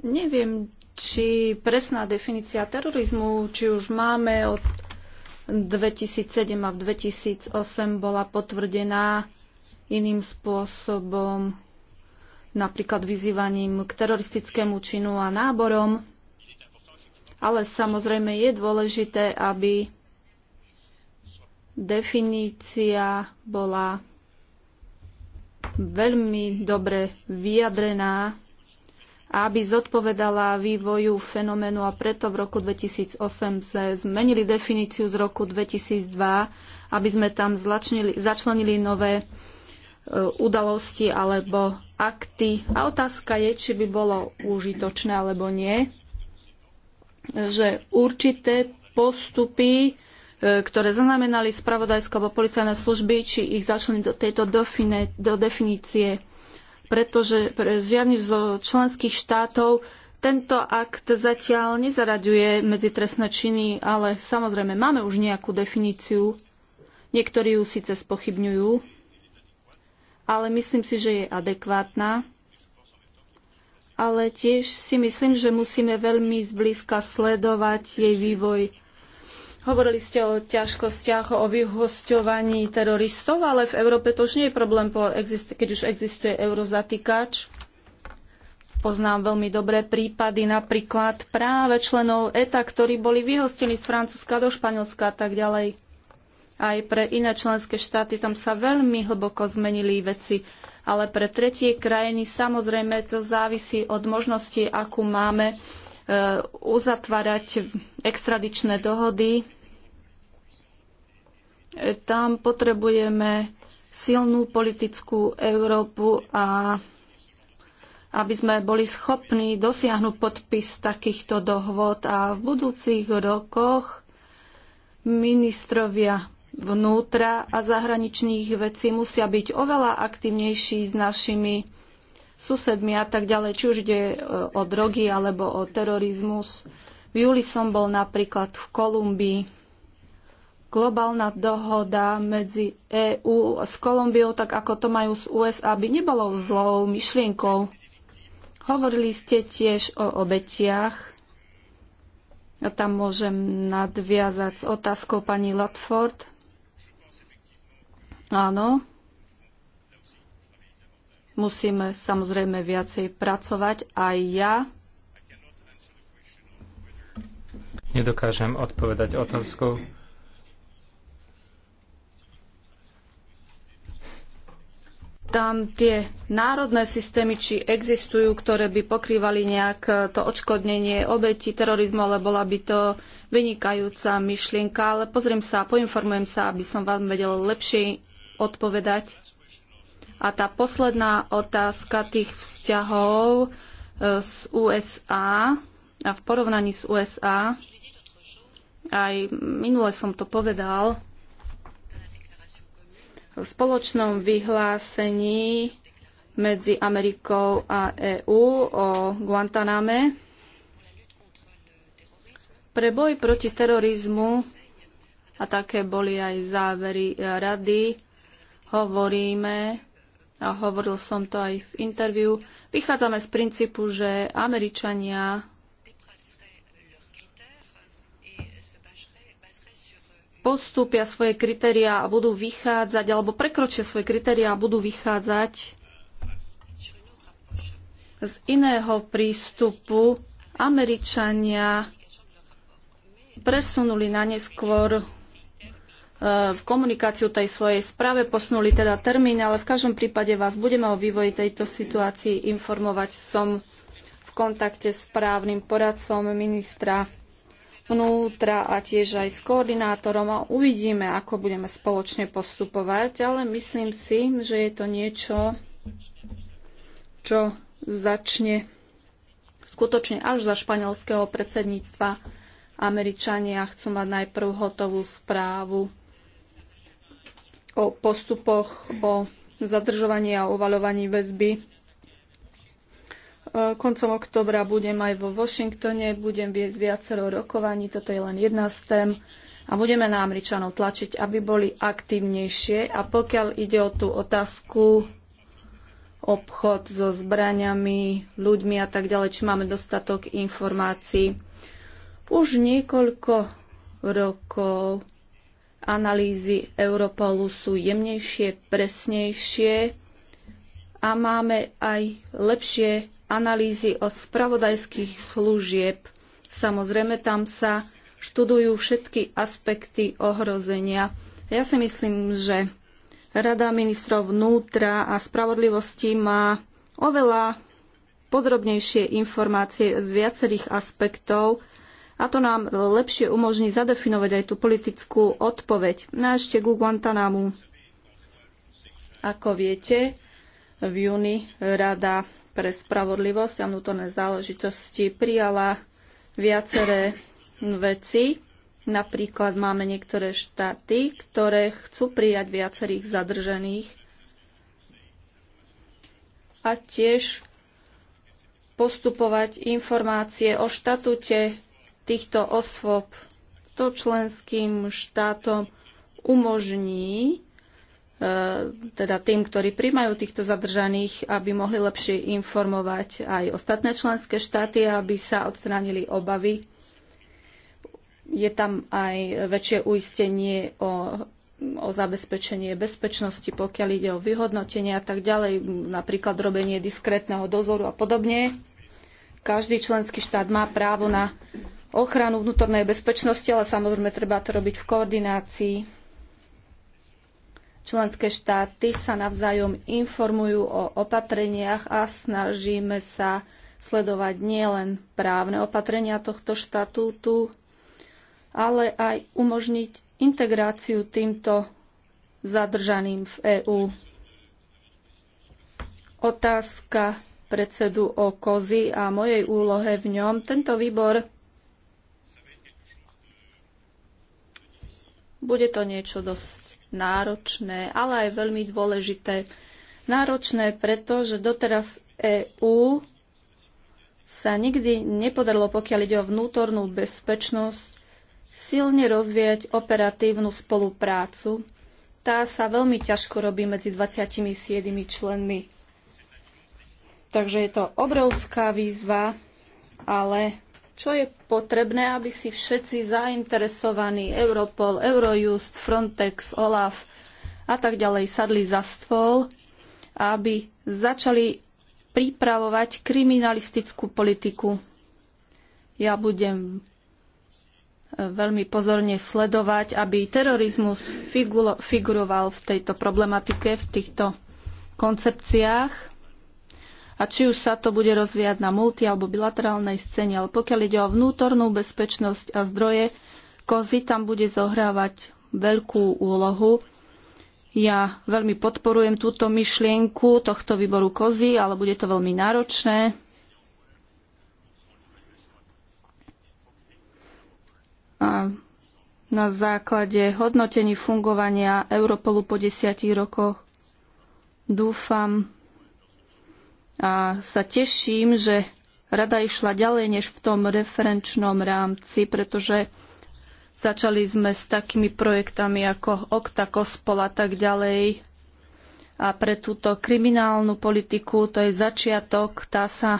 [SPEAKER 4] neviem, či presná definícia terorizmu, či už máme od 2007 a v 2008 bola potvrdená iným spôsobom, napríklad vyzývaním k teroristickému činu a náborom ale samozrejme je dôležité, aby definícia bola veľmi dobre vyjadrená a aby zodpovedala vývoju fenoménu a preto v roku 2008 sme zmenili definíciu z roku 2002, aby sme tam zlačnili, začlenili nové e, udalosti alebo akty. A otázka je, či by bolo užitočné alebo nie že určité postupy, e, ktoré zaznamenali spravodajské alebo policajné služby, či ich začali do tejto dofine, do definície, pretože pre žiadny zo členských štátov tento akt zatiaľ nezaraďuje medzi trestné činy, ale samozrejme máme už nejakú definíciu. Niektorí ju síce spochybňujú, ale myslím si, že je adekvátna ale tiež si myslím, že musíme veľmi zblízka sledovať jej vývoj. Hovorili ste o ťažkostiach, o vyhosťovaní teroristov, ale v Európe to už nie je problém, keď už existuje eurozatýkač. Poznám veľmi dobré prípady, napríklad práve členov ETA, ktorí boli vyhostení z Francúzska do Španielska a tak ďalej. Aj pre iné členské štáty tam sa veľmi hlboko zmenili veci ale pre tretie krajiny samozrejme to závisí od možnosti, akú máme e, uzatvárať extradičné dohody. E, tam potrebujeme silnú politickú Európu a aby sme boli schopní dosiahnuť podpis takýchto dohôd a v budúcich rokoch ministrovia vnútra a zahraničných vecí musia byť oveľa aktívnejší s našimi susedmi a tak ďalej, či už ide e, o drogy alebo o terorizmus. V júli som bol napríklad v Kolumbii. Globálna dohoda medzi EÚ s Kolumbiou, tak ako to majú z USA, by nebolo zlou myšlienkou. Hovorili ste tiež o obetiach. Ja tam môžem nadviazať s otázkou pani Latford. Áno, musíme samozrejme viacej pracovať aj ja.
[SPEAKER 1] Nedokážem odpovedať otázkou.
[SPEAKER 4] Tam tie národné systémy, či existujú, ktoré by pokrývali nejak to odškodnenie obeti terorizmu, ale bola by to vynikajúca myšlienka. Ale pozriem sa, poinformujem sa, aby som vám vedel lepšie odpovedať. A tá posledná otázka tých vzťahov e, z USA a v porovnaní s USA, aj minule som to povedal, v spoločnom vyhlásení medzi Amerikou a EÚ o Guantaname. Pre boj proti terorizmu, a také boli aj závery rady, hovoríme, a hovoril som to aj v interviu, vychádzame z princípu, že Američania postúpia svoje kritéria a budú vychádzať, alebo prekročia svoje kritéria a budú vychádzať z iného prístupu. Američania presunuli na neskôr v komunikáciu tej svojej správe posunuli teda termín, ale v každom prípade vás budeme o vývoji tejto situácii informovať. Som v kontakte s právnym poradcom ministra vnútra a tiež aj s koordinátorom a uvidíme, ako budeme spoločne postupovať, ale myslím si, že je to niečo, čo začne skutočne až za španielského predsedníctva. Američania chcú mať najprv hotovú správu o postupoch, o zadržovaní a uvalovaní väzby. E, koncom oktobra budem aj vo Washingtone, budem viesť viacero rokovaní, toto je len jedna z tém a budeme na Američanov tlačiť, aby boli aktívnejšie. A pokiaľ ide o tú otázku obchod so zbraniami, ľuďmi a tak ďalej, či máme dostatok informácií. Už niekoľko rokov Analýzy Europolu sú jemnejšie, presnejšie a máme aj lepšie analýzy o spravodajských služieb. Samozrejme, tam sa študujú všetky aspekty ohrozenia. Ja si myslím, že Rada ministrov vnútra a spravodlivosti má oveľa podrobnejšie informácie z viacerých aspektov a to nám lepšie umožní zadefinovať aj tú politickú odpoveď. Na no ešte ku Guantanamu. Ako viete, v júni Rada pre spravodlivosť a vnútorné záležitosti prijala viaceré veci. Napríklad máme niektoré štáty, ktoré chcú prijať viacerých zadržených a tiež postupovať informácie o štatute týchto osôb to členským štátom umožní, e, teda tým, ktorí príjmajú týchto zadržaných, aby mohli lepšie informovať aj ostatné členské štáty, aby sa odstránili obavy. Je tam aj väčšie uistenie o o zabezpečenie bezpečnosti, pokiaľ ide o vyhodnotenie a tak ďalej, napríklad robenie diskrétneho dozoru a podobne. Každý členský štát má právo na ochranu vnútornej bezpečnosti, ale samozrejme treba to robiť v koordinácii. Členské štáty sa navzájom informujú o opatreniach a snažíme sa sledovať nielen právne opatrenia tohto štatútu, ale aj umožniť integráciu týmto zadržaným v EÚ. Otázka predsedu o kozy a mojej úlohe v ňom. Tento výbor Bude to niečo dosť náročné, ale aj veľmi dôležité. Náročné preto, že doteraz EÚ sa nikdy nepodarilo, pokiaľ ide o vnútornú bezpečnosť, silne rozvíjať operatívnu spoluprácu. Tá sa veľmi ťažko robí medzi 27 členmi. Takže je to obrovská výzva, ale čo je potrebné, aby si všetci zainteresovaní, Europol, Eurojust, Frontex, OLAF a tak ďalej sadli za stôl, aby začali pripravovať kriminalistickú politiku. Ja budem e, veľmi pozorne sledovať, aby terorizmus figuroval v tejto problematike, v týchto koncepciách a či už sa to bude rozvíjať na multi- alebo bilaterálnej scéne, ale pokiaľ ide o vnútornú bezpečnosť a zdroje, kozy tam bude zohrávať veľkú úlohu. Ja veľmi podporujem túto myšlienku tohto výboru kozy, ale bude to veľmi náročné. A na základe hodnotení fungovania Europolu po desiatich rokoch dúfam, a sa teším, že rada išla ďalej než v tom referenčnom rámci, pretože začali sme s takými projektami ako Okta, Kospol a tak ďalej. A pre túto kriminálnu politiku to je začiatok, tá sa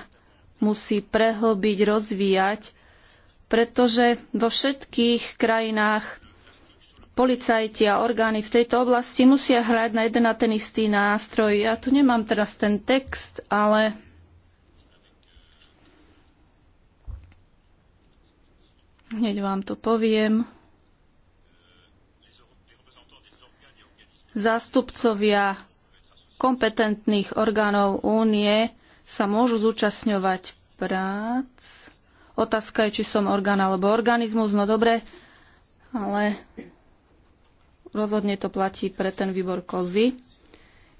[SPEAKER 4] musí prehlbiť, rozvíjať, pretože vo všetkých krajinách policajti a orgány v tejto oblasti musia hrať na jeden a ten istý nástroj. Ja tu nemám teraz ten text, ale hneď vám to poviem. Zástupcovia kompetentných orgánov únie sa môžu zúčastňovať prác. Otázka je, či som orgán alebo organizmus. No dobre, ale Rozhodne to platí pre ten výbor Kozy.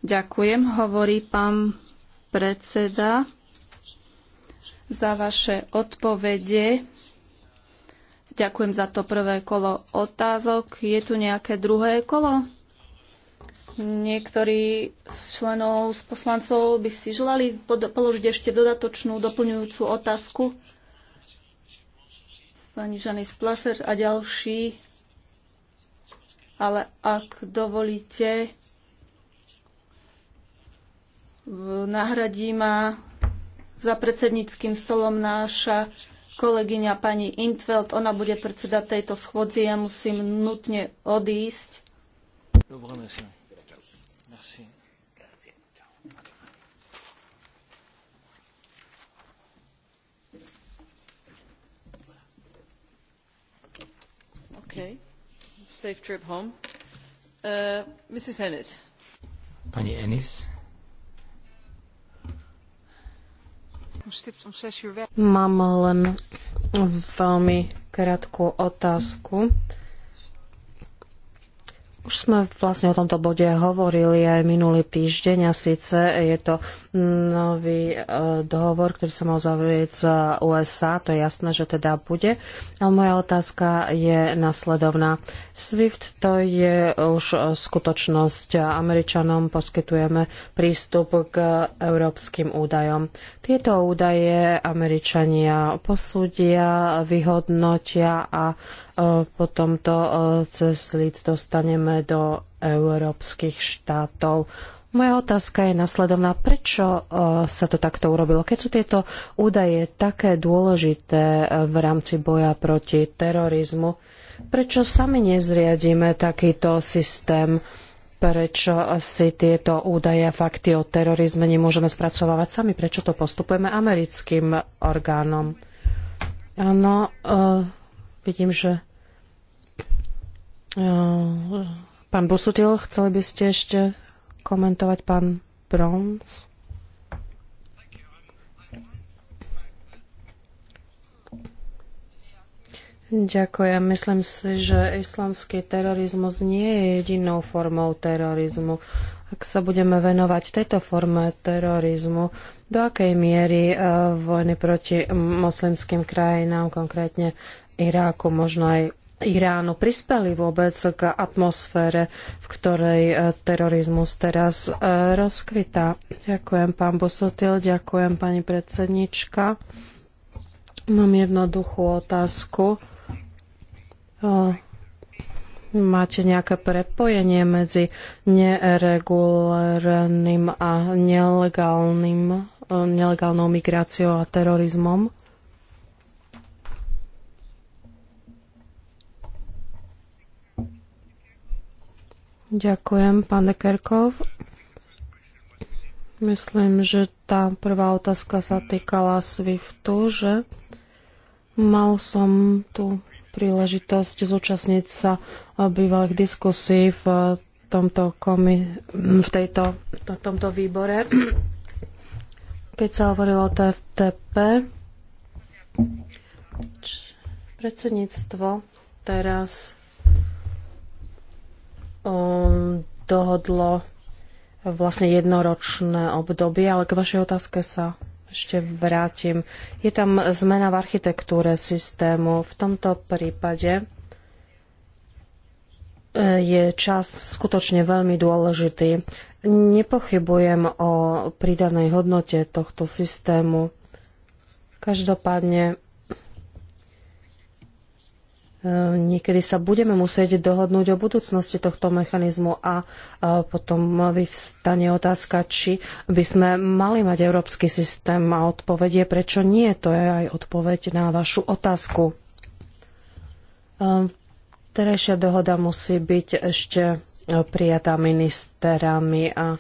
[SPEAKER 4] Ďakujem, hovorí pán predseda, za vaše odpovede. Ďakujem za to prvé kolo otázok. Je tu nejaké druhé kolo? Niektorí z členov, z poslancov by si želali položiť ešte dodatočnú, doplňujúcu otázku. Pani Žanis Plaser a ďalší ale ak dovolíte, nahradí ma za predsedníckým stolom náša kolegyňa pani Intveld. Ona bude predseda tejto schôdzi. Ja musím nutne odísť.
[SPEAKER 1] Dobre, merci. Merci.
[SPEAKER 2] Okay. Safe trip home. Uh, Mrs. Ennis.
[SPEAKER 1] Pani Ennis. Mám len
[SPEAKER 3] veľmi krátku otázku. Mm už sme vlastne o tomto bode hovorili aj minulý týždeň a síce je to nový e, dohovor, ktorý sa mal zavrieť z USA, to je jasné, že teda bude. Ale moja otázka je nasledovná. SWIFT to je už skutočnosť. Američanom poskytujeme prístup k európskym údajom. Tieto údaje Američania posúdia, vyhodnotia a E, potom to e, cez líc dostaneme do európskych štátov. Moja otázka je nasledovná. Prečo e, sa to takto urobilo? Keď sú tieto údaje také dôležité v rámci boja proti terorizmu, prečo sami nezriadíme takýto systém? Prečo si tieto údaje a fakty o terorizme nemôžeme spracovávať sami? Prečo to postupujeme americkým orgánom? Áno, uh Vidím, že e, pán Busutil, chceli by ste ešte komentovať pán Brons? Ďakujem. Myslím si, že islamský terorizmus nie je jedinou formou terorizmu. Ak sa budeme venovať tejto forme terorizmu, do akej miery e, vojny proti moslimským krajinám, konkrétne Iráku, možno aj Iránu prispeli vôbec k atmosfére, v ktorej e, terorizmus teraz e, rozkvitá. Ďakujem, pán Bosotil, ďakujem, pani predsednička. Mám jednoduchú otázku. E, máte nejaké prepojenie medzi neregulárnym a nelegálnym, nelegálnou migráciou a terorizmom? Ďakujem, pán Dekerkov. Myslím, že tá prvá otázka sa týkala SWIFTu, že mal som tu príležitosť zúčastniť sa bývalých diskusí v tomto, komi- v tejto, v tomto výbore, keď sa hovorilo o TFTP. Predsedníctvo teraz Um, dohodlo vlastne jednoročné obdobie, ale k vašej otázke sa ešte vrátim. Je tam zmena v architektúre systému. V tomto prípade e, je čas skutočne veľmi dôležitý. Nepochybujem o pridanej hodnote tohto systému. Každopádne niekedy sa budeme musieť dohodnúť o budúcnosti tohto mechanizmu a potom vyvstane otázka, či by sme mali mať európsky systém a odpovedie, prečo nie. To je aj odpoveď na vašu otázku. Terejšia dohoda musí byť ešte prijatá ministerami a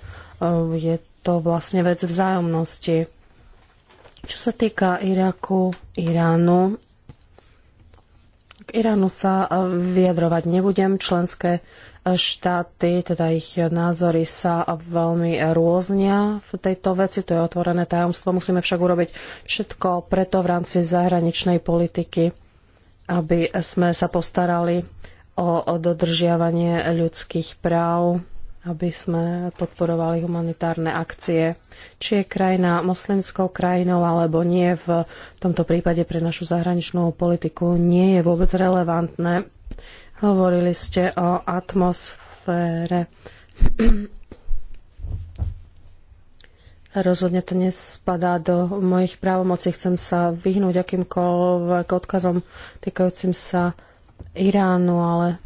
[SPEAKER 3] je to vlastne vec vzájomnosti. Čo sa týka Iraku, Iránu, Iránu sa e, vyjadrovať nebudem. Členské e, štáty, teda ich názory sa veľmi rôznia v tejto veci. To je otvorené tajomstvo. Musíme však urobiť všetko preto v rámci zahraničnej politiky, aby sme sa postarali o dodržiavanie ľudských práv aby sme podporovali humanitárne akcie, či je krajina moslimskou krajinou alebo nie. V tomto prípade pre našu zahraničnú politiku nie je vôbec relevantné. Hovorili ste o atmosfére. Rozhodne to nespadá do mojich právomocí. Chcem sa vyhnúť akýmkoľvek odkazom týkajúcim sa Iránu, ale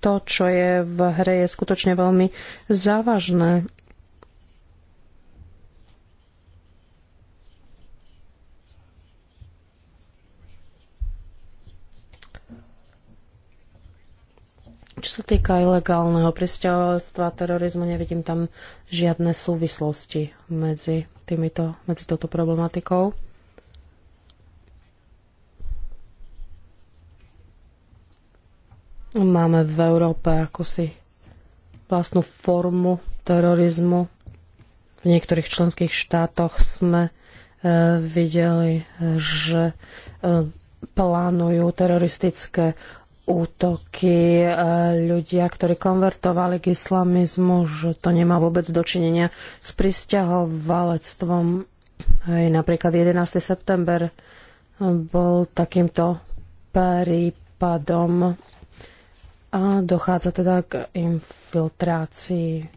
[SPEAKER 3] to, čo je v hre, je skutočne veľmi závažné. Čo sa týka ilegálneho a terorizmu, nevidím tam žiadne súvislosti medzi, týmito, medzi touto problematikou. Máme v Európe akosi vlastnú formu terorizmu. V niektorých členských štátoch sme e, videli, že e, plánujú teroristické útoky e, ľudia, ktorí konvertovali k islamizmu, že to nemá vôbec dočinenia s pristahovalectvom. Hej, napríklad 11. september bol takýmto prípadom a dochádza teda k infiltrácii.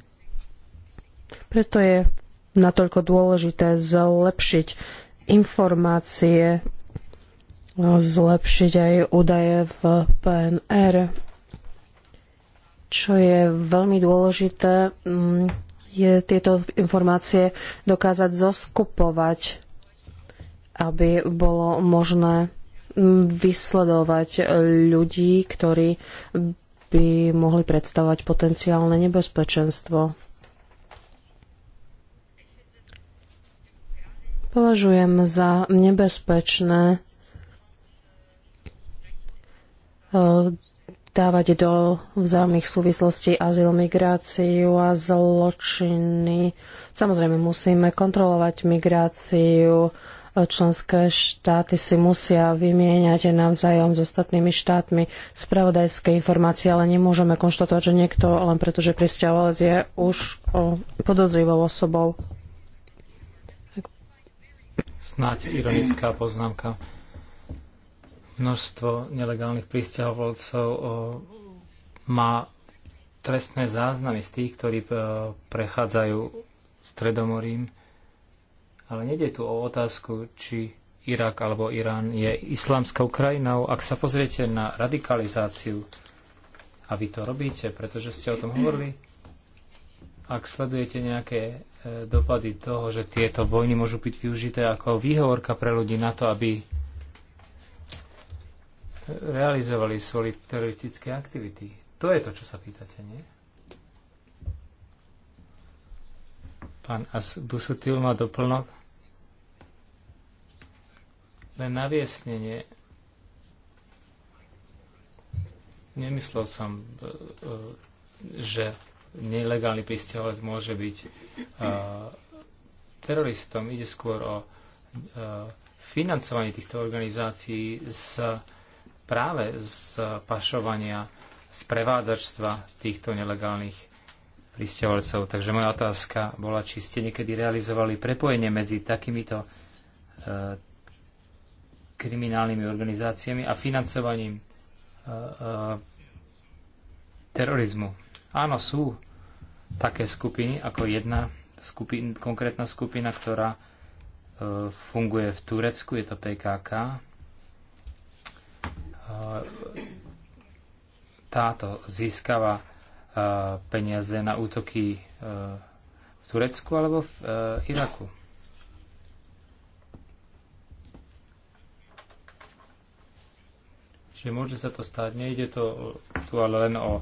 [SPEAKER 3] Preto je natoľko dôležité zlepšiť informácie, zlepšiť aj údaje v PNR. Čo je veľmi dôležité, mm, je tieto informácie dokázať zoskupovať, aby bolo možné mm, vysledovať ľudí, ktorí by mohli predstavovať potenciálne nebezpečenstvo. Považujem za nebezpečné eh, dávať do vzájomných súvislostí azyl, migráciu a zločiny. Samozrejme, musíme kontrolovať migráciu, členské štáty si musia vymieňať navzájom s ostatnými štátmi spravodajské informácie, ale nemôžeme konštatovať, že niekto len preto, že pristahovalec je už podozrivou osobou.
[SPEAKER 1] Snáď ironická poznámka. Množstvo nelegálnych pristahovalcov má trestné záznamy z tých, ktorí e, prechádzajú Stredomorím ale nejde tu o otázku, či Irak alebo Irán je islamskou krajinou. Ak sa pozriete na radikalizáciu, a vy to robíte, pretože ste o tom hovorili, ak sledujete nejaké e, dopady toho, že tieto vojny môžu byť využité ako výhovorka pre ľudí na to, aby realizovali svoje teroristické aktivity. To je to, čo sa pýtate, nie? Pán Busutil má doplnok. Len naviesnenie. Nemyslel som, e, e, že nelegálny pristahovalec môže byť e, teroristom. Ide skôr o financovanie týchto organizácií z, práve z pašovania, z prevádzačstva týchto nelegálnych pristahovalcov. Takže moja otázka bola, či ste niekedy realizovali prepojenie medzi takýmito e, kriminálnymi organizáciami a financovaním e, e, terorizmu. Áno, sú také skupiny, ako jedna skupin, konkrétna skupina, ktorá funguje v Turecku, je to PKK. Táto získava peniaze na útoky e, v Turecku alebo v e, Iraku. Čiže môže sa to stať, nejde to tu ale len o e,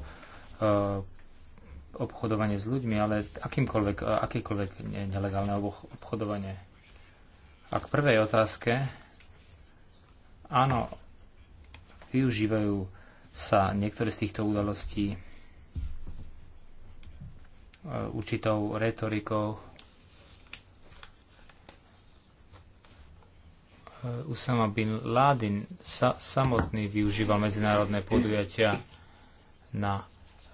[SPEAKER 1] obchodovanie s ľuďmi, ale akýmkoľvek, akýkoľvek nelegálne obchodovanie. A k prvej otázke, áno, využívajú sa niektoré z týchto udalostí E, určitou retorikou. E, Usama bin Laden sa, samotný využíval medzinárodné podujatia na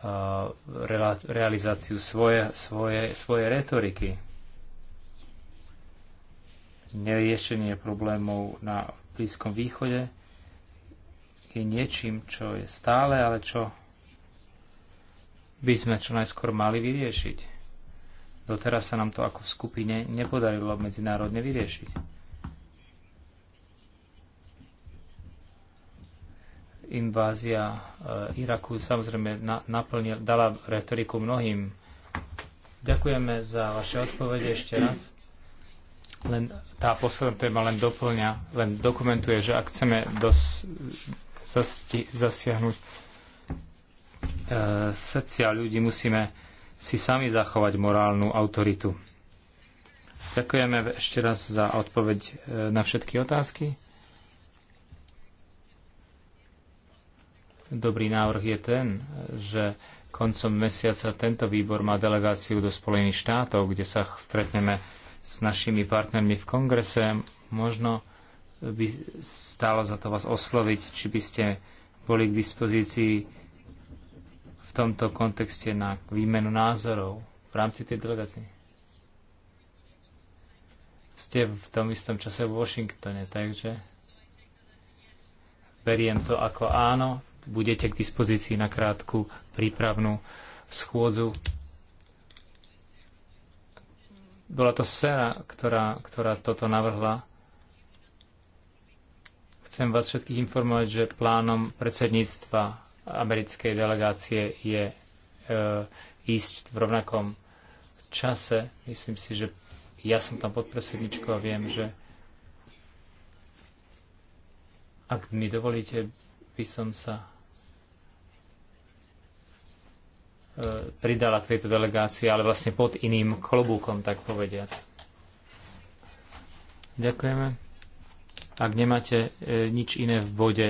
[SPEAKER 1] uh, rela, realizáciu svoje, svoje, svoje retoriky. Neriešenie problémov na Blízkom východe je niečím, čo je stále, ale čo by sme čo najskôr mali vyriešiť. Doteraz sa nám to ako v skupine nepodarilo medzinárodne vyriešiť. Invázia eh, Iraku samozrejme naplnil, dala retoriku mnohým. Ďakujeme za vaše odpovede ešte raz. Len tá posledná téma len doplňa, len dokumentuje, že ak chceme dos, zasti, zasiahnuť E, srdcia ľudí musíme si sami zachovať morálnu autoritu. Ďakujeme ešte raz za odpoveď e, na všetky otázky. Dobrý návrh je ten, že koncom mesiaca tento výbor má delegáciu do Spojených štátov, kde sa stretneme s našimi partnermi v kongrese. Možno by stálo za to vás osloviť, či by ste boli k dispozícii tomto kontexte na výmenu názorov v rámci tej delegácie? Ste v tom istom čase v Washingtone, takže beriem to ako áno. Budete k dispozícii na krátku prípravnú schôdzu. Bola to Sera, ktorá, ktorá toto navrhla. Chcem vás všetkých informovať, že plánom predsedníctva americkej delegácie je e, ísť v rovnakom čase. Myslím si, že ja som tam podpredsedničkou a viem, že ak mi dovolíte, by som sa e, pridala k tejto delegácii, ale vlastne pod iným klobúkom, tak povediac. Ďakujeme. Ak nemáte e, nič iné v bode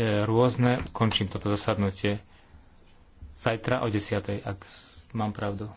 [SPEAKER 1] E, rôzne. Končím toto zasadnutie zajtra o 10.00, ak mám pravdu.